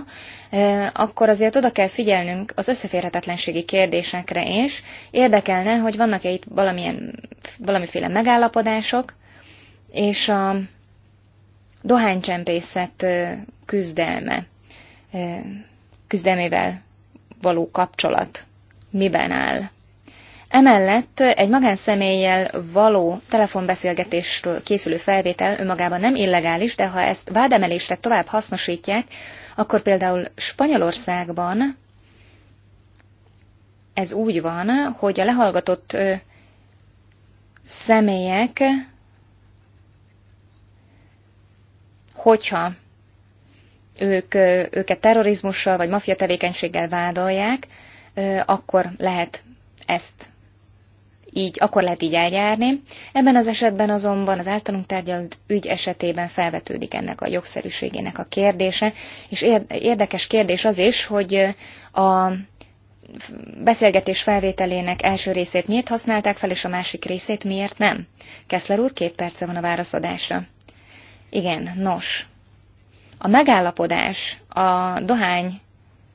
akkor azért oda kell figyelnünk az összeférhetetlenségi kérdésekre és Érdekelne, hogy vannak-e itt valamilyen, valamiféle megállapodások, és a dohánycsempészet küzdelme, küzdelmével való kapcsolat miben áll. Emellett egy magánszemélyel való telefonbeszélgetésről készülő felvétel önmagában nem illegális, de ha ezt vádemelésre tovább hasznosítják, akkor például Spanyolországban ez úgy van, hogy a lehallgatott személyek, hogyha ők, őket terrorizmussal vagy mafia tevékenységgel vádolják, akkor lehet ezt így, akkor lehet így eljárni. Ebben az esetben azonban az általunk tárgyalt ügy esetében felvetődik ennek a jogszerűségének a kérdése, és érdekes kérdés az is, hogy a beszélgetés felvételének első részét miért használták fel, és a másik részét miért nem? Keszler úr, két perce van a válaszadásra. Igen, nos. A megállapodás a dohány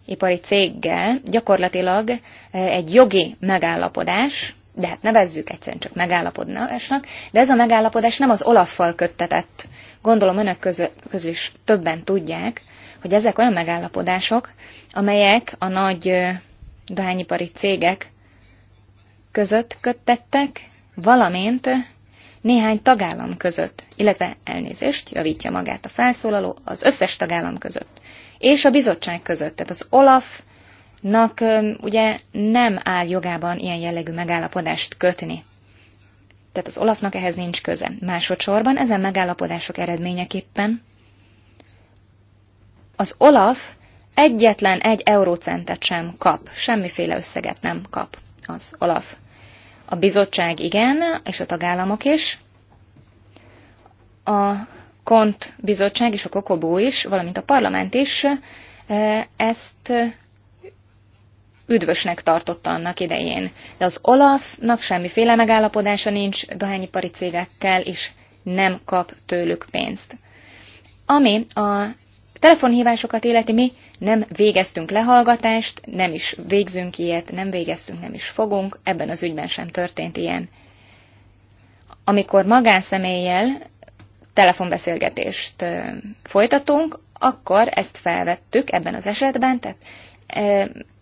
ipari céggel gyakorlatilag egy jogi megállapodás, de hát nevezzük egyszerűen csak megállapodásnak, de ez a megállapodás nem az Olaffal köttetett. Gondolom önök közül, közül is többen tudják, hogy ezek olyan megállapodások, amelyek a nagy dohányipari cégek között köttettek, valamint néhány tagállam között, illetve elnézést, javítja magát a felszólaló, az összes tagállam között, és a bizottság között, tehát az OLAF Nak ugye nem áll jogában ilyen jellegű megállapodást kötni. Tehát az Olafnak ehhez nincs köze. Másodszorban ezen megállapodások eredményeképpen az Olaf egyetlen egy eurócentet sem kap, semmiféle összeget nem kap az Olaf. A bizottság igen, és a tagállamok is. A Kont bizottság és a Kokobó is, valamint a parlament is ezt üdvösnek tartotta annak idején. De az Olafnak semmiféle megállapodása nincs dohányipari cégekkel, és nem kap tőlük pénzt. Ami a telefonhívásokat illeti, mi nem végeztünk lehallgatást, nem is végzünk ilyet, nem végeztünk, nem is fogunk, ebben az ügyben sem történt ilyen. Amikor magánszemélyel telefonbeszélgetést folytatunk, akkor ezt felvettük ebben az esetben, tehát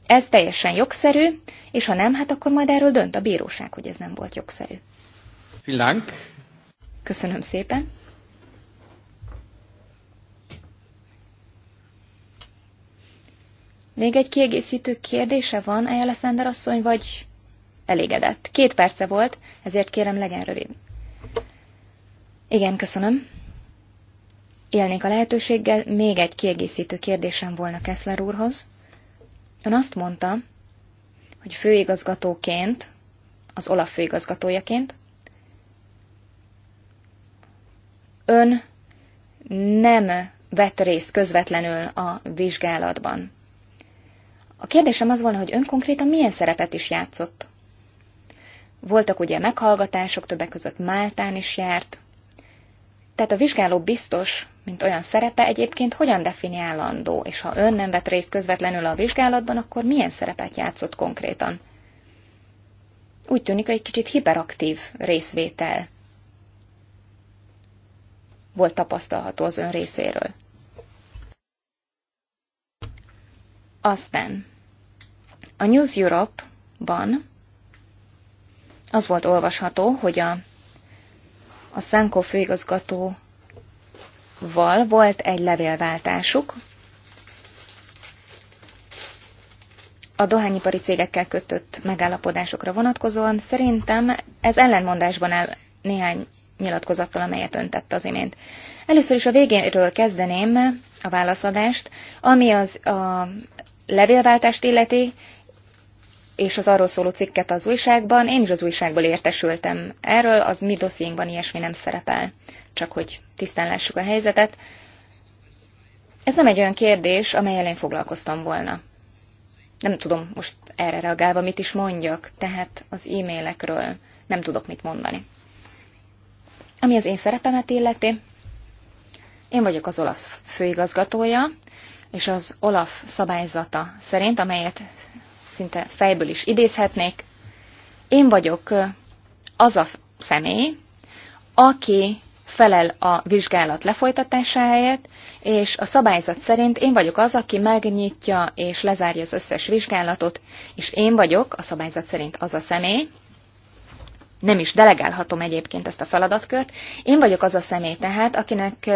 ez teljesen jogszerű, és ha nem, hát akkor majd erről dönt a bíróság, hogy ez nem volt jogszerű. Vilánk. Köszönöm szépen. Még egy kiegészítő kérdése van, Ejjeleszender asszony, vagy elégedett? Két perce volt, ezért kérem, legyen rövid. Igen, köszönöm. Élnék a lehetőséggel, még egy kiegészítő kérdésem volna Keszler úrhoz. Ön azt mondta, hogy főigazgatóként, az Olaf főigazgatójaként, ön nem vett részt közvetlenül a vizsgálatban. A kérdésem az volna, hogy ön konkrétan milyen szerepet is játszott? Voltak ugye meghallgatások, többek között Máltán is járt. Tehát a vizsgáló biztos mint olyan szerepe egyébként hogyan definiálandó, és ha ön nem vett részt közvetlenül a vizsgálatban, akkor milyen szerepet játszott konkrétan? Úgy tűnik, hogy egy kicsit hiperaktív részvétel volt tapasztalható az ön részéről. Aztán a News Europe-ban az volt olvasható, hogy a, a Szánkó főigazgató val volt egy levélváltásuk. A dohányipari cégekkel kötött megállapodásokra vonatkozóan szerintem ez ellenmondásban áll néhány nyilatkozattal, amelyet öntett az imént. Először is a végéről kezdeném a válaszadást, ami az a levélváltást illeti, és az arról szóló cikket az újságban, én is az újságból értesültem. Erről az mi dossziénkban ilyesmi nem szerepel, csak hogy tisztán lássuk a helyzetet. Ez nem egy olyan kérdés, amelyel én foglalkoztam volna. Nem tudom most erre reagálva mit is mondjak, tehát az e-mailekről nem tudok mit mondani. Ami az én szerepemet illeti, én vagyok az Olaf főigazgatója, és az Olaf szabályzata szerint, amelyet szinte fejből is idézhetnék. Én vagyok az a személy, aki felel a vizsgálat lefolytatásáért, és a szabályzat szerint én vagyok az, aki megnyitja és lezárja az összes vizsgálatot, és én vagyok a szabályzat szerint az a személy, nem is delegálhatom egyébként ezt a feladatkört, én vagyok az a személy tehát, akinek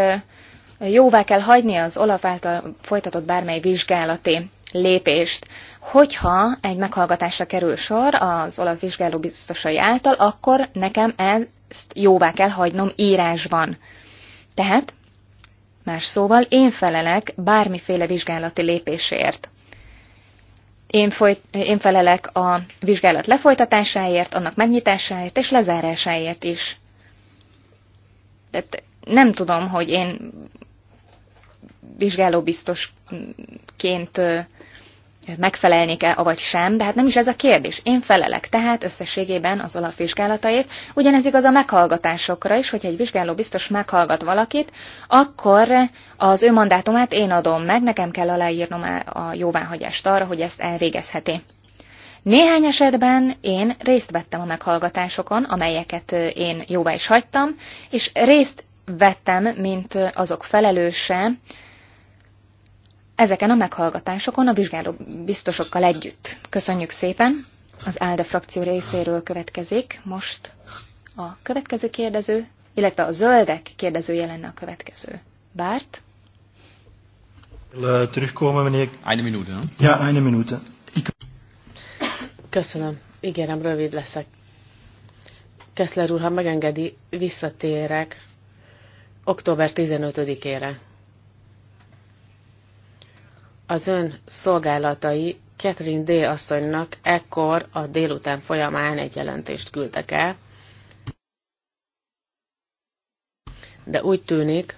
jóvá kell hagyni az Olaf által folytatott bármely vizsgálati lépést. Hogyha egy meghallgatásra kerül sor az olaf vizsgáló biztosai által, akkor nekem ezt jóvá kell hagynom írásban. Tehát, más szóval, én felelek bármiféle vizsgálati lépésért. Én, folyt, én felelek a vizsgálat lefolytatásáért, annak megnyitásáért és lezárásáért is. Tehát nem tudom, hogy én vizsgálóbiztosként megfelelnék-e, avagy sem, de hát nem is ez a kérdés. Én felelek tehát összességében az alapvizsgálataért, Ugyanez igaz a meghallgatásokra is, hogyha egy vizsgáló biztos meghallgat valakit, akkor az ő mandátumát én adom meg, nekem kell aláírnom a jóváhagyást arra, hogy ezt elvégezheti. Néhány esetben én részt vettem a meghallgatásokon, amelyeket én jóvá is hagytam, és részt vettem, mint azok felelőse, ezeken a meghallgatásokon a vizsgáló biztosokkal együtt. Köszönjük szépen! Az ALDE frakció részéről következik most a következő kérdező, illetve a zöldek kérdezője lenne a következő. Bárt? Ja, Köszönöm. Ígérem, rövid leszek. Keszler úr, ha megengedi, visszatérek október 15-ére az ön szolgálatai Catherine D. asszonynak ekkor a délután folyamán egy jelentést küldtek el, de úgy tűnik,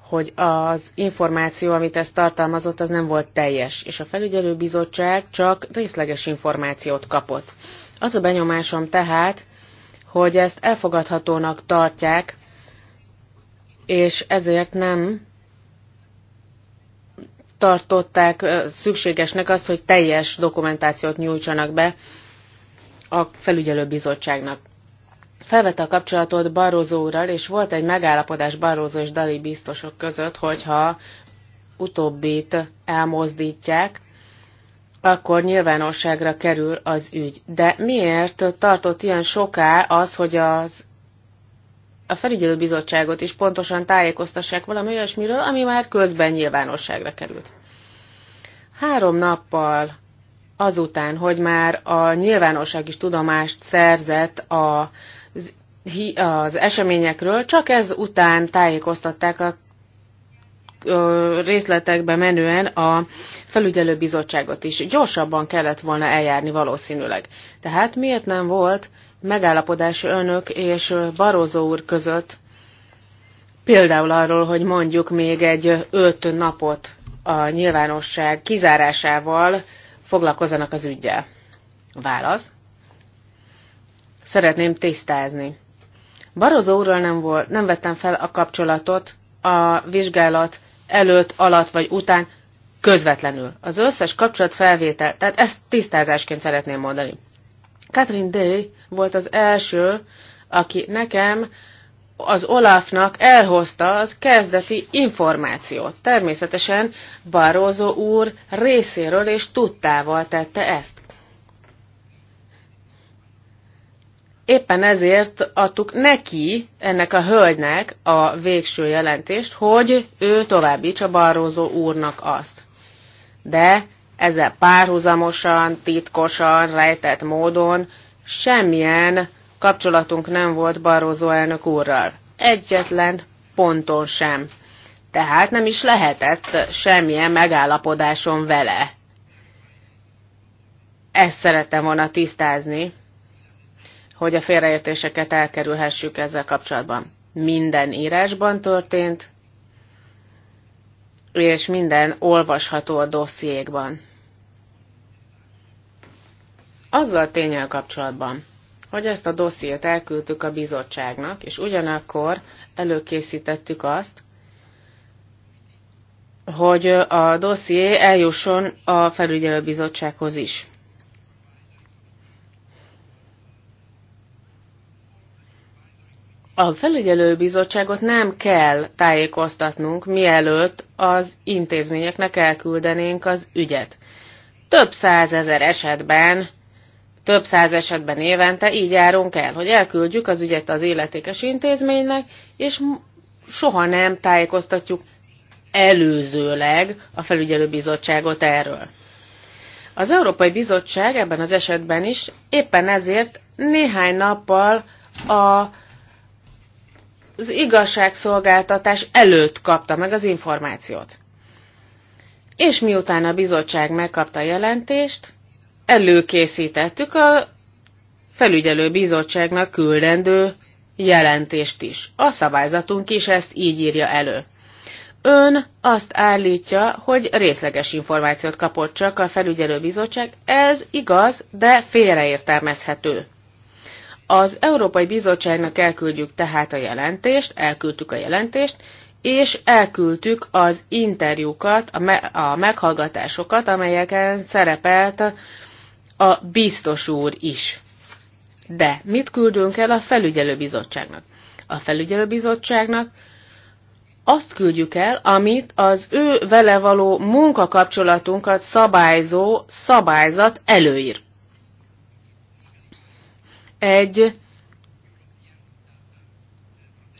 hogy az információ, amit ez tartalmazott, az nem volt teljes, és a felügyelőbizottság csak részleges információt kapott. Az a benyomásom tehát, hogy ezt elfogadhatónak tartják, és ezért nem tartották szükségesnek azt, hogy teljes dokumentációt nyújtsanak be a felügyelőbizottságnak. Felvette a kapcsolatot Barózó úrral, és volt egy megállapodás Barózó és Dali biztosok között, hogyha utóbbit elmozdítják, akkor nyilvánosságra kerül az ügy. De miért tartott ilyen soká az, hogy az a felügyelőbizottságot is pontosan tájékoztassák valami olyasmiről, ami már közben nyilvánosságra került. Három nappal azután, hogy már a nyilvánosság is tudomást szerzett a, az eseményekről, csak ez után tájékoztatták a részletekbe menően a felügyelőbizottságot is. Gyorsabban kellett volna eljárni valószínűleg. Tehát miért nem volt megállapodás önök és Barózó úr között, például arról, hogy mondjuk még egy öt napot a nyilvánosság kizárásával foglalkozzanak az ügyel? Válasz. Szeretném tisztázni. Barozó úrral nem, volt, nem vettem fel a kapcsolatot a vizsgálat előtt, alatt vagy után közvetlenül. Az összes kapcsolatfelvétel, tehát ezt tisztázásként szeretném mondani. Catherine Day volt az első, aki nekem az Olafnak elhozta az kezdeti információt. Természetesen Barroso úr részéről és tudtával tette ezt. Éppen ezért adtuk neki, ennek a hölgynek a végső jelentést, hogy ő továbbítsa Barroso úrnak azt. De ezzel párhuzamosan, titkosan, rejtett módon semmilyen kapcsolatunk nem volt Barroso elnök úrral. Egyetlen ponton sem. Tehát nem is lehetett semmilyen megállapodáson vele. Ezt szerettem volna tisztázni, hogy a félreértéseket elkerülhessük ezzel kapcsolatban. Minden írásban történt, és minden olvasható a dossziékban. Azzal a tényel kapcsolatban, hogy ezt a dossziét elküldtük a bizottságnak, és ugyanakkor előkészítettük azt, hogy a dosszié eljusson a felügyelőbizottsághoz is. A felügyelőbizottságot nem kell tájékoztatnunk, mielőtt az intézményeknek elküldenénk az ügyet. Több százezer esetben több száz esetben évente így járunk el, hogy elküldjük az ügyet az illetékes intézménynek, és soha nem tájékoztatjuk előzőleg a felügyelőbizottságot erről. Az Európai Bizottság ebben az esetben is éppen ezért néhány nappal a, az igazságszolgáltatás előtt kapta meg az információt. És miután a bizottság megkapta a jelentést, előkészítettük a felügyelő bizottságnak küldendő jelentést is. A szabályzatunk is ezt így írja elő. Ön azt állítja, hogy részleges információt kapott csak a felügyelő bizottság. Ez igaz, de félreértelmezhető. Az Európai Bizottságnak elküldjük tehát a jelentést, elküldtük a jelentést, és elküldtük az interjúkat, a, me- a meghallgatásokat, amelyeken szerepelt a biztos úr is. De mit küldünk el a felügyelőbizottságnak? A felügyelőbizottságnak azt küldjük el, amit az ő vele való munkakapcsolatunkat szabályzó szabályzat előír. Egy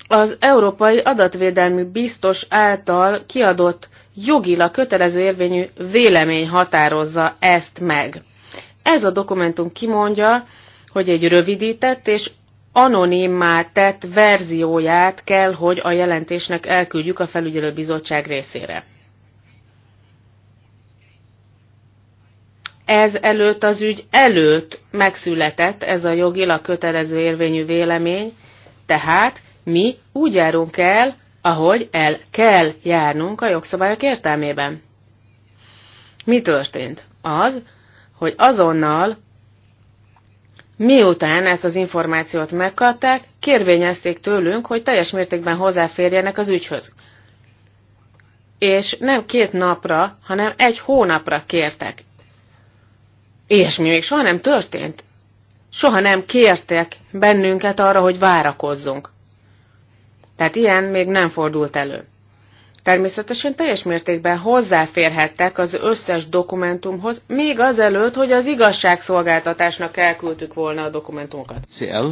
az Európai Adatvédelmi Biztos által kiadott jogilag kötelező érvényű vélemény határozza ezt meg. Ez a dokumentum kimondja, hogy egy rövidített és anonimmá tett verzióját kell, hogy a jelentésnek elküldjük a felügyelőbizottság részére. Ez előtt az ügy előtt megszületett ez a jogilag kötelező érvényű vélemény, tehát mi úgy járunk el, ahogy el kell járnunk a jogszabályok értelmében. Mi történt? Az, hogy azonnal, miután ezt az információt megkapták, kérvényezték tőlünk, hogy teljes mértékben hozzáférjenek az ügyhöz. És nem két napra, hanem egy hónapra kértek. És mi még soha nem történt. Soha nem kértek bennünket arra, hogy várakozzunk. Tehát ilyen még nem fordult elő természetesen teljes mértékben hozzáférhettek az összes dokumentumhoz, még azelőtt, hogy az igazságszolgáltatásnak elküldtük volna a dokumentumokat. CL,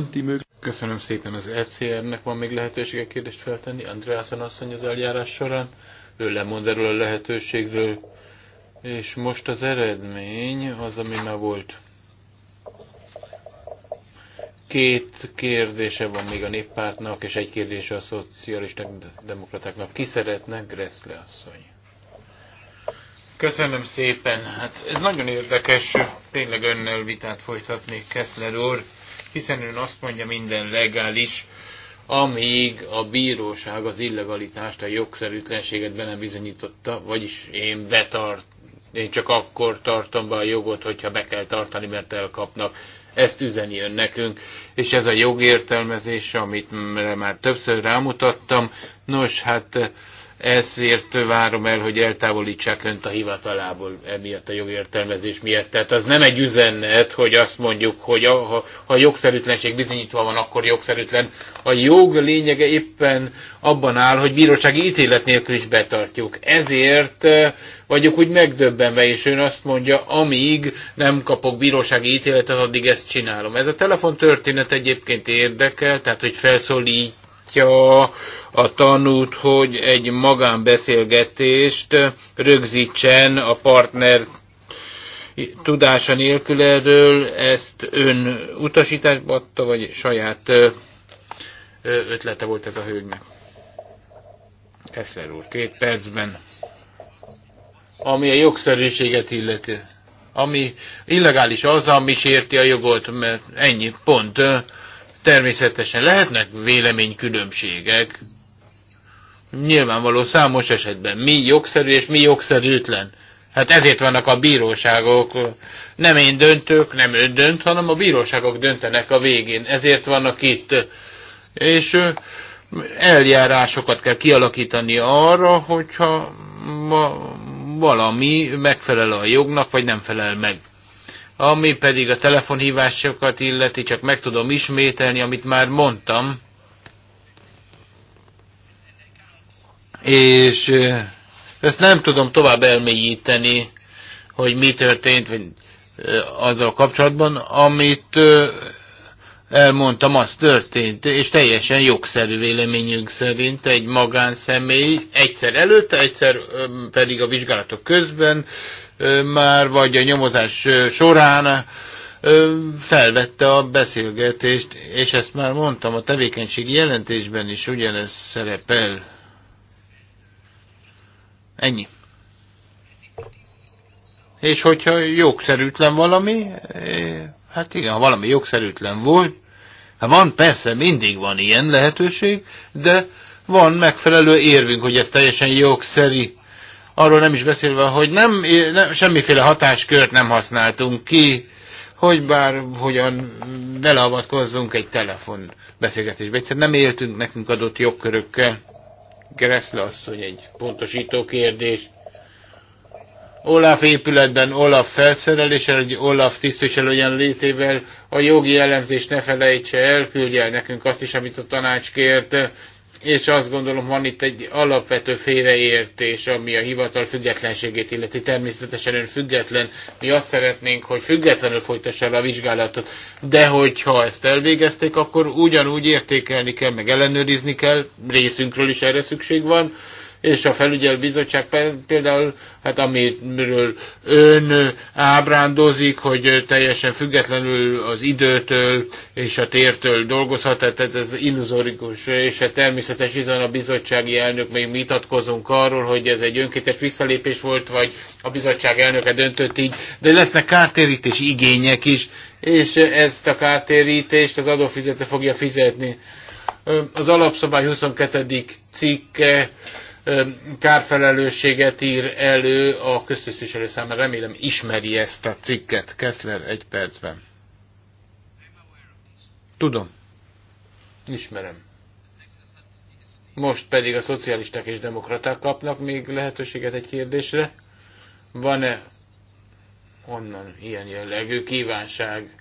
Köszönöm szépen az ECR-nek van még lehetősége kérdést feltenni. Andreasen asszony az eljárás során, ő lemond erről a lehetőségről, és most az eredmény az, ami már volt. Két kérdése van még a néppártnak, és egy kérdése a szocialisták demokratáknak. Ki szeretne? Gressle asszony. Köszönöm szépen. Hát ez nagyon érdekes. Tényleg önnel vitát folytatnék, Kessler úr, hiszen ön azt mondja, minden legális, amíg a bíróság az illegalitást, a jogszerűtlenséget be nem bizonyította, vagyis én betart, én csak akkor tartom be a jogot, hogyha be kell tartani, mert elkapnak ezt üzeni ön nekünk, és ez a jogértelmezés, amit már többször rámutattam, nos, hát ezért várom el, hogy eltávolítsák önt a hivatalából emiatt a jogértelmezés miatt. Tehát az nem egy üzenet, hogy azt mondjuk, hogy a, ha, ha jogszerűtlenség bizonyítva van, akkor jogszerűtlen. A jog lényege éppen abban áll, hogy bírósági ítélet nélkül is betartjuk. Ezért eh, vagyok úgy megdöbbenve, és ön azt mondja, amíg nem kapok bírósági ítéletet, addig ezt csinálom. Ez a telefon történet egyébként érdekel, tehát hogy felszólít látja a tanút, hogy egy magánbeszélgetést rögzítsen a partner tudása nélkül erről, ezt ön utasításba adta, vagy saját ötlete volt ez a hölgynek? Keszler úr, két percben. Ami a jogszerűséget illeti. Ami illegális az, ami sérti a jogot, mert ennyi, pont. Természetesen lehetnek véleménykülönbségek. Nyilvánvaló számos esetben mi jogszerű és mi jogszerűtlen. Hát ezért vannak a bíróságok. Nem én döntök, nem ő dönt, hanem a bíróságok döntenek a végén. Ezért vannak itt. És eljárásokat kell kialakítani arra, hogyha valami megfelel a jognak, vagy nem felel meg. Ami pedig a telefonhívásokat illeti, csak meg tudom ismételni, amit már mondtam. És ezt nem tudom tovább elmélyíteni, hogy mi történt vagy azzal kapcsolatban, amit elmondtam, az történt, és teljesen jogszerű véleményünk szerint egy magánszemély egyszer előtte, egyszer pedig a vizsgálatok közben már, vagy a nyomozás során felvette a beszélgetést, és ezt már mondtam, a tevékenységi jelentésben is ugyanez szerepel. Ennyi. És hogyha jogszerűtlen valami, hát igen, ha valami jogszerűtlen volt, hát van persze, mindig van ilyen lehetőség, de van megfelelő érvünk, hogy ez teljesen jogszerű arról nem is beszélve, hogy nem, nem semmiféle hatáskört nem használtunk ki, hogy bár hogyan beleavatkozzunk egy telefon beszélgetésbe. Egyszerűen nem éltünk nekünk adott jogkörökkel. Gereszle asszony egy pontosító kérdés. Olaf épületben Olaf felszereléssel, egy Olaf tisztviselőjen létével a jogi elemzést ne felejtse el, küldje el nekünk azt is, amit a tanács kért és azt gondolom, van itt egy alapvető félreértés, ami a hivatal függetlenségét illeti. Természetesen ön független. Mi azt szeretnénk, hogy függetlenül folytassa el a vizsgálatot. De hogyha ezt elvégezték, akkor ugyanúgy értékelni kell, meg ellenőrizni kell. Részünkről is erre szükség van és a felügyelő bizottság például, hát amiről ön ábrándozik, hogy teljesen függetlenül az időtől és a tértől dolgozhat, tehát ez illuzorikus, és hát természetesen a bizottsági elnök még mitatkozunk arról, hogy ez egy önkétes visszalépés volt, vagy a bizottság elnöke döntött így, de lesznek kártérítés igények is, és ezt a kártérítést az adófizető fogja fizetni. Az alapszabály 22. cikke kárfelelősséget ír elő a köztisztviselő számára. Remélem ismeri ezt a cikket. Kessler egy percben. Tudom. Ismerem. Most pedig a szocialisták és demokraták kapnak még lehetőséget egy kérdésre. Van-e onnan ilyen jellegű kívánság?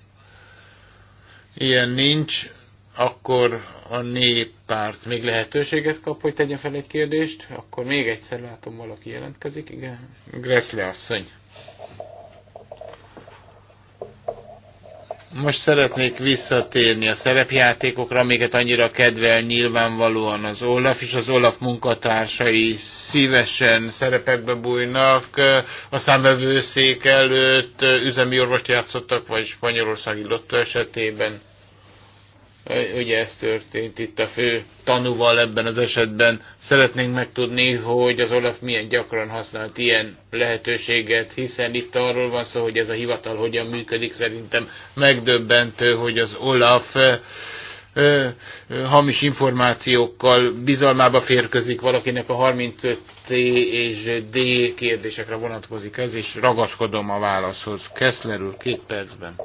Ilyen nincs akkor a néppárt még lehetőséget kap, hogy tegyen fel egy kérdést, akkor még egyszer látom, valaki jelentkezik. Igen, Gressle asszony. Most szeretnék visszatérni a szerepjátékokra, amiket annyira kedvel nyilvánvalóan az Olaf, és az Olaf munkatársai szívesen szerepekbe bújnak. A számvevőszék előtt üzemi orvost játszottak, vagy spanyolországi lottó esetében Ugye ez történt itt a fő tanúval ebben az esetben. Szeretnénk megtudni, hogy az Olaf milyen gyakran használt ilyen lehetőséget, hiszen itt arról van szó, hogy ez a hivatal hogyan működik. Szerintem megdöbbentő, hogy az Olaf hamis információkkal bizalmába férközik valakinek a 35C és D kérdésekre vonatkozik ez, és ragaszkodom a válaszhoz. Keszler úr, két percben.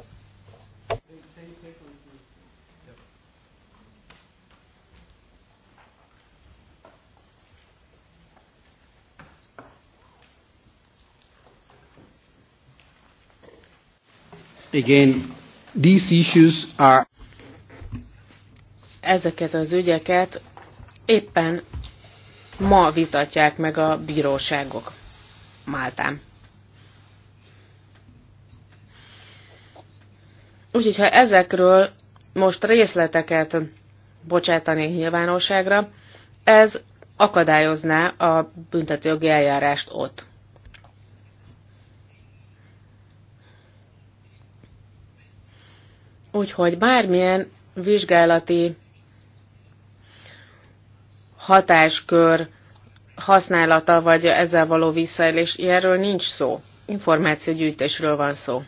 Again, these issues are... Ezeket az ügyeket éppen ma vitatják meg a bíróságok Máltán. Úgyhogy, ha ezekről most részleteket bocsátani nyilvánosságra, ez akadályozná a büntetőjogi eljárást ott. Úgyhogy bármilyen vizsgálati hatáskör használata, vagy ezzel való visszaélés, erről nincs szó. Információgyűjtésről van szó.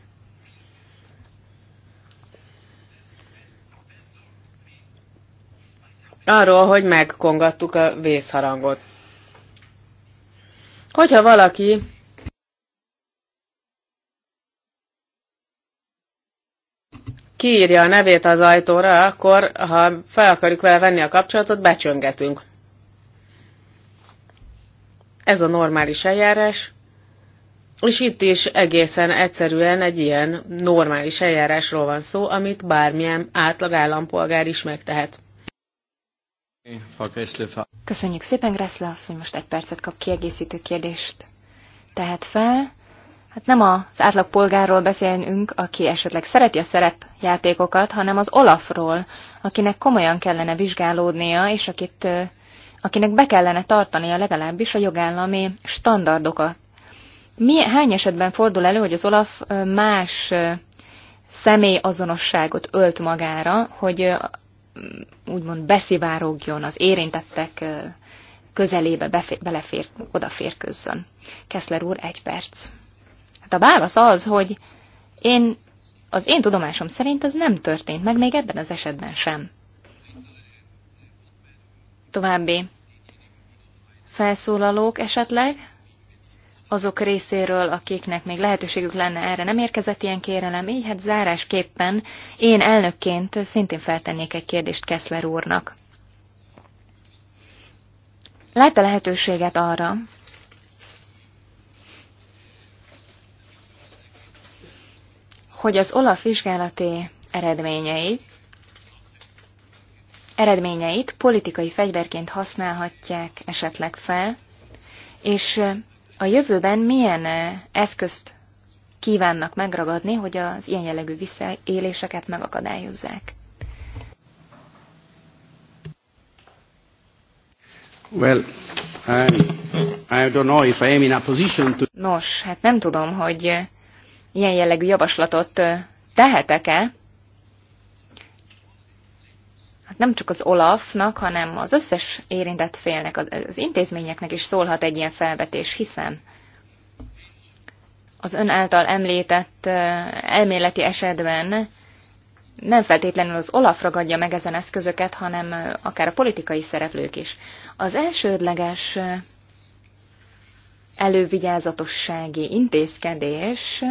Arról, hogy megkongattuk a vészharangot. Hogyha valaki kiírja a nevét az ajtóra, akkor ha fel akarjuk vele venni a kapcsolatot, becsöngetünk. Ez a normális eljárás, és itt is egészen egyszerűen egy ilyen normális eljárásról van szó, amit bármilyen átlag állampolgár is megtehet. Köszönjük szépen, Gressle hogy most egy percet kap kiegészítő kérdést. Tehát fel, hát nem az átlagpolgárról beszélünk, aki esetleg szereti a szerepjátékokat, hanem az Olafról, akinek komolyan kellene vizsgálódnia, és akit, akinek be kellene tartania legalábbis a jogállami standardokat. Mi, hány esetben fordul elő, hogy az Olaf más személyazonosságot ölt magára, hogy úgymond beszivárogjon az érintettek közelébe, befér, belefér, odaférkőzzön. Keszler úr, egy perc a válasz az, hogy én, az én tudomásom szerint ez nem történt meg, még ebben az esetben sem. További felszólalók esetleg, azok részéről, akiknek még lehetőségük lenne erre, nem érkezett ilyen kérelem, így hát zárásképpen én elnökként szintén feltennék egy kérdést Keszler úrnak. Látta lehetőséget arra, hogy az OLAF vizsgálati eredményeit, eredményeit politikai fegyverként használhatják esetleg fel, és a jövőben milyen eh, eszközt kívánnak megragadni, hogy az ilyen jellegű visszaéléseket megakadályozzák. Well, I, I don't know if I am in a position to... Nos, hát nem tudom, hogy ilyen jellegű javaslatot tehetek-e, hát nem csak az Olafnak, hanem az összes érintett félnek, az intézményeknek is szólhat egy ilyen felvetés, hiszen az ön által említett elméleti esetben nem feltétlenül az Olaf ragadja meg ezen eszközöket, hanem akár a politikai szereplők is. Az elsődleges elővigyázatossági intézkedés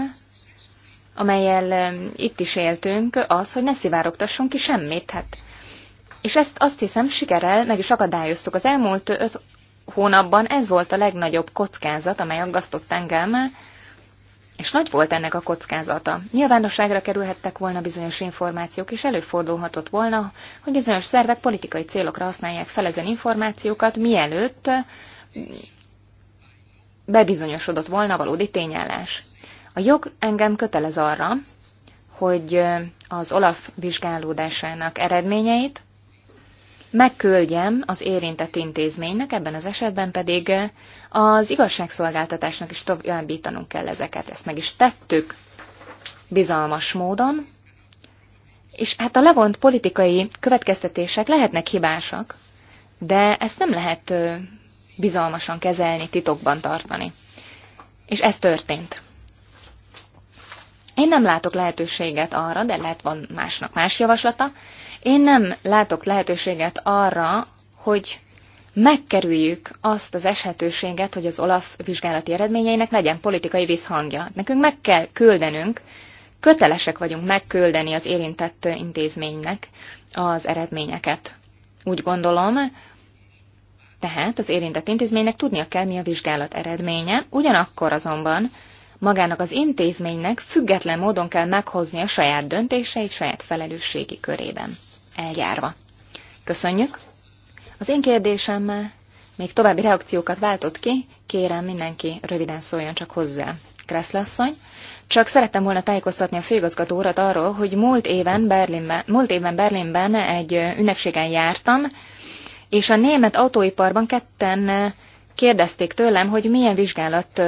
amelyel itt is éltünk, az, hogy ne szivárogtassunk ki semmit. Hát. És ezt azt hiszem sikerrel meg is akadályoztuk. Az elmúlt öt hónapban ez volt a legnagyobb kockázat, amely aggasztott engem, és nagy volt ennek a kockázata. Nyilvánosságra kerülhettek volna bizonyos információk, és előfordulhatott volna, hogy bizonyos szervek politikai célokra használják fel ezen információkat, mielőtt bebizonyosodott volna valódi tényállás. A jog engem kötelez arra, hogy az Olaf vizsgálódásának eredményeit megküldjem az érintett intézménynek, ebben az esetben pedig az igazságszolgáltatásnak is továbbítanunk kell ezeket. Ezt meg is tettük bizalmas módon, és hát a levont politikai következtetések lehetnek hibásak, de ezt nem lehet bizalmasan kezelni, titokban tartani. És ez történt. Én nem látok lehetőséget arra, de lehet van másnak más javaslata, én nem látok lehetőséget arra, hogy megkerüljük azt az eshetőséget, hogy az OLAF vizsgálati eredményeinek legyen politikai visszhangja. Nekünk meg kell küldenünk, kötelesek vagyunk megküldeni az érintett intézménynek az eredményeket. Úgy gondolom, tehát az érintett intézménynek tudnia kell, mi a vizsgálat eredménye, ugyanakkor azonban magának az intézménynek független módon kell meghozni a saját döntéseit saját felelősségi körében eljárva. Köszönjük! Az én kérdésemmel még további reakciókat váltott ki, kérem mindenki röviden szóljon csak hozzá. Kresszlasszony, csak szerettem volna tájékoztatni a főigazgató urat arról, hogy múlt, éven Berlinben, múlt évben Berlinben egy ünnepségen jártam, és a német autóiparban ketten kérdezték tőlem, hogy milyen vizsgálat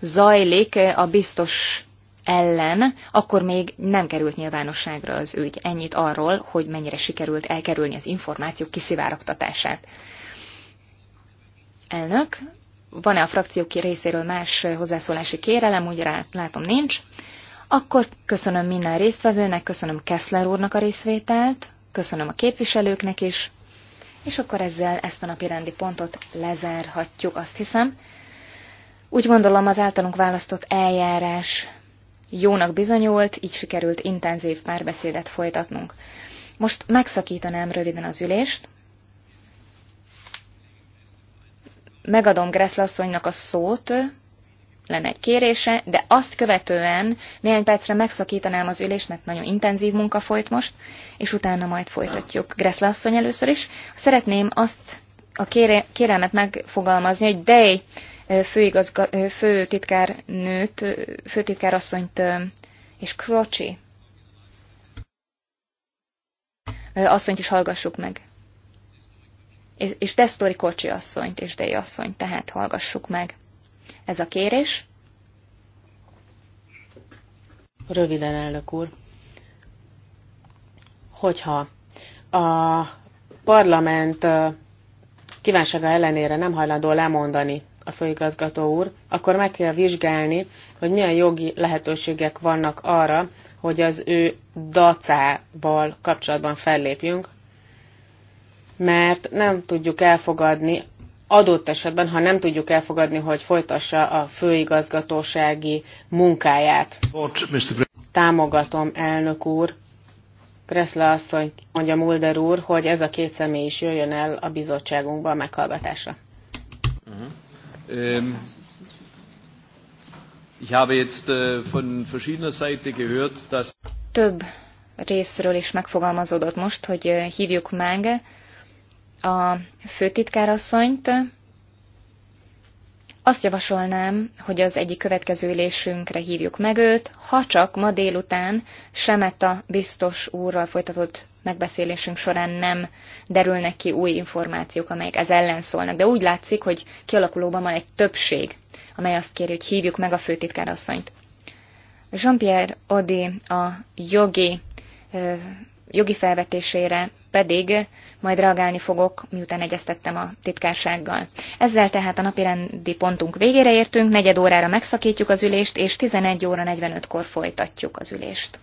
zajlik a biztos ellen, akkor még nem került nyilvánosságra az ügy. Ennyit arról, hogy mennyire sikerült elkerülni az információk kiszivárogtatását. Elnök, van-e a frakciók részéről más hozzászólási kérelem? Úgy rá, látom nincs. Akkor köszönöm minden résztvevőnek, köszönöm Kessler úrnak a részvételt, köszönöm a képviselőknek is, és akkor ezzel ezt a napi rendi pontot lezárhatjuk, azt hiszem. Úgy gondolom az általunk választott eljárás jónak bizonyult, így sikerült intenzív párbeszédet folytatnunk. Most megszakítanám röviden az ülést. Megadom asszonynak a szót, lenne egy kérése, de azt követően néhány percre megszakítanám az ülést, mert nagyon intenzív munka folyt most, és utána majd folytatjuk. Greszle asszony először is. Szeretném azt a kére, kérelmet megfogalmazni, hogy Dej főigazga, főtitkár nőt, főtitkár asszonyt és Krocsi asszonyt is hallgassuk meg. És, és Destori Kocsi asszonyt és Dej asszonyt, tehát hallgassuk meg ez a kérés? Röviden, elnök úr. Hogyha a parlament kívánsága ellenére nem hajlandó lemondani a főigazgató úr, akkor meg kell vizsgálni, hogy milyen jogi lehetőségek vannak arra, hogy az ő dacával kapcsolatban fellépjünk, mert nem tudjuk elfogadni adott esetben, ha nem tudjuk elfogadni, hogy folytassa a főigazgatósági munkáját. Támogatom, elnök úr. Kreszle asszony, mondja Mulder úr, hogy ez a két személy is jöjjön el a bizottságunkba a meghallgatásra. Uh-huh. Um... Ich habe jetzt äh, von verschiedener Seite gehört, dass több részről is megfogalmazódott most, hogy äh, hívjuk meg a főtitkárasszonyt. Azt javasolnám, hogy az egyik következő ülésünkre hívjuk meg őt, ha csak ma délután Semeta biztos úrral folytatott megbeszélésünk során nem derülnek ki új információk, amelyek ez ellen szólnak. De úgy látszik, hogy kialakulóban van egy többség, amely azt kéri, hogy hívjuk meg a főtitkárasszonyt. Jean-Pierre Odi a jogi, jogi felvetésére pedig majd reagálni fogok, miután egyeztettem a titkársággal. Ezzel tehát a napirendi pontunk végére értünk, negyed órára megszakítjuk az ülést, és 11 óra 45-kor folytatjuk az ülést.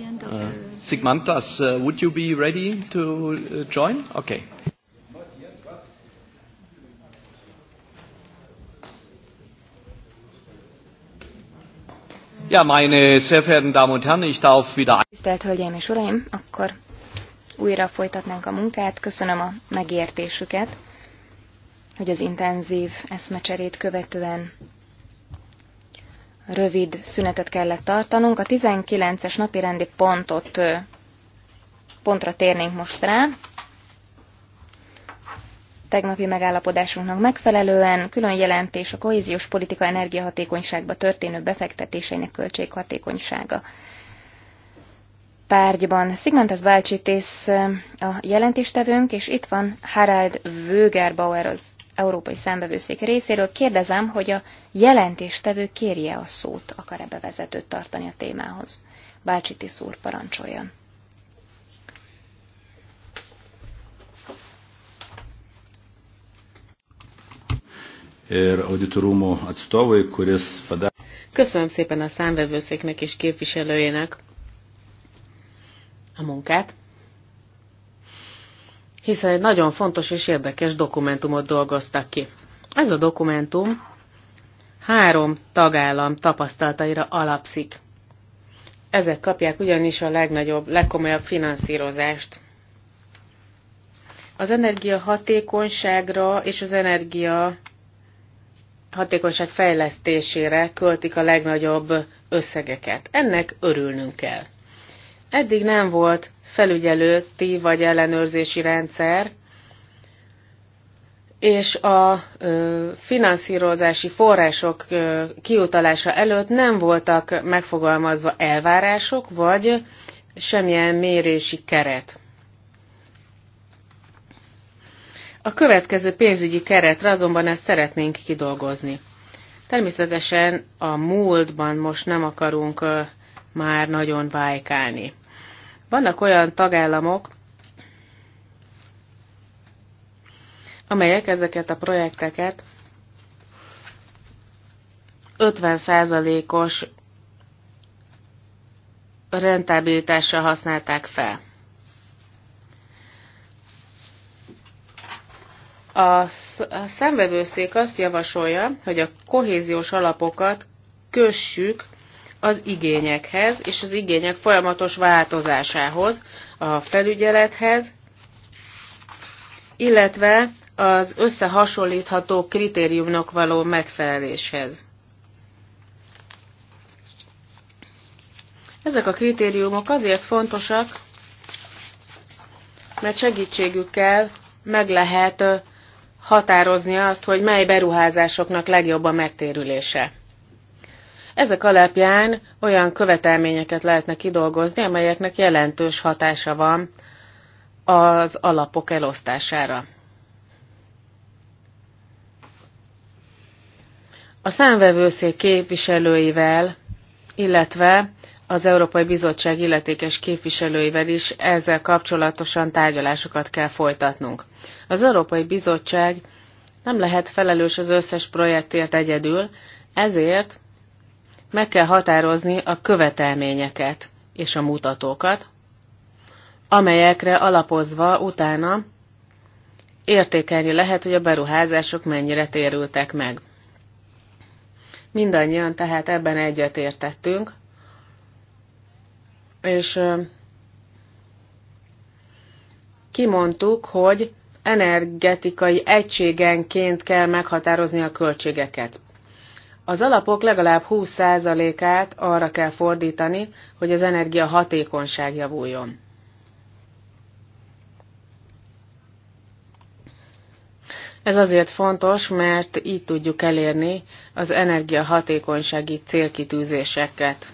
Uh, Sigmantas, uh, would you be ready to uh, join? Okay. Ja, meine sehr verehrten Damen und Herren, ich darf wieder... Tisztelt Hölgyeim és Uraim, akkor újra folytatnánk a munkát. Köszönöm a megértésüket, hogy az intenzív eszmecserét követően rövid szünetet kellett tartanunk. A 19-es napi rendi pontot, pontra térnénk most rá. Tegnapi megállapodásunknak megfelelően külön jelentés a kohéziós politika energiahatékonyságba történő befektetéseinek költséghatékonysága tárgyban. Szigmentes Bálcsitész a jelentéstevőnk, és itt van Harald Wögerbauer az Európai Számbevőszék részéről. Kérdezem, hogy a jelentéstevő kérje a szót, akar-e bevezetőt tartani a témához. Bácsi Tiszúr parancsoljon. Köszönöm szépen a számvevőszéknek és képviselőjének a munkát, hiszen egy nagyon fontos és érdekes dokumentumot dolgoztak ki. Ez a dokumentum három tagállam tapasztalataira alapszik. Ezek kapják ugyanis a legnagyobb, legkomolyabb finanszírozást. Az energia hatékonyságra és az energia hatékonyság fejlesztésére költik a legnagyobb összegeket. Ennek örülnünk kell. Eddig nem volt felügyelőti vagy ellenőrzési rendszer, és a finanszírozási források kiutalása előtt nem voltak megfogalmazva elvárások, vagy semmilyen mérési keret. A következő pénzügyi keretre azonban ezt szeretnénk kidolgozni. Természetesen a múltban most nem akarunk már nagyon vájkálni. Vannak olyan tagállamok, amelyek ezeket a projekteket 50%-os rentabilitással használták fel. A szemvevőszék azt javasolja, hogy a kohéziós alapokat kössük az igényekhez és az igények folyamatos változásához, a felügyelethez, illetve az összehasonlítható kritériumnak való megfeleléshez. Ezek a kritériumok azért fontosak, mert segítségükkel meg lehet határozni azt, hogy mely beruházásoknak legjobb a megtérülése. Ezek alapján olyan követelményeket lehetne kidolgozni, amelyeknek jelentős hatása van az alapok elosztására. A számvevőszék képviselőivel, illetve az Európai Bizottság illetékes képviselőivel is ezzel kapcsolatosan tárgyalásokat kell folytatnunk. Az Európai Bizottság nem lehet felelős az összes projektért egyedül, ezért meg kell határozni a követelményeket és a mutatókat, amelyekre alapozva utána értékelni lehet, hogy a beruházások mennyire térültek meg. Mindannyian tehát ebben egyetértettünk, és kimondtuk, hogy energetikai egységenként kell meghatározni a költségeket. Az alapok legalább 20%-át arra kell fordítani, hogy az energia hatékonyság javuljon. Ez azért fontos, mert így tudjuk elérni az energiahatékonysági célkitűzéseket.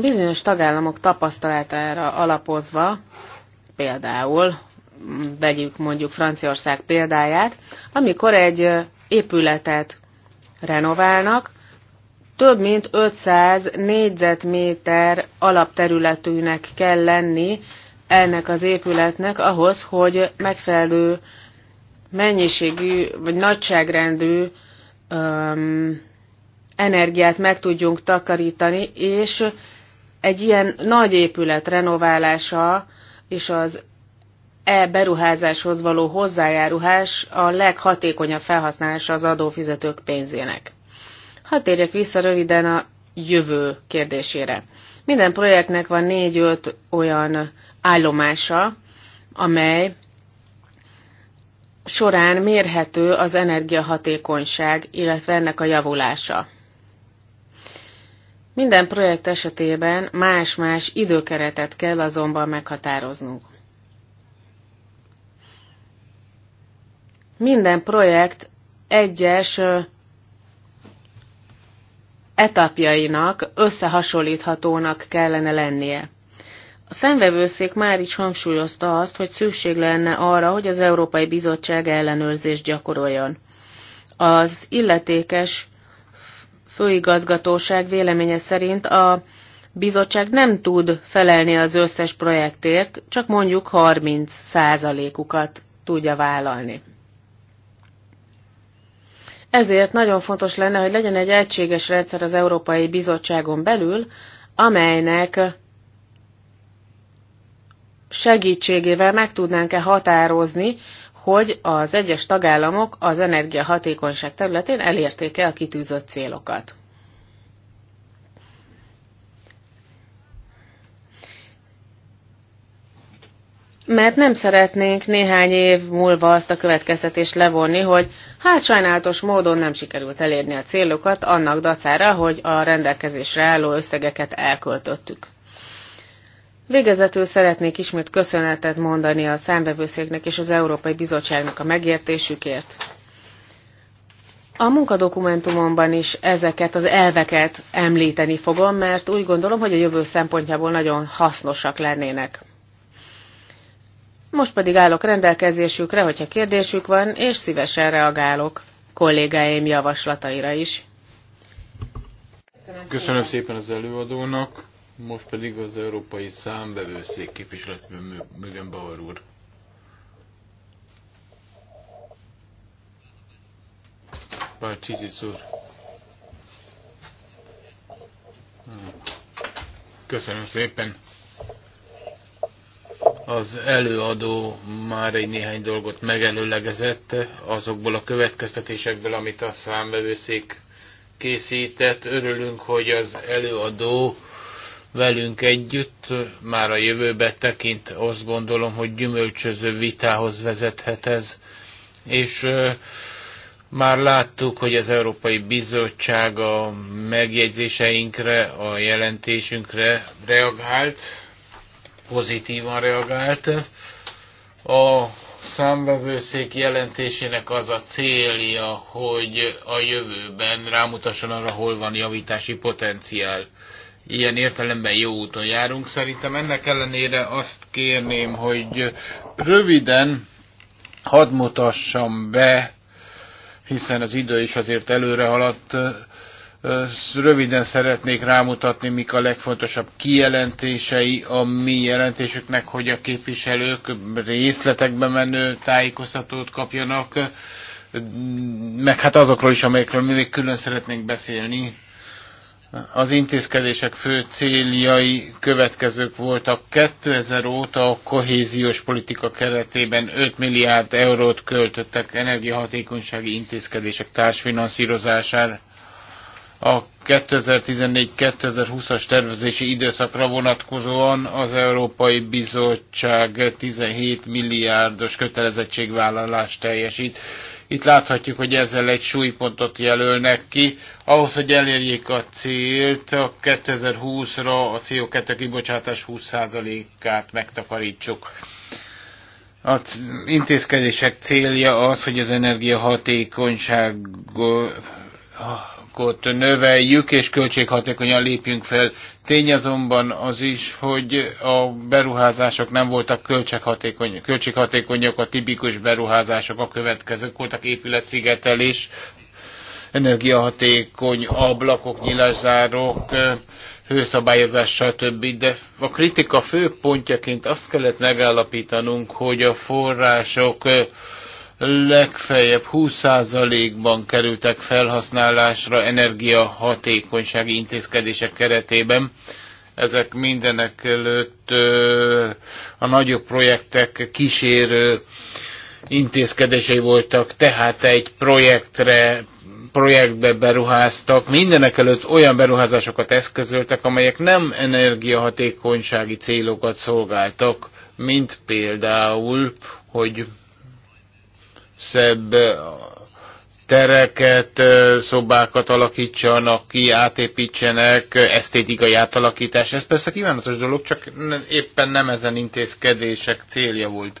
Bizonyos tagállamok tapasztalatára alapozva, például vegyük mondjuk Franciaország példáját, amikor egy épületet renoválnak, több mint 500 négyzetméter alapterületűnek kell lenni ennek az épületnek ahhoz, hogy megfelelő mennyiségű vagy nagyságrendű öm, energiát meg tudjunk takarítani, és egy ilyen nagy épület renoválása és az e beruházáshoz való hozzájárulás a leghatékonyabb felhasználása az adófizetők pénzének. Hadd térjek vissza röviden a jövő kérdésére. Minden projektnek van négy-öt olyan állomása, amely során mérhető az energiahatékonyság, illetve ennek a javulása. Minden projekt esetében más-más időkeretet kell azonban meghatároznunk. Minden projekt egyes etapjainak összehasonlíthatónak kellene lennie. A szemvevőszék már is hangsúlyozta azt, hogy szükség lenne arra, hogy az Európai Bizottság ellenőrzést gyakoroljon. Az illetékes főigazgatóság véleménye szerint a bizottság nem tud felelni az összes projektért, csak mondjuk 30 százalékukat tudja vállalni. Ezért nagyon fontos lenne, hogy legyen egy egységes rendszer az Európai Bizottságon belül, amelynek segítségével meg tudnánk-e határozni, hogy az egyes tagállamok az energiahatékonyság területén elérték-e a kitűzött célokat. Mert nem szeretnénk néhány év múlva azt a következtetést levonni, hogy Hát sajnálatos módon nem sikerült elérni a célokat annak dacára, hogy a rendelkezésre álló összegeket elköltöttük. Végezetül szeretnék ismét köszönetet mondani a számbevőszéknek és az Európai Bizottságnak a megértésükért. A munkadokumentumomban is ezeket az elveket említeni fogom, mert úgy gondolom, hogy a jövő szempontjából nagyon hasznosak lennének. Most pedig állok rendelkezésükre, hogyha kérdésük van, és szívesen reagálok kollégáim javaslataira is. Köszönöm, Köszönöm szépen. szépen az előadónak, most pedig az Európai Számbevőszék képviseletben Mögen Bauer úr. Bár úr. Köszönöm szépen. Az előadó már egy néhány dolgot megelőlegezett azokból a következtetésekből, amit a számbevőszék készített. Örülünk, hogy az előadó velünk együtt már a jövőbe tekint, azt gondolom, hogy gyümölcsöző vitához vezethet ez. És már láttuk, hogy az Európai Bizottság a megjegyzéseinkre, a jelentésünkre reagált, pozitívan reagált. A számvevőszék jelentésének az a célja, hogy a jövőben rámutasson arra, hol van javítási potenciál. Ilyen értelemben jó úton járunk. Szerintem ennek ellenére azt kérném, hogy röviden hadd mutassam be, hiszen az idő is azért előre haladt, Röviden szeretnék rámutatni, mik a legfontosabb kijelentései a mi jelentésüknek, hogy a képviselők részletekbe menő tájékoztatót kapjanak, meg hát azokról is, amelyekről mi még külön szeretnénk beszélni. Az intézkedések fő céljai következők voltak. 2000 óta a kohéziós politika keretében 5 milliárd eurót költöttek energiahatékonysági intézkedések társfinanszírozására a 2014-2020-as tervezési időszakra vonatkozóan az Európai Bizottság 17 milliárdos kötelezettségvállalást teljesít. Itt láthatjuk, hogy ezzel egy súlypontot jelölnek ki. Ahhoz, hogy elérjék a célt, a 2020-ra a CO2 kibocsátás 20%-át megtakarítsuk. Az intézkedések célja az, hogy az energiahatékonyság biztonságot növeljük, és költséghatékonyan lépjünk fel. Tény azonban az is, hogy a beruházások nem voltak költséghatékonyak. Költséghatékonyak a tipikus beruházások, a következők voltak épületszigetelés, energiahatékony ablakok, nyilazárok, hőszabályozás, stb. De a kritika főpontjaként azt kellett megállapítanunk, hogy a források legfeljebb 20%-ban kerültek felhasználásra energiahatékonysági intézkedések keretében. Ezek mindenek előtt a nagyobb projektek kísérő intézkedései voltak, tehát egy projektre projektbe beruháztak, mindenek előtt olyan beruházásokat eszközöltek, amelyek nem energiahatékonysági célokat szolgáltak, mint például, hogy szebb tereket, szobákat alakítsanak ki, átépítsenek, esztétikai átalakítás. Ez persze kívánatos dolog, csak éppen nem ezen intézkedések célja volt.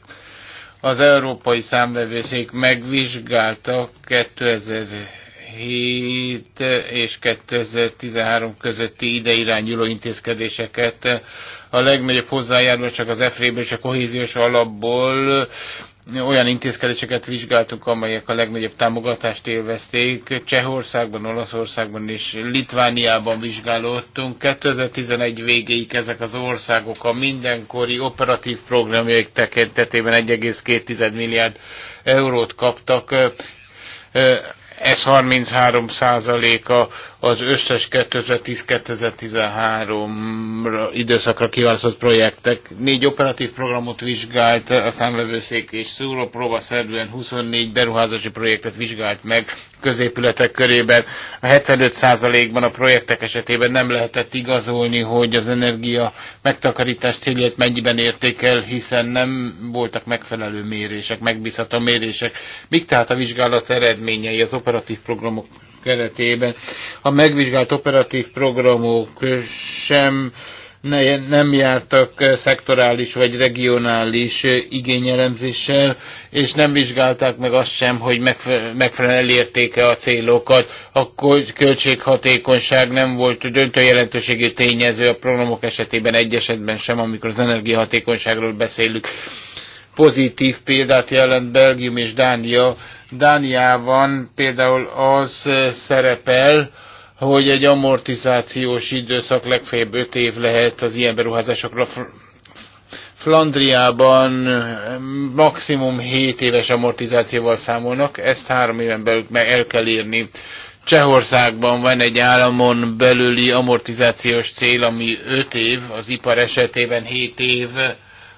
Az Európai Számvevőszék megvizsgálta 2007 és 2013 közötti ideirányuló intézkedéseket. A legnagyobb hozzájárulás csak az EFRÉ-ből és a kohéziós alapból olyan intézkedéseket vizsgáltunk, amelyek a legnagyobb támogatást élvezték. Csehországban, Olaszországban és Litvániában vizsgálódtunk. 2011 végéig ezek az országok a mindenkori operatív programjaik tekintetében 1,2 milliárd eurót kaptak. Ez 33 százaléka az összes 2010-2013 időszakra kiválasztott projektek. Négy operatív programot vizsgált a számvevőszék és próba szerűen 24 beruházási projektet vizsgált meg középületek körében. A 75%-ban a projektek esetében nem lehetett igazolni, hogy az energia megtakarítás célját mennyiben érték el, hiszen nem voltak megfelelő mérések, megbízható mérések. Mik tehát a vizsgálat eredményei az operatív programok keretében, a megvizsgált operatív programok sem ne, nem jártak szektorális vagy regionális igényelemzéssel, és nem vizsgálták meg azt sem, hogy megfelelően elérték-e a célokat. A költséghatékonyság nem volt döntő jelentőségű tényező a programok esetében, egy esetben sem, amikor az energiahatékonyságról beszélünk. Pozitív példát jelent Belgium és Dánia. Dániában például az szerepel, hogy egy amortizációs időszak legfeljebb 5 év lehet az ilyen beruházásokra. Flandriában maximum 7 éves amortizációval számolnak, ezt három éven belül meg el kell írni. Csehországban van egy államon belüli amortizációs cél, ami 5 év, az ipar esetében 7 év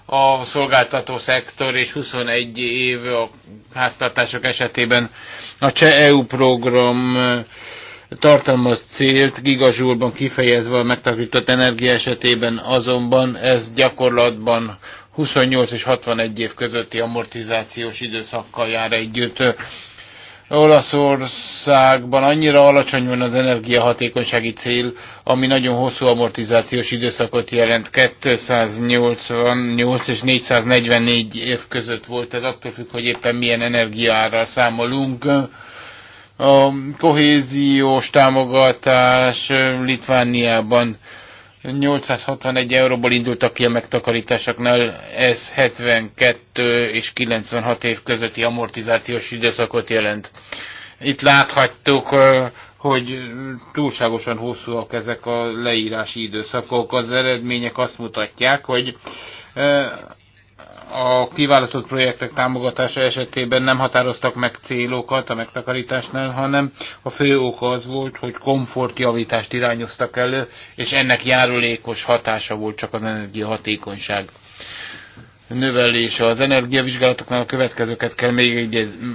a szolgáltató szektor, és 21 év a háztartások esetében. A Cseh EU program tartalmaz célt, gigazsúlban kifejezve a megtakarított energia esetében, azonban ez gyakorlatban 28 és 61 év közötti amortizációs időszakkal jár együtt. Olaszországban annyira alacsony van az energiahatékonysági cél, ami nagyon hosszú amortizációs időszakot jelent. 288 és 444 év között volt ez, attól függ, hogy éppen milyen energiára számolunk. A kohéziós támogatás Litvániában 861 euróból indultak ki a megtakarításoknál, ez 72 és 96 év közötti amortizációs időszakot jelent. Itt láthattuk, hogy túlságosan hosszúak ezek a leírási időszakok. Az eredmények azt mutatják, hogy a kiválasztott projektek támogatása esetében nem határoztak meg célokat a megtakarításnál, hanem a fő oka az volt, hogy komfortjavítást irányoztak elő, és ennek járulékos hatása volt csak az energiahatékonyság növelése. Az energiavizsgálatoknál a következőket kell még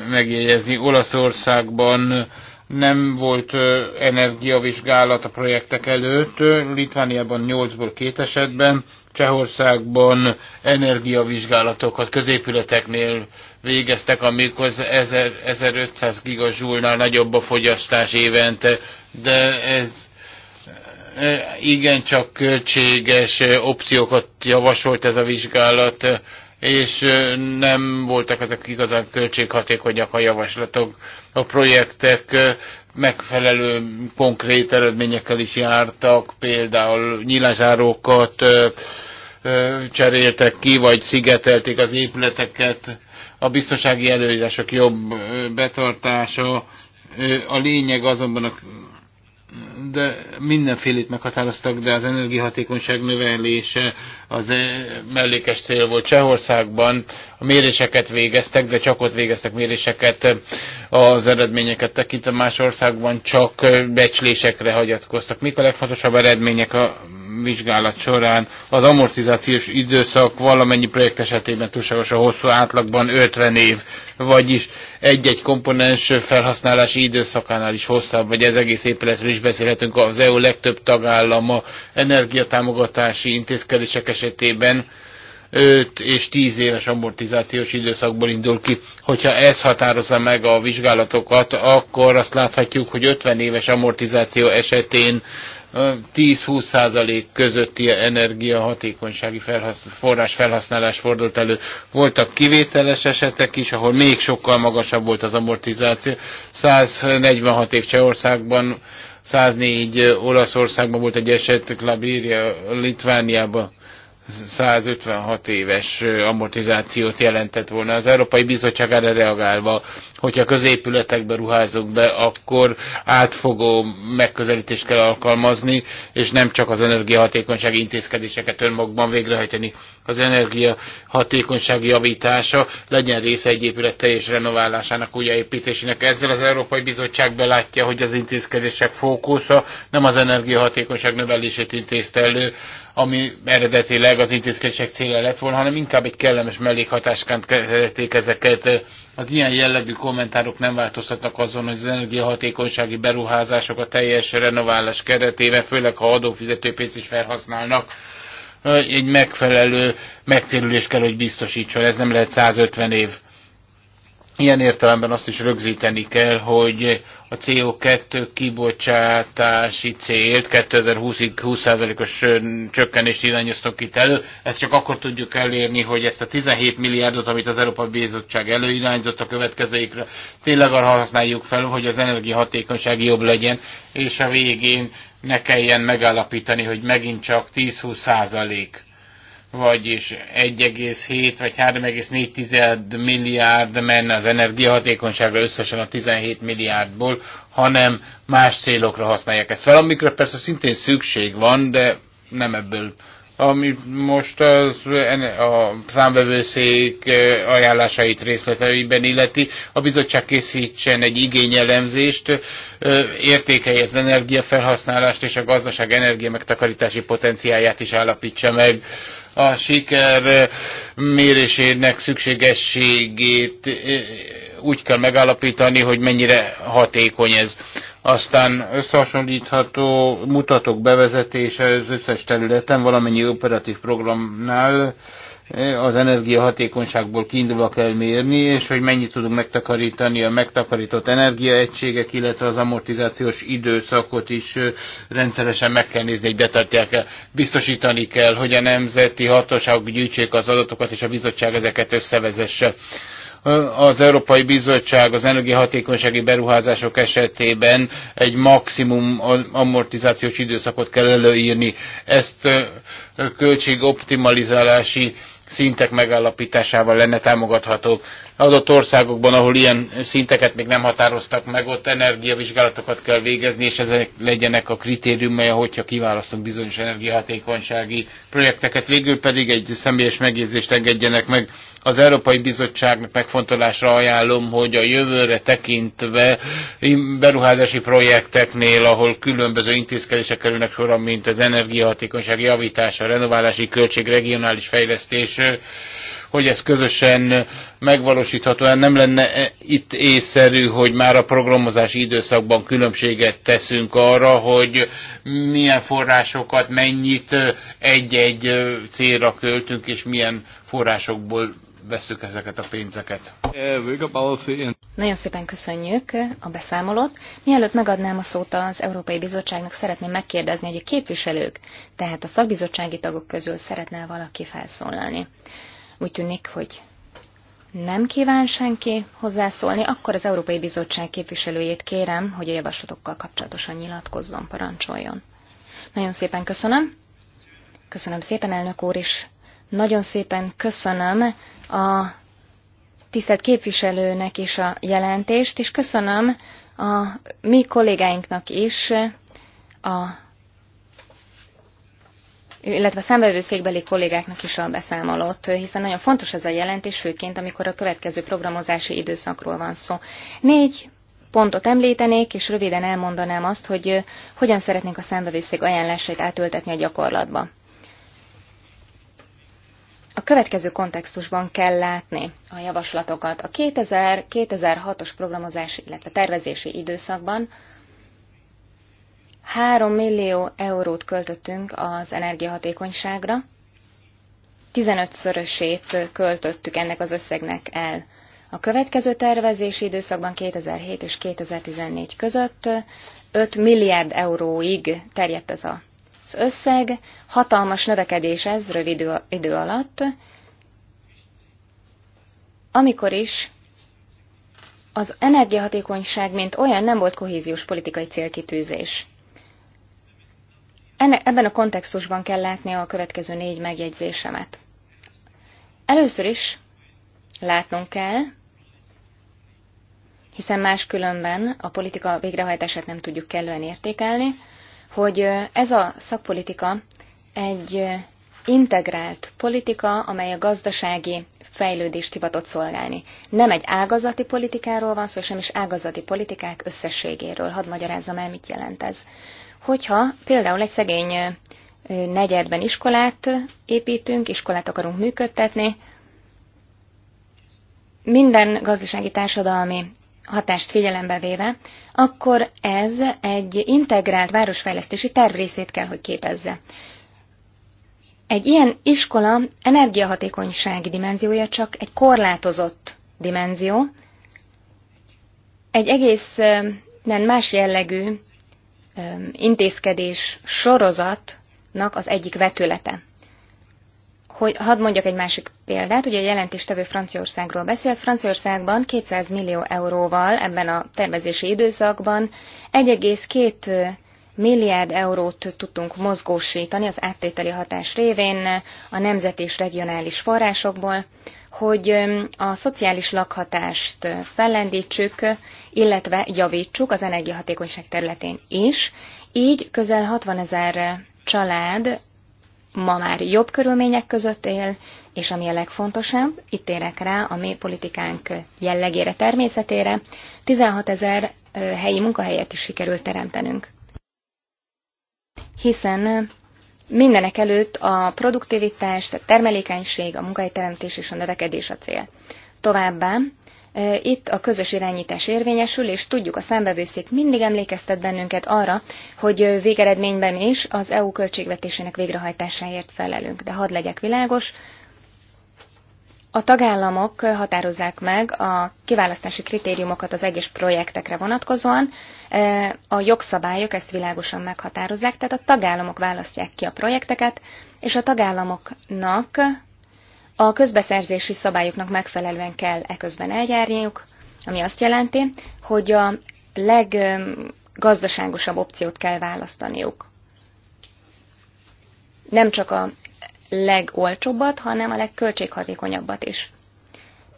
megjegyezni. Olaszországban nem volt energiavizsgálat a projektek előtt, Litvániában 8-ból 2 esetben, Csehországban energiavizsgálatokat középületeknél végeztek, amikor 1500 gigazsúlnál nagyobb a fogyasztás évente, de ez e, igencsak költséges opciókat javasolt ez a vizsgálat, és nem voltak ezek igazán költséghatékonyak a javaslatok. A projektek megfelelő konkrét eredményekkel is jártak, például nyilazárókat cseréltek ki, vagy szigetelték az épületeket, a biztonsági előírások jobb betartása. A lényeg azonban a de mindenfélét meghatároztak, de az energiahatékonyság növelése az e- mellékes cél volt Csehországban. A méréseket végeztek, de csak ott végeztek méréseket, e, az eredményeket tekintve más országban csak becslésekre hagyatkoztak. Mik a legfontosabb eredmények a vizsgálat során az amortizációs időszak valamennyi projekt esetében túlságosan hosszú átlagban 50 év, vagyis egy-egy komponens felhasználási időszakánál is hosszabb, vagy ez egész épületről is beszélhetünk az EU legtöbb tagállama energiatámogatási intézkedések esetében 5 és 10 éves amortizációs időszakból indul ki. Hogyha ez határozza meg a vizsgálatokat, akkor azt láthatjuk, hogy 50 éves amortizáció esetén 10-20 százalék közötti energiahatékonysági felhasz, forrás felhasználás fordult elő. Voltak kivételes esetek is, ahol még sokkal magasabb volt az amortizáció. 146 év Csehországban, 104 Olaszországban volt egy eset, Klabíria, Litvániában 156 éves amortizációt jelentett volna. Az Európai Bizottság erre reagálva, hogyha középületekbe ruházunk be, akkor átfogó megközelítést kell alkalmazni, és nem csak az energiahatékonysági intézkedéseket önmagban végrehajtani. Az energiahatékonyság javítása legyen része egy épület teljes renoválásának, újjáépítésének. Ezzel az Európai Bizottság belátja, hogy az intézkedések fókusza nem az energiahatékonyság növelését intézte elő, ami eredetileg az intézkedések célja lett volna, hanem inkább egy kellemes mellékhatásként kezelték ezeket. Az ilyen jellegű kommentárok nem változtatnak azon, hogy az energiahatékonysági beruházások a teljes renoválás keretében, főleg ha adófizetőpénzt is felhasználnak, egy megfelelő megtérülést kell, hogy biztosítson. Ez nem lehet 150 év. Ilyen értelemben azt is rögzíteni kell, hogy a CO2 kibocsátási célt 2020-ig 20%-os csökkenést irányoztunk itt elő. Ezt csak akkor tudjuk elérni, hogy ezt a 17 milliárdot, amit az Európai Bizottság előirányzott a következőikre, tényleg arra használjuk fel, hogy az energiahatékonyság jobb legyen, és a végén ne kelljen megállapítani, hogy megint csak 10-20 százalék vagyis 1,7 vagy 3,4 milliárd menne az energiahatékonyságra összesen a 17 milliárdból, hanem más célokra használják ezt fel, amikre persze szintén szükség van, de nem ebből. Ami most az, a számvevőszék ajánlásait részleteiben illeti, a bizottság készítsen egy igényelemzést, értékelje az energiafelhasználást és a gazdaság energia megtakarítási potenciáját is állapítsa meg a siker mérésének szükségességét e, úgy kell megállapítani, hogy mennyire hatékony ez. Aztán összehasonlítható mutatók bevezetése az összes területen, valamennyi operatív programnál az energiahatékonyságból kiindulva kell mérni, és hogy mennyit tudunk megtakarítani a megtakarított energiaegységek, illetve az amortizációs időszakot is rendszeresen meg kell nézni, hogy betartják el. Biztosítani kell, hogy a nemzeti hatóságok gyűjtsék az adatokat, és a bizottság ezeket összevezesse az Európai Bizottság az energiahatékonysági beruházások esetében egy maximum amortizációs időszakot kell előírni. Ezt költségoptimalizálási szintek megállapításával lenne támogatható. Adott országokban, ahol ilyen szinteket még nem határoztak meg, ott energiavizsgálatokat kell végezni, és ezek legyenek a kritériumai, hogyha kiválasztunk bizonyos energiahatékonysági projekteket. Végül pedig egy személyes megjegyzést engedjenek meg az Európai Bizottságnak megfontolásra ajánlom, hogy a jövőre tekintve beruházási projekteknél, ahol különböző intézkedések kerülnek sorra, mint az energiahatékonyság javítása, renoválási költség, regionális fejlesztés, hogy ez közösen megvalósítható. Hát nem lenne e- itt észszerű, hogy már a programozási időszakban különbséget teszünk arra, hogy milyen forrásokat, mennyit egy-egy célra költünk, és milyen forrásokból vesszük ezeket a pénzeket. Nagyon szépen köszönjük a beszámolót. Mielőtt megadnám a szót az Európai Bizottságnak, szeretném megkérdezni, hogy a képviselők, tehát a szakbizottsági tagok közül szeretne valaki felszólalni. Úgy tűnik, hogy nem kíván senki hozzászólni, akkor az Európai Bizottság képviselőjét kérem, hogy a javaslatokkal kapcsolatosan nyilatkozzon, parancsoljon. Nagyon szépen köszönöm. Köszönöm szépen, elnök úr is. Nagyon szépen köszönöm a tisztelt képviselőnek is a jelentést, és köszönöm a mi kollégáinknak is, a, illetve a számbevőszékbeli kollégáknak is a beszámolót, hiszen nagyon fontos ez a jelentés, főként amikor a következő programozási időszakról van szó. Négy pontot említenék, és röviden elmondanám azt, hogy eh, hogyan szeretnénk a számbevőszék ajánlásait átültetni a gyakorlatba a következő kontextusban kell látni a javaslatokat. A 2000-2006-os programozási, illetve tervezési időszakban 3 millió eurót költöttünk az energiahatékonyságra, 15-szörösét költöttük ennek az összegnek el. A következő tervezési időszakban 2007 és 2014 között 5 milliárd euróig terjedt ez a az összeg, hatalmas növekedés ez rövid idő alatt, amikor is az energiahatékonyság, mint olyan, nem volt kohéziós politikai célkitűzés. Enne, ebben a kontextusban kell látni a következő négy megjegyzésemet. Először is látnunk kell, hiszen máskülönben a politika végrehajtását nem tudjuk kellően értékelni, hogy ez a szakpolitika egy integrált politika, amely a gazdasági fejlődést hivatott szolgálni. Nem egy ágazati politikáról van szó, sem is ágazati politikák összességéről. Hadd magyarázzam el, mit jelent ez. Hogyha például egy szegény negyedben iskolát építünk, iskolát akarunk működtetni, minden gazdasági társadalmi hatást figyelembe véve, akkor ez egy integrált városfejlesztési terv részét kell, hogy képezze. Egy ilyen iskola energiahatékonysági dimenziója csak egy korlátozott dimenzió, egy egész nem más jellegű intézkedés sorozatnak az egyik vetülete hogy hadd mondjak egy másik példát, ugye a jelentéstevő Franciaországról beszélt. Franciaországban 200 millió euróval ebben a tervezési időszakban 1,2 milliárd eurót tudtunk mozgósítani az áttételi hatás révén a nemzeti és regionális forrásokból, hogy a szociális lakhatást fellendítsük, illetve javítsuk az energiahatékonyság területén is. Így közel 60 ezer család ma már jobb körülmények között él, és ami a legfontosabb, itt érek rá a mi politikánk jellegére, természetére, 16 ezer helyi munkahelyet is sikerült teremtenünk. Hiszen mindenek előtt a produktivitás, a termelékenység, a munkahelyteremtés és a növekedés a cél. Továbbá itt a közös irányítás érvényesül, és tudjuk, a számbevőszék mindig emlékeztet bennünket arra, hogy végeredményben is az EU költségvetésének végrehajtásáért felelünk. De hadd legyek világos, a tagállamok határozzák meg a kiválasztási kritériumokat az egyes projektekre vonatkozóan, a jogszabályok ezt világosan meghatározzák, tehát a tagállamok választják ki a projekteket, és a tagállamoknak a közbeszerzési szabályoknak megfelelően kell eközben eljárniuk, ami azt jelenti, hogy a leggazdaságosabb opciót kell választaniuk. Nem csak a legolcsóbbat, hanem a legköltséghatékonyabbat is.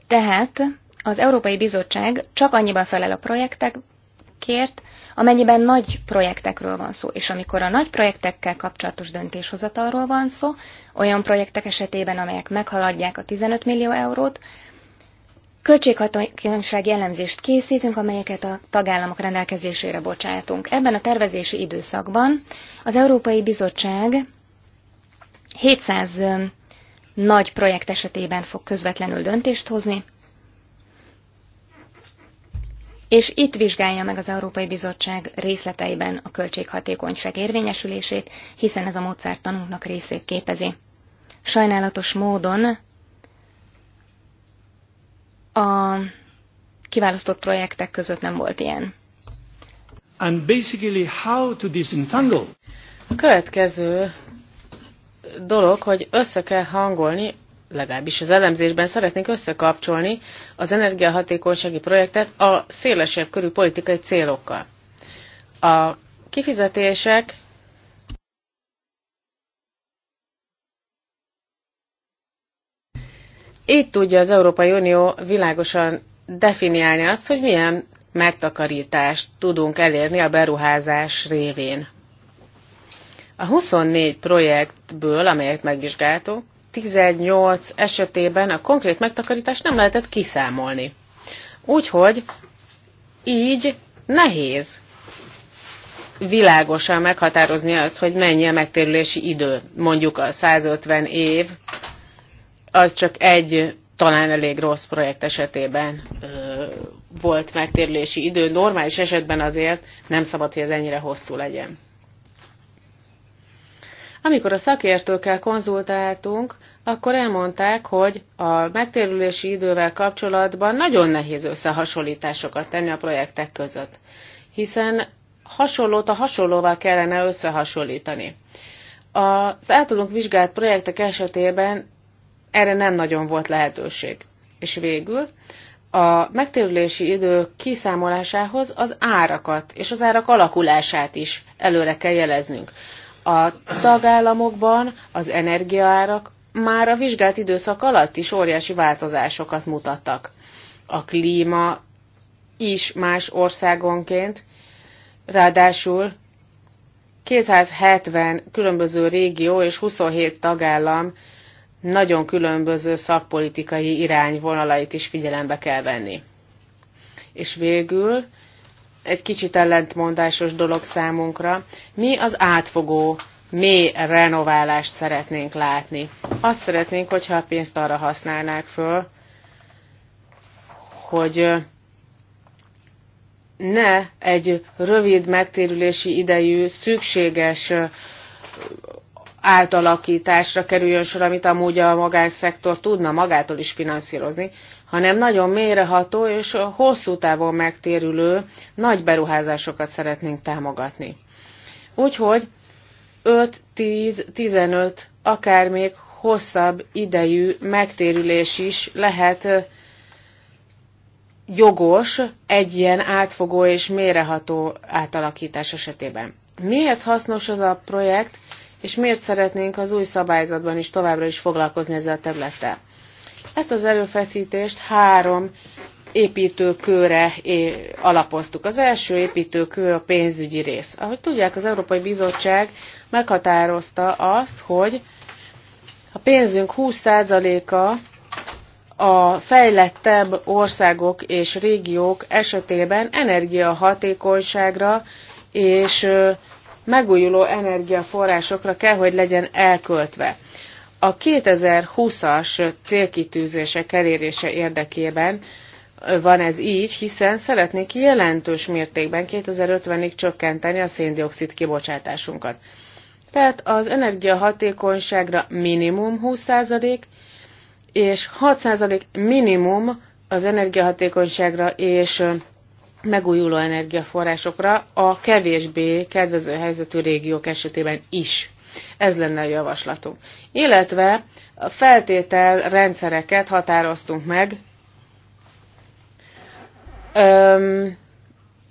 Tehát az Európai Bizottság csak annyiban felel a projektekért, amennyiben nagy projektekről van szó, és amikor a nagy projektekkel kapcsolatos döntéshozatalról van szó, olyan projektek esetében, amelyek meghaladják a 15 millió eurót. Költséghatóság elemzést készítünk, amelyeket a tagállamok rendelkezésére bocsátunk. Ebben a tervezési időszakban az Európai Bizottság 700 nagy projekt esetében fog közvetlenül döntést hozni, és itt vizsgálja meg az Európai Bizottság részleteiben a költséghatékonyság érvényesülését, hiszen ez a módszer tanunknak részét képezi. Sajnálatos módon a kiválasztott projektek között nem volt ilyen. And basically how to disentangle. A következő dolog, hogy össze kell hangolni legalábbis az elemzésben szeretnénk összekapcsolni az energiahatékonysági projektet a szélesebb körű politikai célokkal. A kifizetések Így tudja az Európai Unió világosan definiálni azt, hogy milyen megtakarítást tudunk elérni a beruházás révén. A 24 projektből, amelyet megvizsgáltunk, 2018 esetében a konkrét megtakarítást nem lehetett kiszámolni. Úgyhogy így nehéz világosan meghatározni azt, hogy mennyi a megtérülési idő. Mondjuk a 150 év, az csak egy talán elég rossz projekt esetében ö, volt megtérülési idő. Normális esetben azért nem szabad, hogy ez ennyire hosszú legyen. Amikor a szakértőkkel konzultáltunk, akkor elmondták, hogy a megtérülési idővel kapcsolatban nagyon nehéz összehasonlításokat tenni a projektek között, hiszen hasonlót a hasonlóval kellene összehasonlítani. Az általunk vizsgált projektek esetében erre nem nagyon volt lehetőség. És végül a megtérülési idő kiszámolásához az árakat és az árak alakulását is előre kell jeleznünk. A tagállamokban az energiaárak már a vizsgált időszak alatt is óriási változásokat mutattak. A klíma is más országonként, ráadásul 270 különböző régió és 27 tagállam nagyon különböző szakpolitikai irányvonalait is figyelembe kell venni. És végül egy kicsit ellentmondásos dolog számunkra. Mi az átfogó, mély renoválást szeretnénk látni. Azt szeretnénk, hogyha a pénzt arra használnák föl, hogy ne egy rövid megtérülési idejű, szükséges átalakításra kerüljön sor, amit amúgy a magánszektor tudna magától is finanszírozni, hanem nagyon méreható és hosszú távon megtérülő nagy beruházásokat szeretnénk támogatni. Úgyhogy 5, 10, 15, akár még hosszabb idejű megtérülés is lehet jogos egy ilyen átfogó és méreható átalakítás esetében. Miért hasznos az a projekt, és miért szeretnénk az új szabályzatban is továbbra is foglalkozni ezzel a területtel? Ezt az erőfeszítést három építőkőre alapoztuk. Az első építőkő a pénzügyi rész. Ahogy tudják, az Európai Bizottság meghatározta azt, hogy a pénzünk 20%-a a fejlettebb országok és régiók esetében energiahatékonyságra és megújuló energiaforrásokra kell, hogy legyen elköltve. A 2020-as célkitűzések elérése érdekében van ez így, hiszen szeretnék jelentős mértékben 2050-ig csökkenteni a széndiokszid kibocsátásunkat. Tehát az energiahatékonyságra minimum 20%, és 6% minimum az energiahatékonyságra és megújuló energiaforrásokra a kevésbé kedvező helyzetű régiók esetében is. Ez lenne a javaslatunk. Illetve a feltétel rendszereket határoztunk meg öm,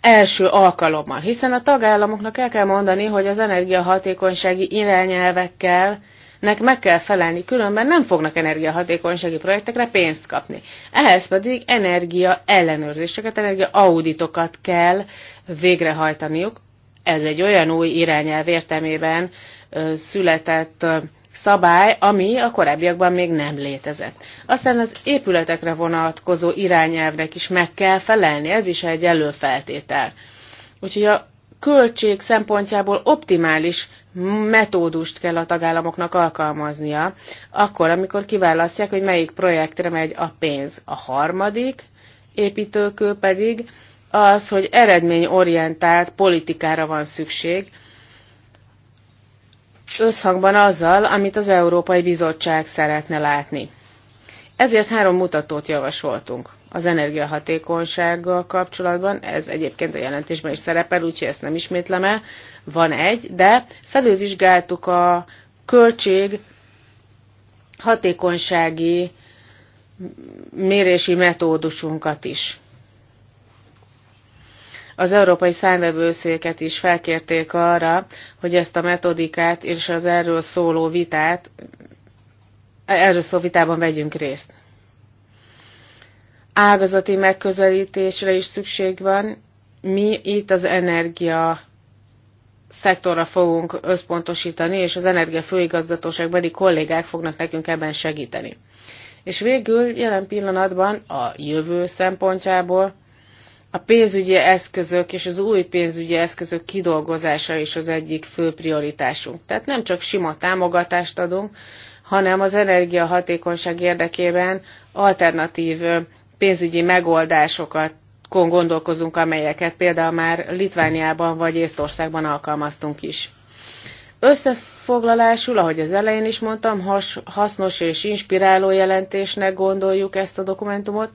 első alkalommal, hiszen a tagállamoknak el kell mondani, hogy az energiahatékonysági irányelvekkel nek meg kell felelni, különben nem fognak energiahatékonysági projektekre pénzt kapni. Ehhez pedig energia ellenőrzéseket, energia auditokat kell végrehajtaniuk. Ez egy olyan új irányelv értelmében, született szabály, ami a korábbiakban még nem létezett. Aztán az épületekre vonatkozó irányelvnek is meg kell felelni, ez is egy előfeltétel. Úgyhogy a költség szempontjából optimális metódust kell a tagállamoknak alkalmaznia, akkor, amikor kiválasztják, hogy melyik projektre megy a pénz. A harmadik építőkő pedig az, hogy eredményorientált politikára van szükség, összhangban azzal, amit az Európai Bizottság szeretne látni. Ezért három mutatót javasoltunk az energiahatékonysággal kapcsolatban, ez egyébként a jelentésben is szerepel, úgyhogy ezt nem ismétlem el, van egy, de felülvizsgáltuk a költség hatékonysági mérési metódusunkat is. Az Európai Számvevőszéket is felkérték arra, hogy ezt a metodikát és az erről szóló vitát, erről szóló vitában vegyünk részt. Ágazati megközelítésre is szükség van. Mi itt az energia szektorra fogunk összpontosítani, és az Energia Főigazgatóság pedig kollégák fognak nekünk ebben segíteni. És végül jelen pillanatban a jövő szempontjából a pénzügyi eszközök és az új pénzügyi eszközök kidolgozása is az egyik fő prioritásunk. Tehát nem csak sima támogatást adunk, hanem az energiahatékonyság érdekében alternatív pénzügyi megoldásokat gondolkozunk, amelyeket például már Litvániában vagy Észtországban alkalmaztunk is. Összefoglalásul, ahogy az elején is mondtam, has, hasznos és inspiráló jelentésnek gondoljuk ezt a dokumentumot,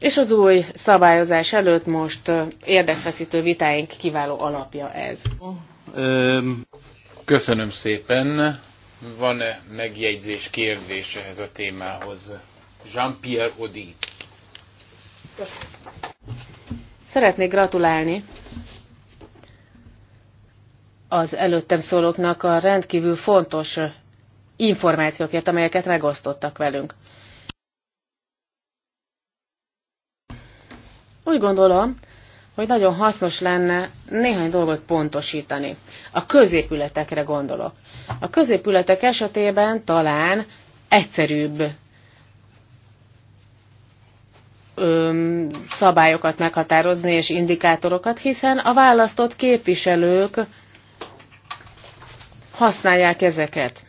és az új szabályozás előtt most érdekfeszítő vitáink kiváló alapja ez. Köszönöm szépen. Van-e megjegyzés, kérdés ehhez a témához? Jean-Pierre Odi. Szeretnék gratulálni az előttem szólóknak a rendkívül fontos információkért, amelyeket megosztottak velünk. Úgy gondolom, hogy nagyon hasznos lenne néhány dolgot pontosítani. A középületekre gondolok. A középületek esetében talán egyszerűbb öm, szabályokat meghatározni és indikátorokat, hiszen a választott képviselők használják ezeket.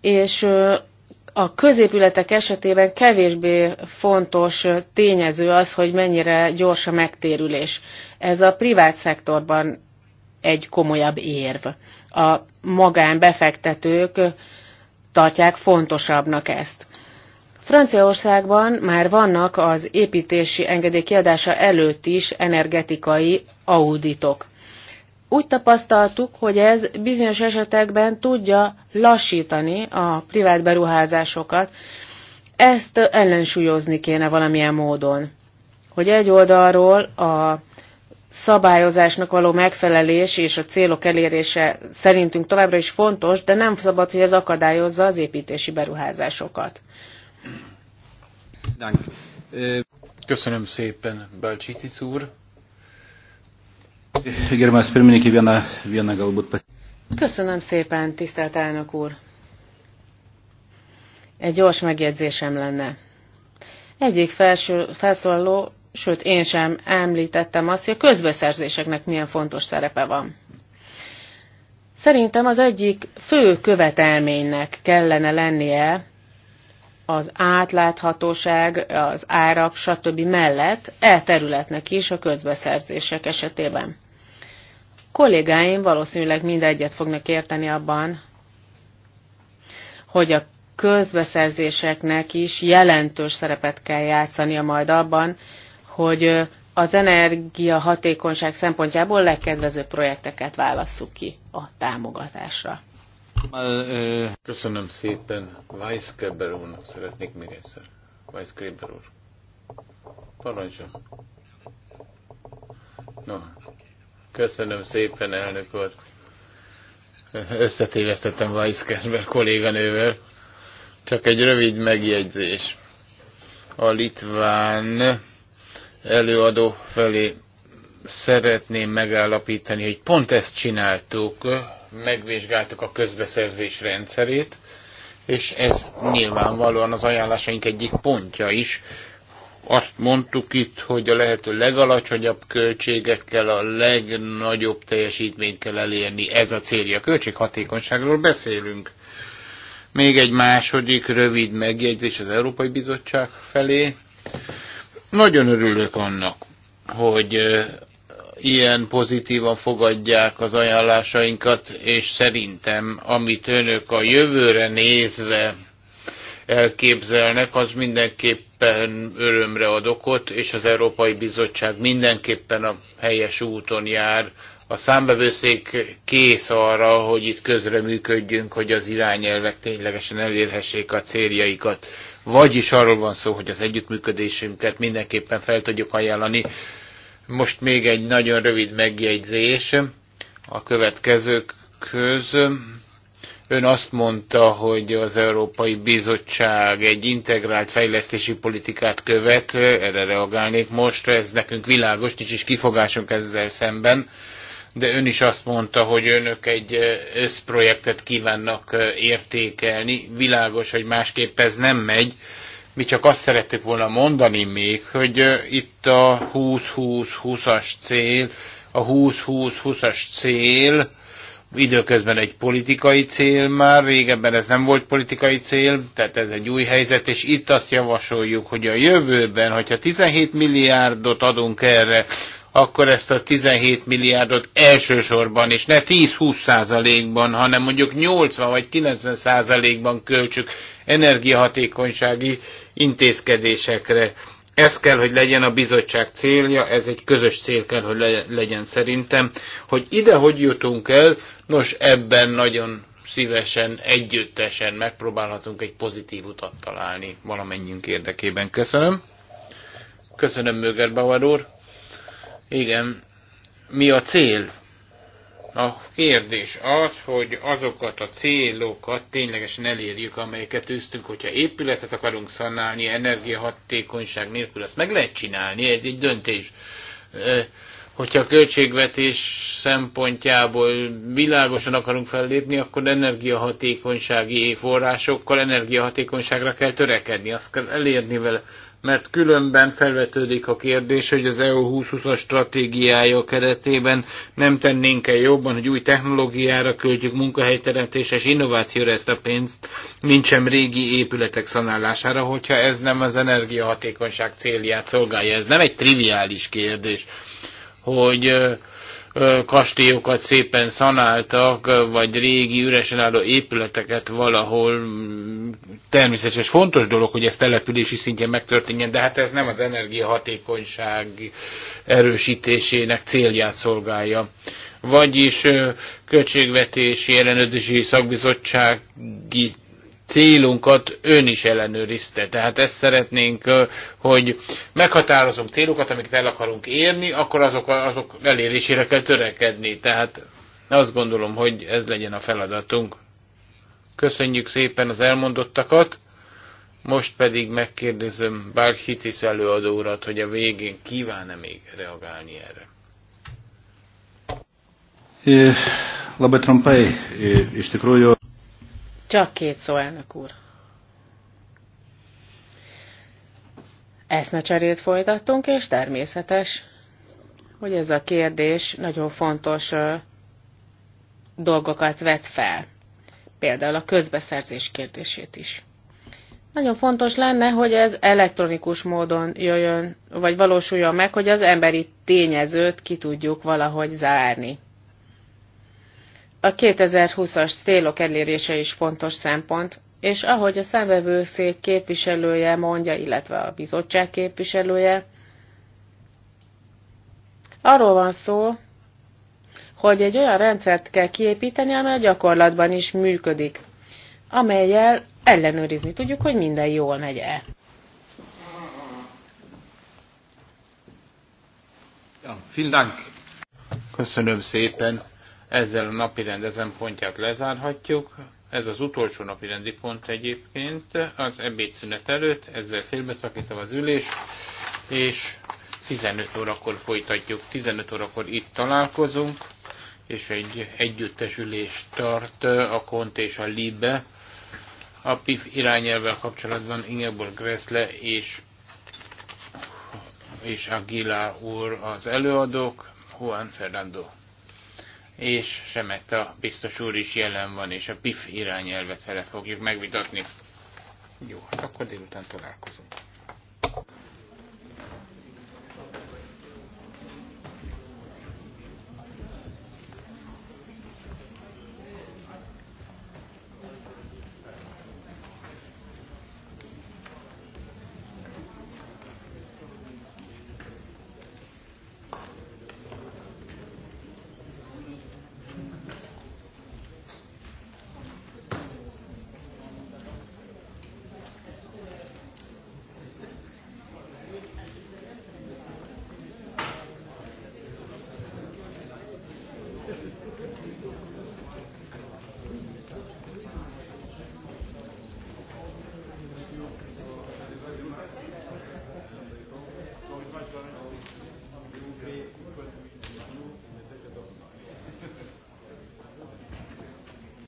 És a középületek esetében kevésbé fontos tényező az, hogy mennyire gyors a megtérülés. Ez a privát szektorban egy komolyabb érv. A magánbefektetők tartják fontosabbnak ezt. Franciaországban már vannak az építési engedély kiadása előtt is energetikai auditok úgy tapasztaltuk, hogy ez bizonyos esetekben tudja lassítani a privát beruházásokat. Ezt ellensúlyozni kéne valamilyen módon. Hogy egy oldalról a szabályozásnak való megfelelés és a célok elérése szerintünk továbbra is fontos, de nem szabad, hogy ez akadályozza az építési beruházásokat. Köszönöm szépen, Balcsitis úr. Köszönöm szépen, tisztelt elnök úr. Egy gyors megjegyzésem lenne. Egyik felső, felszólaló, sőt én sem említettem azt, hogy a közbeszerzéseknek milyen fontos szerepe van. Szerintem az egyik fő követelménynek kellene lennie az átláthatóság, az árak, stb. mellett e területnek is a közbeszerzések esetében kollégáim valószínűleg mindegyet fognak érteni abban, hogy a közbeszerzéseknek is jelentős szerepet kell játszania majd abban, hogy az energia hatékonyság szempontjából legkedvező projekteket válasszuk ki a támogatásra. Köszönöm szépen. Weisskeber úrnak szeretnék még egyszer. Weisskeber úr. Parancsa. No, Köszönöm szépen, elnök úr. Összetévesztettem Weiskerber kolléganővel. Csak egy rövid megjegyzés. A litván előadó felé szeretném megállapítani, hogy pont ezt csináltuk, megvizsgáltuk a közbeszerzés rendszerét, és ez nyilvánvalóan az ajánlásaink egyik pontja is, azt mondtuk itt, hogy a lehető legalacsonyabb költségekkel a legnagyobb teljesítményt kell elérni. Ez a célja. Költséghatékonyságról beszélünk. Még egy második rövid megjegyzés az Európai Bizottság felé. Nagyon örülök annak, hogy ilyen pozitívan fogadják az ajánlásainkat, és szerintem, amit önök a jövőre nézve elképzelnek, az mindenképpen örömre ad okot, és az Európai Bizottság mindenképpen a helyes úton jár. A számbevőszék kész arra, hogy itt közreműködjünk, hogy az irányelvek ténylegesen elérhessék a céljaikat. Vagyis arról van szó, hogy az együttműködésünket mindenképpen fel tudjuk ajánlani. Most még egy nagyon rövid megjegyzés a következőkhöz Ön azt mondta, hogy az Európai Bizottság egy integrált fejlesztési politikát követ, erre reagálnék most, ez nekünk világos, nincs is kifogásunk ezzel szemben, de ön is azt mondta, hogy önök egy összprojektet kívánnak értékelni, világos, hogy másképp ez nem megy, mi csak azt szerettük volna mondani még, hogy itt a 20-20-20-as cél, a 20-20-20-as cél, időközben egy politikai cél már, régebben ez nem volt politikai cél, tehát ez egy új helyzet, és itt azt javasoljuk, hogy a jövőben, hogyha 17 milliárdot adunk erre, akkor ezt a 17 milliárdot elsősorban, és ne 10-20 százalékban, hanem mondjuk 80 vagy 90 százalékban költsük energiahatékonysági intézkedésekre ez kell, hogy legyen a bizottság célja, ez egy közös cél kell, hogy legyen szerintem. Hogy ide hogy jutunk el, nos ebben nagyon szívesen, együttesen megpróbálhatunk egy pozitív utat találni valamennyünk érdekében. Köszönöm. Köszönöm, Mögerbauer úr. Igen, mi a cél? A kérdés az, hogy azokat a célokat ténylegesen elérjük, amelyeket tűztünk, hogyha épületet akarunk szanálni, energiahatékonyság nélkül, ezt meg lehet csinálni, ez egy döntés. Hogyha a költségvetés szempontjából világosan akarunk fellépni, akkor energiahatékonysági forrásokkal energiahatékonyságra kell törekedni, azt kell elérni vele mert különben felvetődik a kérdés, hogy az EU 2020-as stratégiája keretében nem tennénk-e jobban, hogy új technológiára költjük munkahelyteremtés és innovációra ezt a pénzt, mint sem régi épületek szanálására, hogyha ez nem az energiahatékonyság célját szolgálja. Ez nem egy triviális kérdés, hogy kastélyokat szépen szanáltak, vagy régi üresen álló épületeket valahol. Természetesen fontos dolog, hogy ez települési szintjén megtörténjen, de hát ez nem az energiahatékonyság erősítésének célját szolgálja. Vagyis költségvetési ellenőrzési szakbizottsági célunkat ön is ellenőrizte. Tehát ezt szeretnénk, hogy meghatározunk célokat, amiket el akarunk érni, akkor azok, azok elérésére kell törekedni. Tehát azt gondolom, hogy ez legyen a feladatunk. Köszönjük szépen az elmondottakat. Most pedig megkérdezem bár Hicis előadórat, hogy a végén kíván-e még reagálni erre. Labai trumpai, és tikrųjų. Csak két szó, elnök úr. Eszmecserét folytattunk, és természetes, hogy ez a kérdés nagyon fontos dolgokat vet fel. Például a közbeszerzés kérdését is. Nagyon fontos lenne, hogy ez elektronikus módon jöjjön, vagy valósuljon meg, hogy az emberi tényezőt ki tudjuk valahogy zárni. A 2020-as célok elérése is fontos szempont, és ahogy a számvevőszék képviselője mondja, illetve a bizottság képviselője, arról van szó, hogy egy olyan rendszert kell kiépíteni, amely a gyakorlatban is működik, amelyel ellenőrizni tudjuk, hogy minden jól megy el. Ja, Köszönöm szépen. Ezzel a napi rend ezen pontját lezárhatjuk. Ez az utolsó napi rendi pont egyébként az ebédszünet előtt, ezzel félbeszakítom az ülés és 15 órakor folytatjuk. 15 órakor itt találkozunk, és egy együttes ülés tart a Kont és a Libe. A PIF irányelvvel kapcsolatban Ingeborg Gressle és, és Aguilar úr az előadók, Juan Fernando és Semeta biztos úr is jelen van, és a PIF irányelvet fele fogjuk megvitatni. Jó, hát akkor délután találkozunk.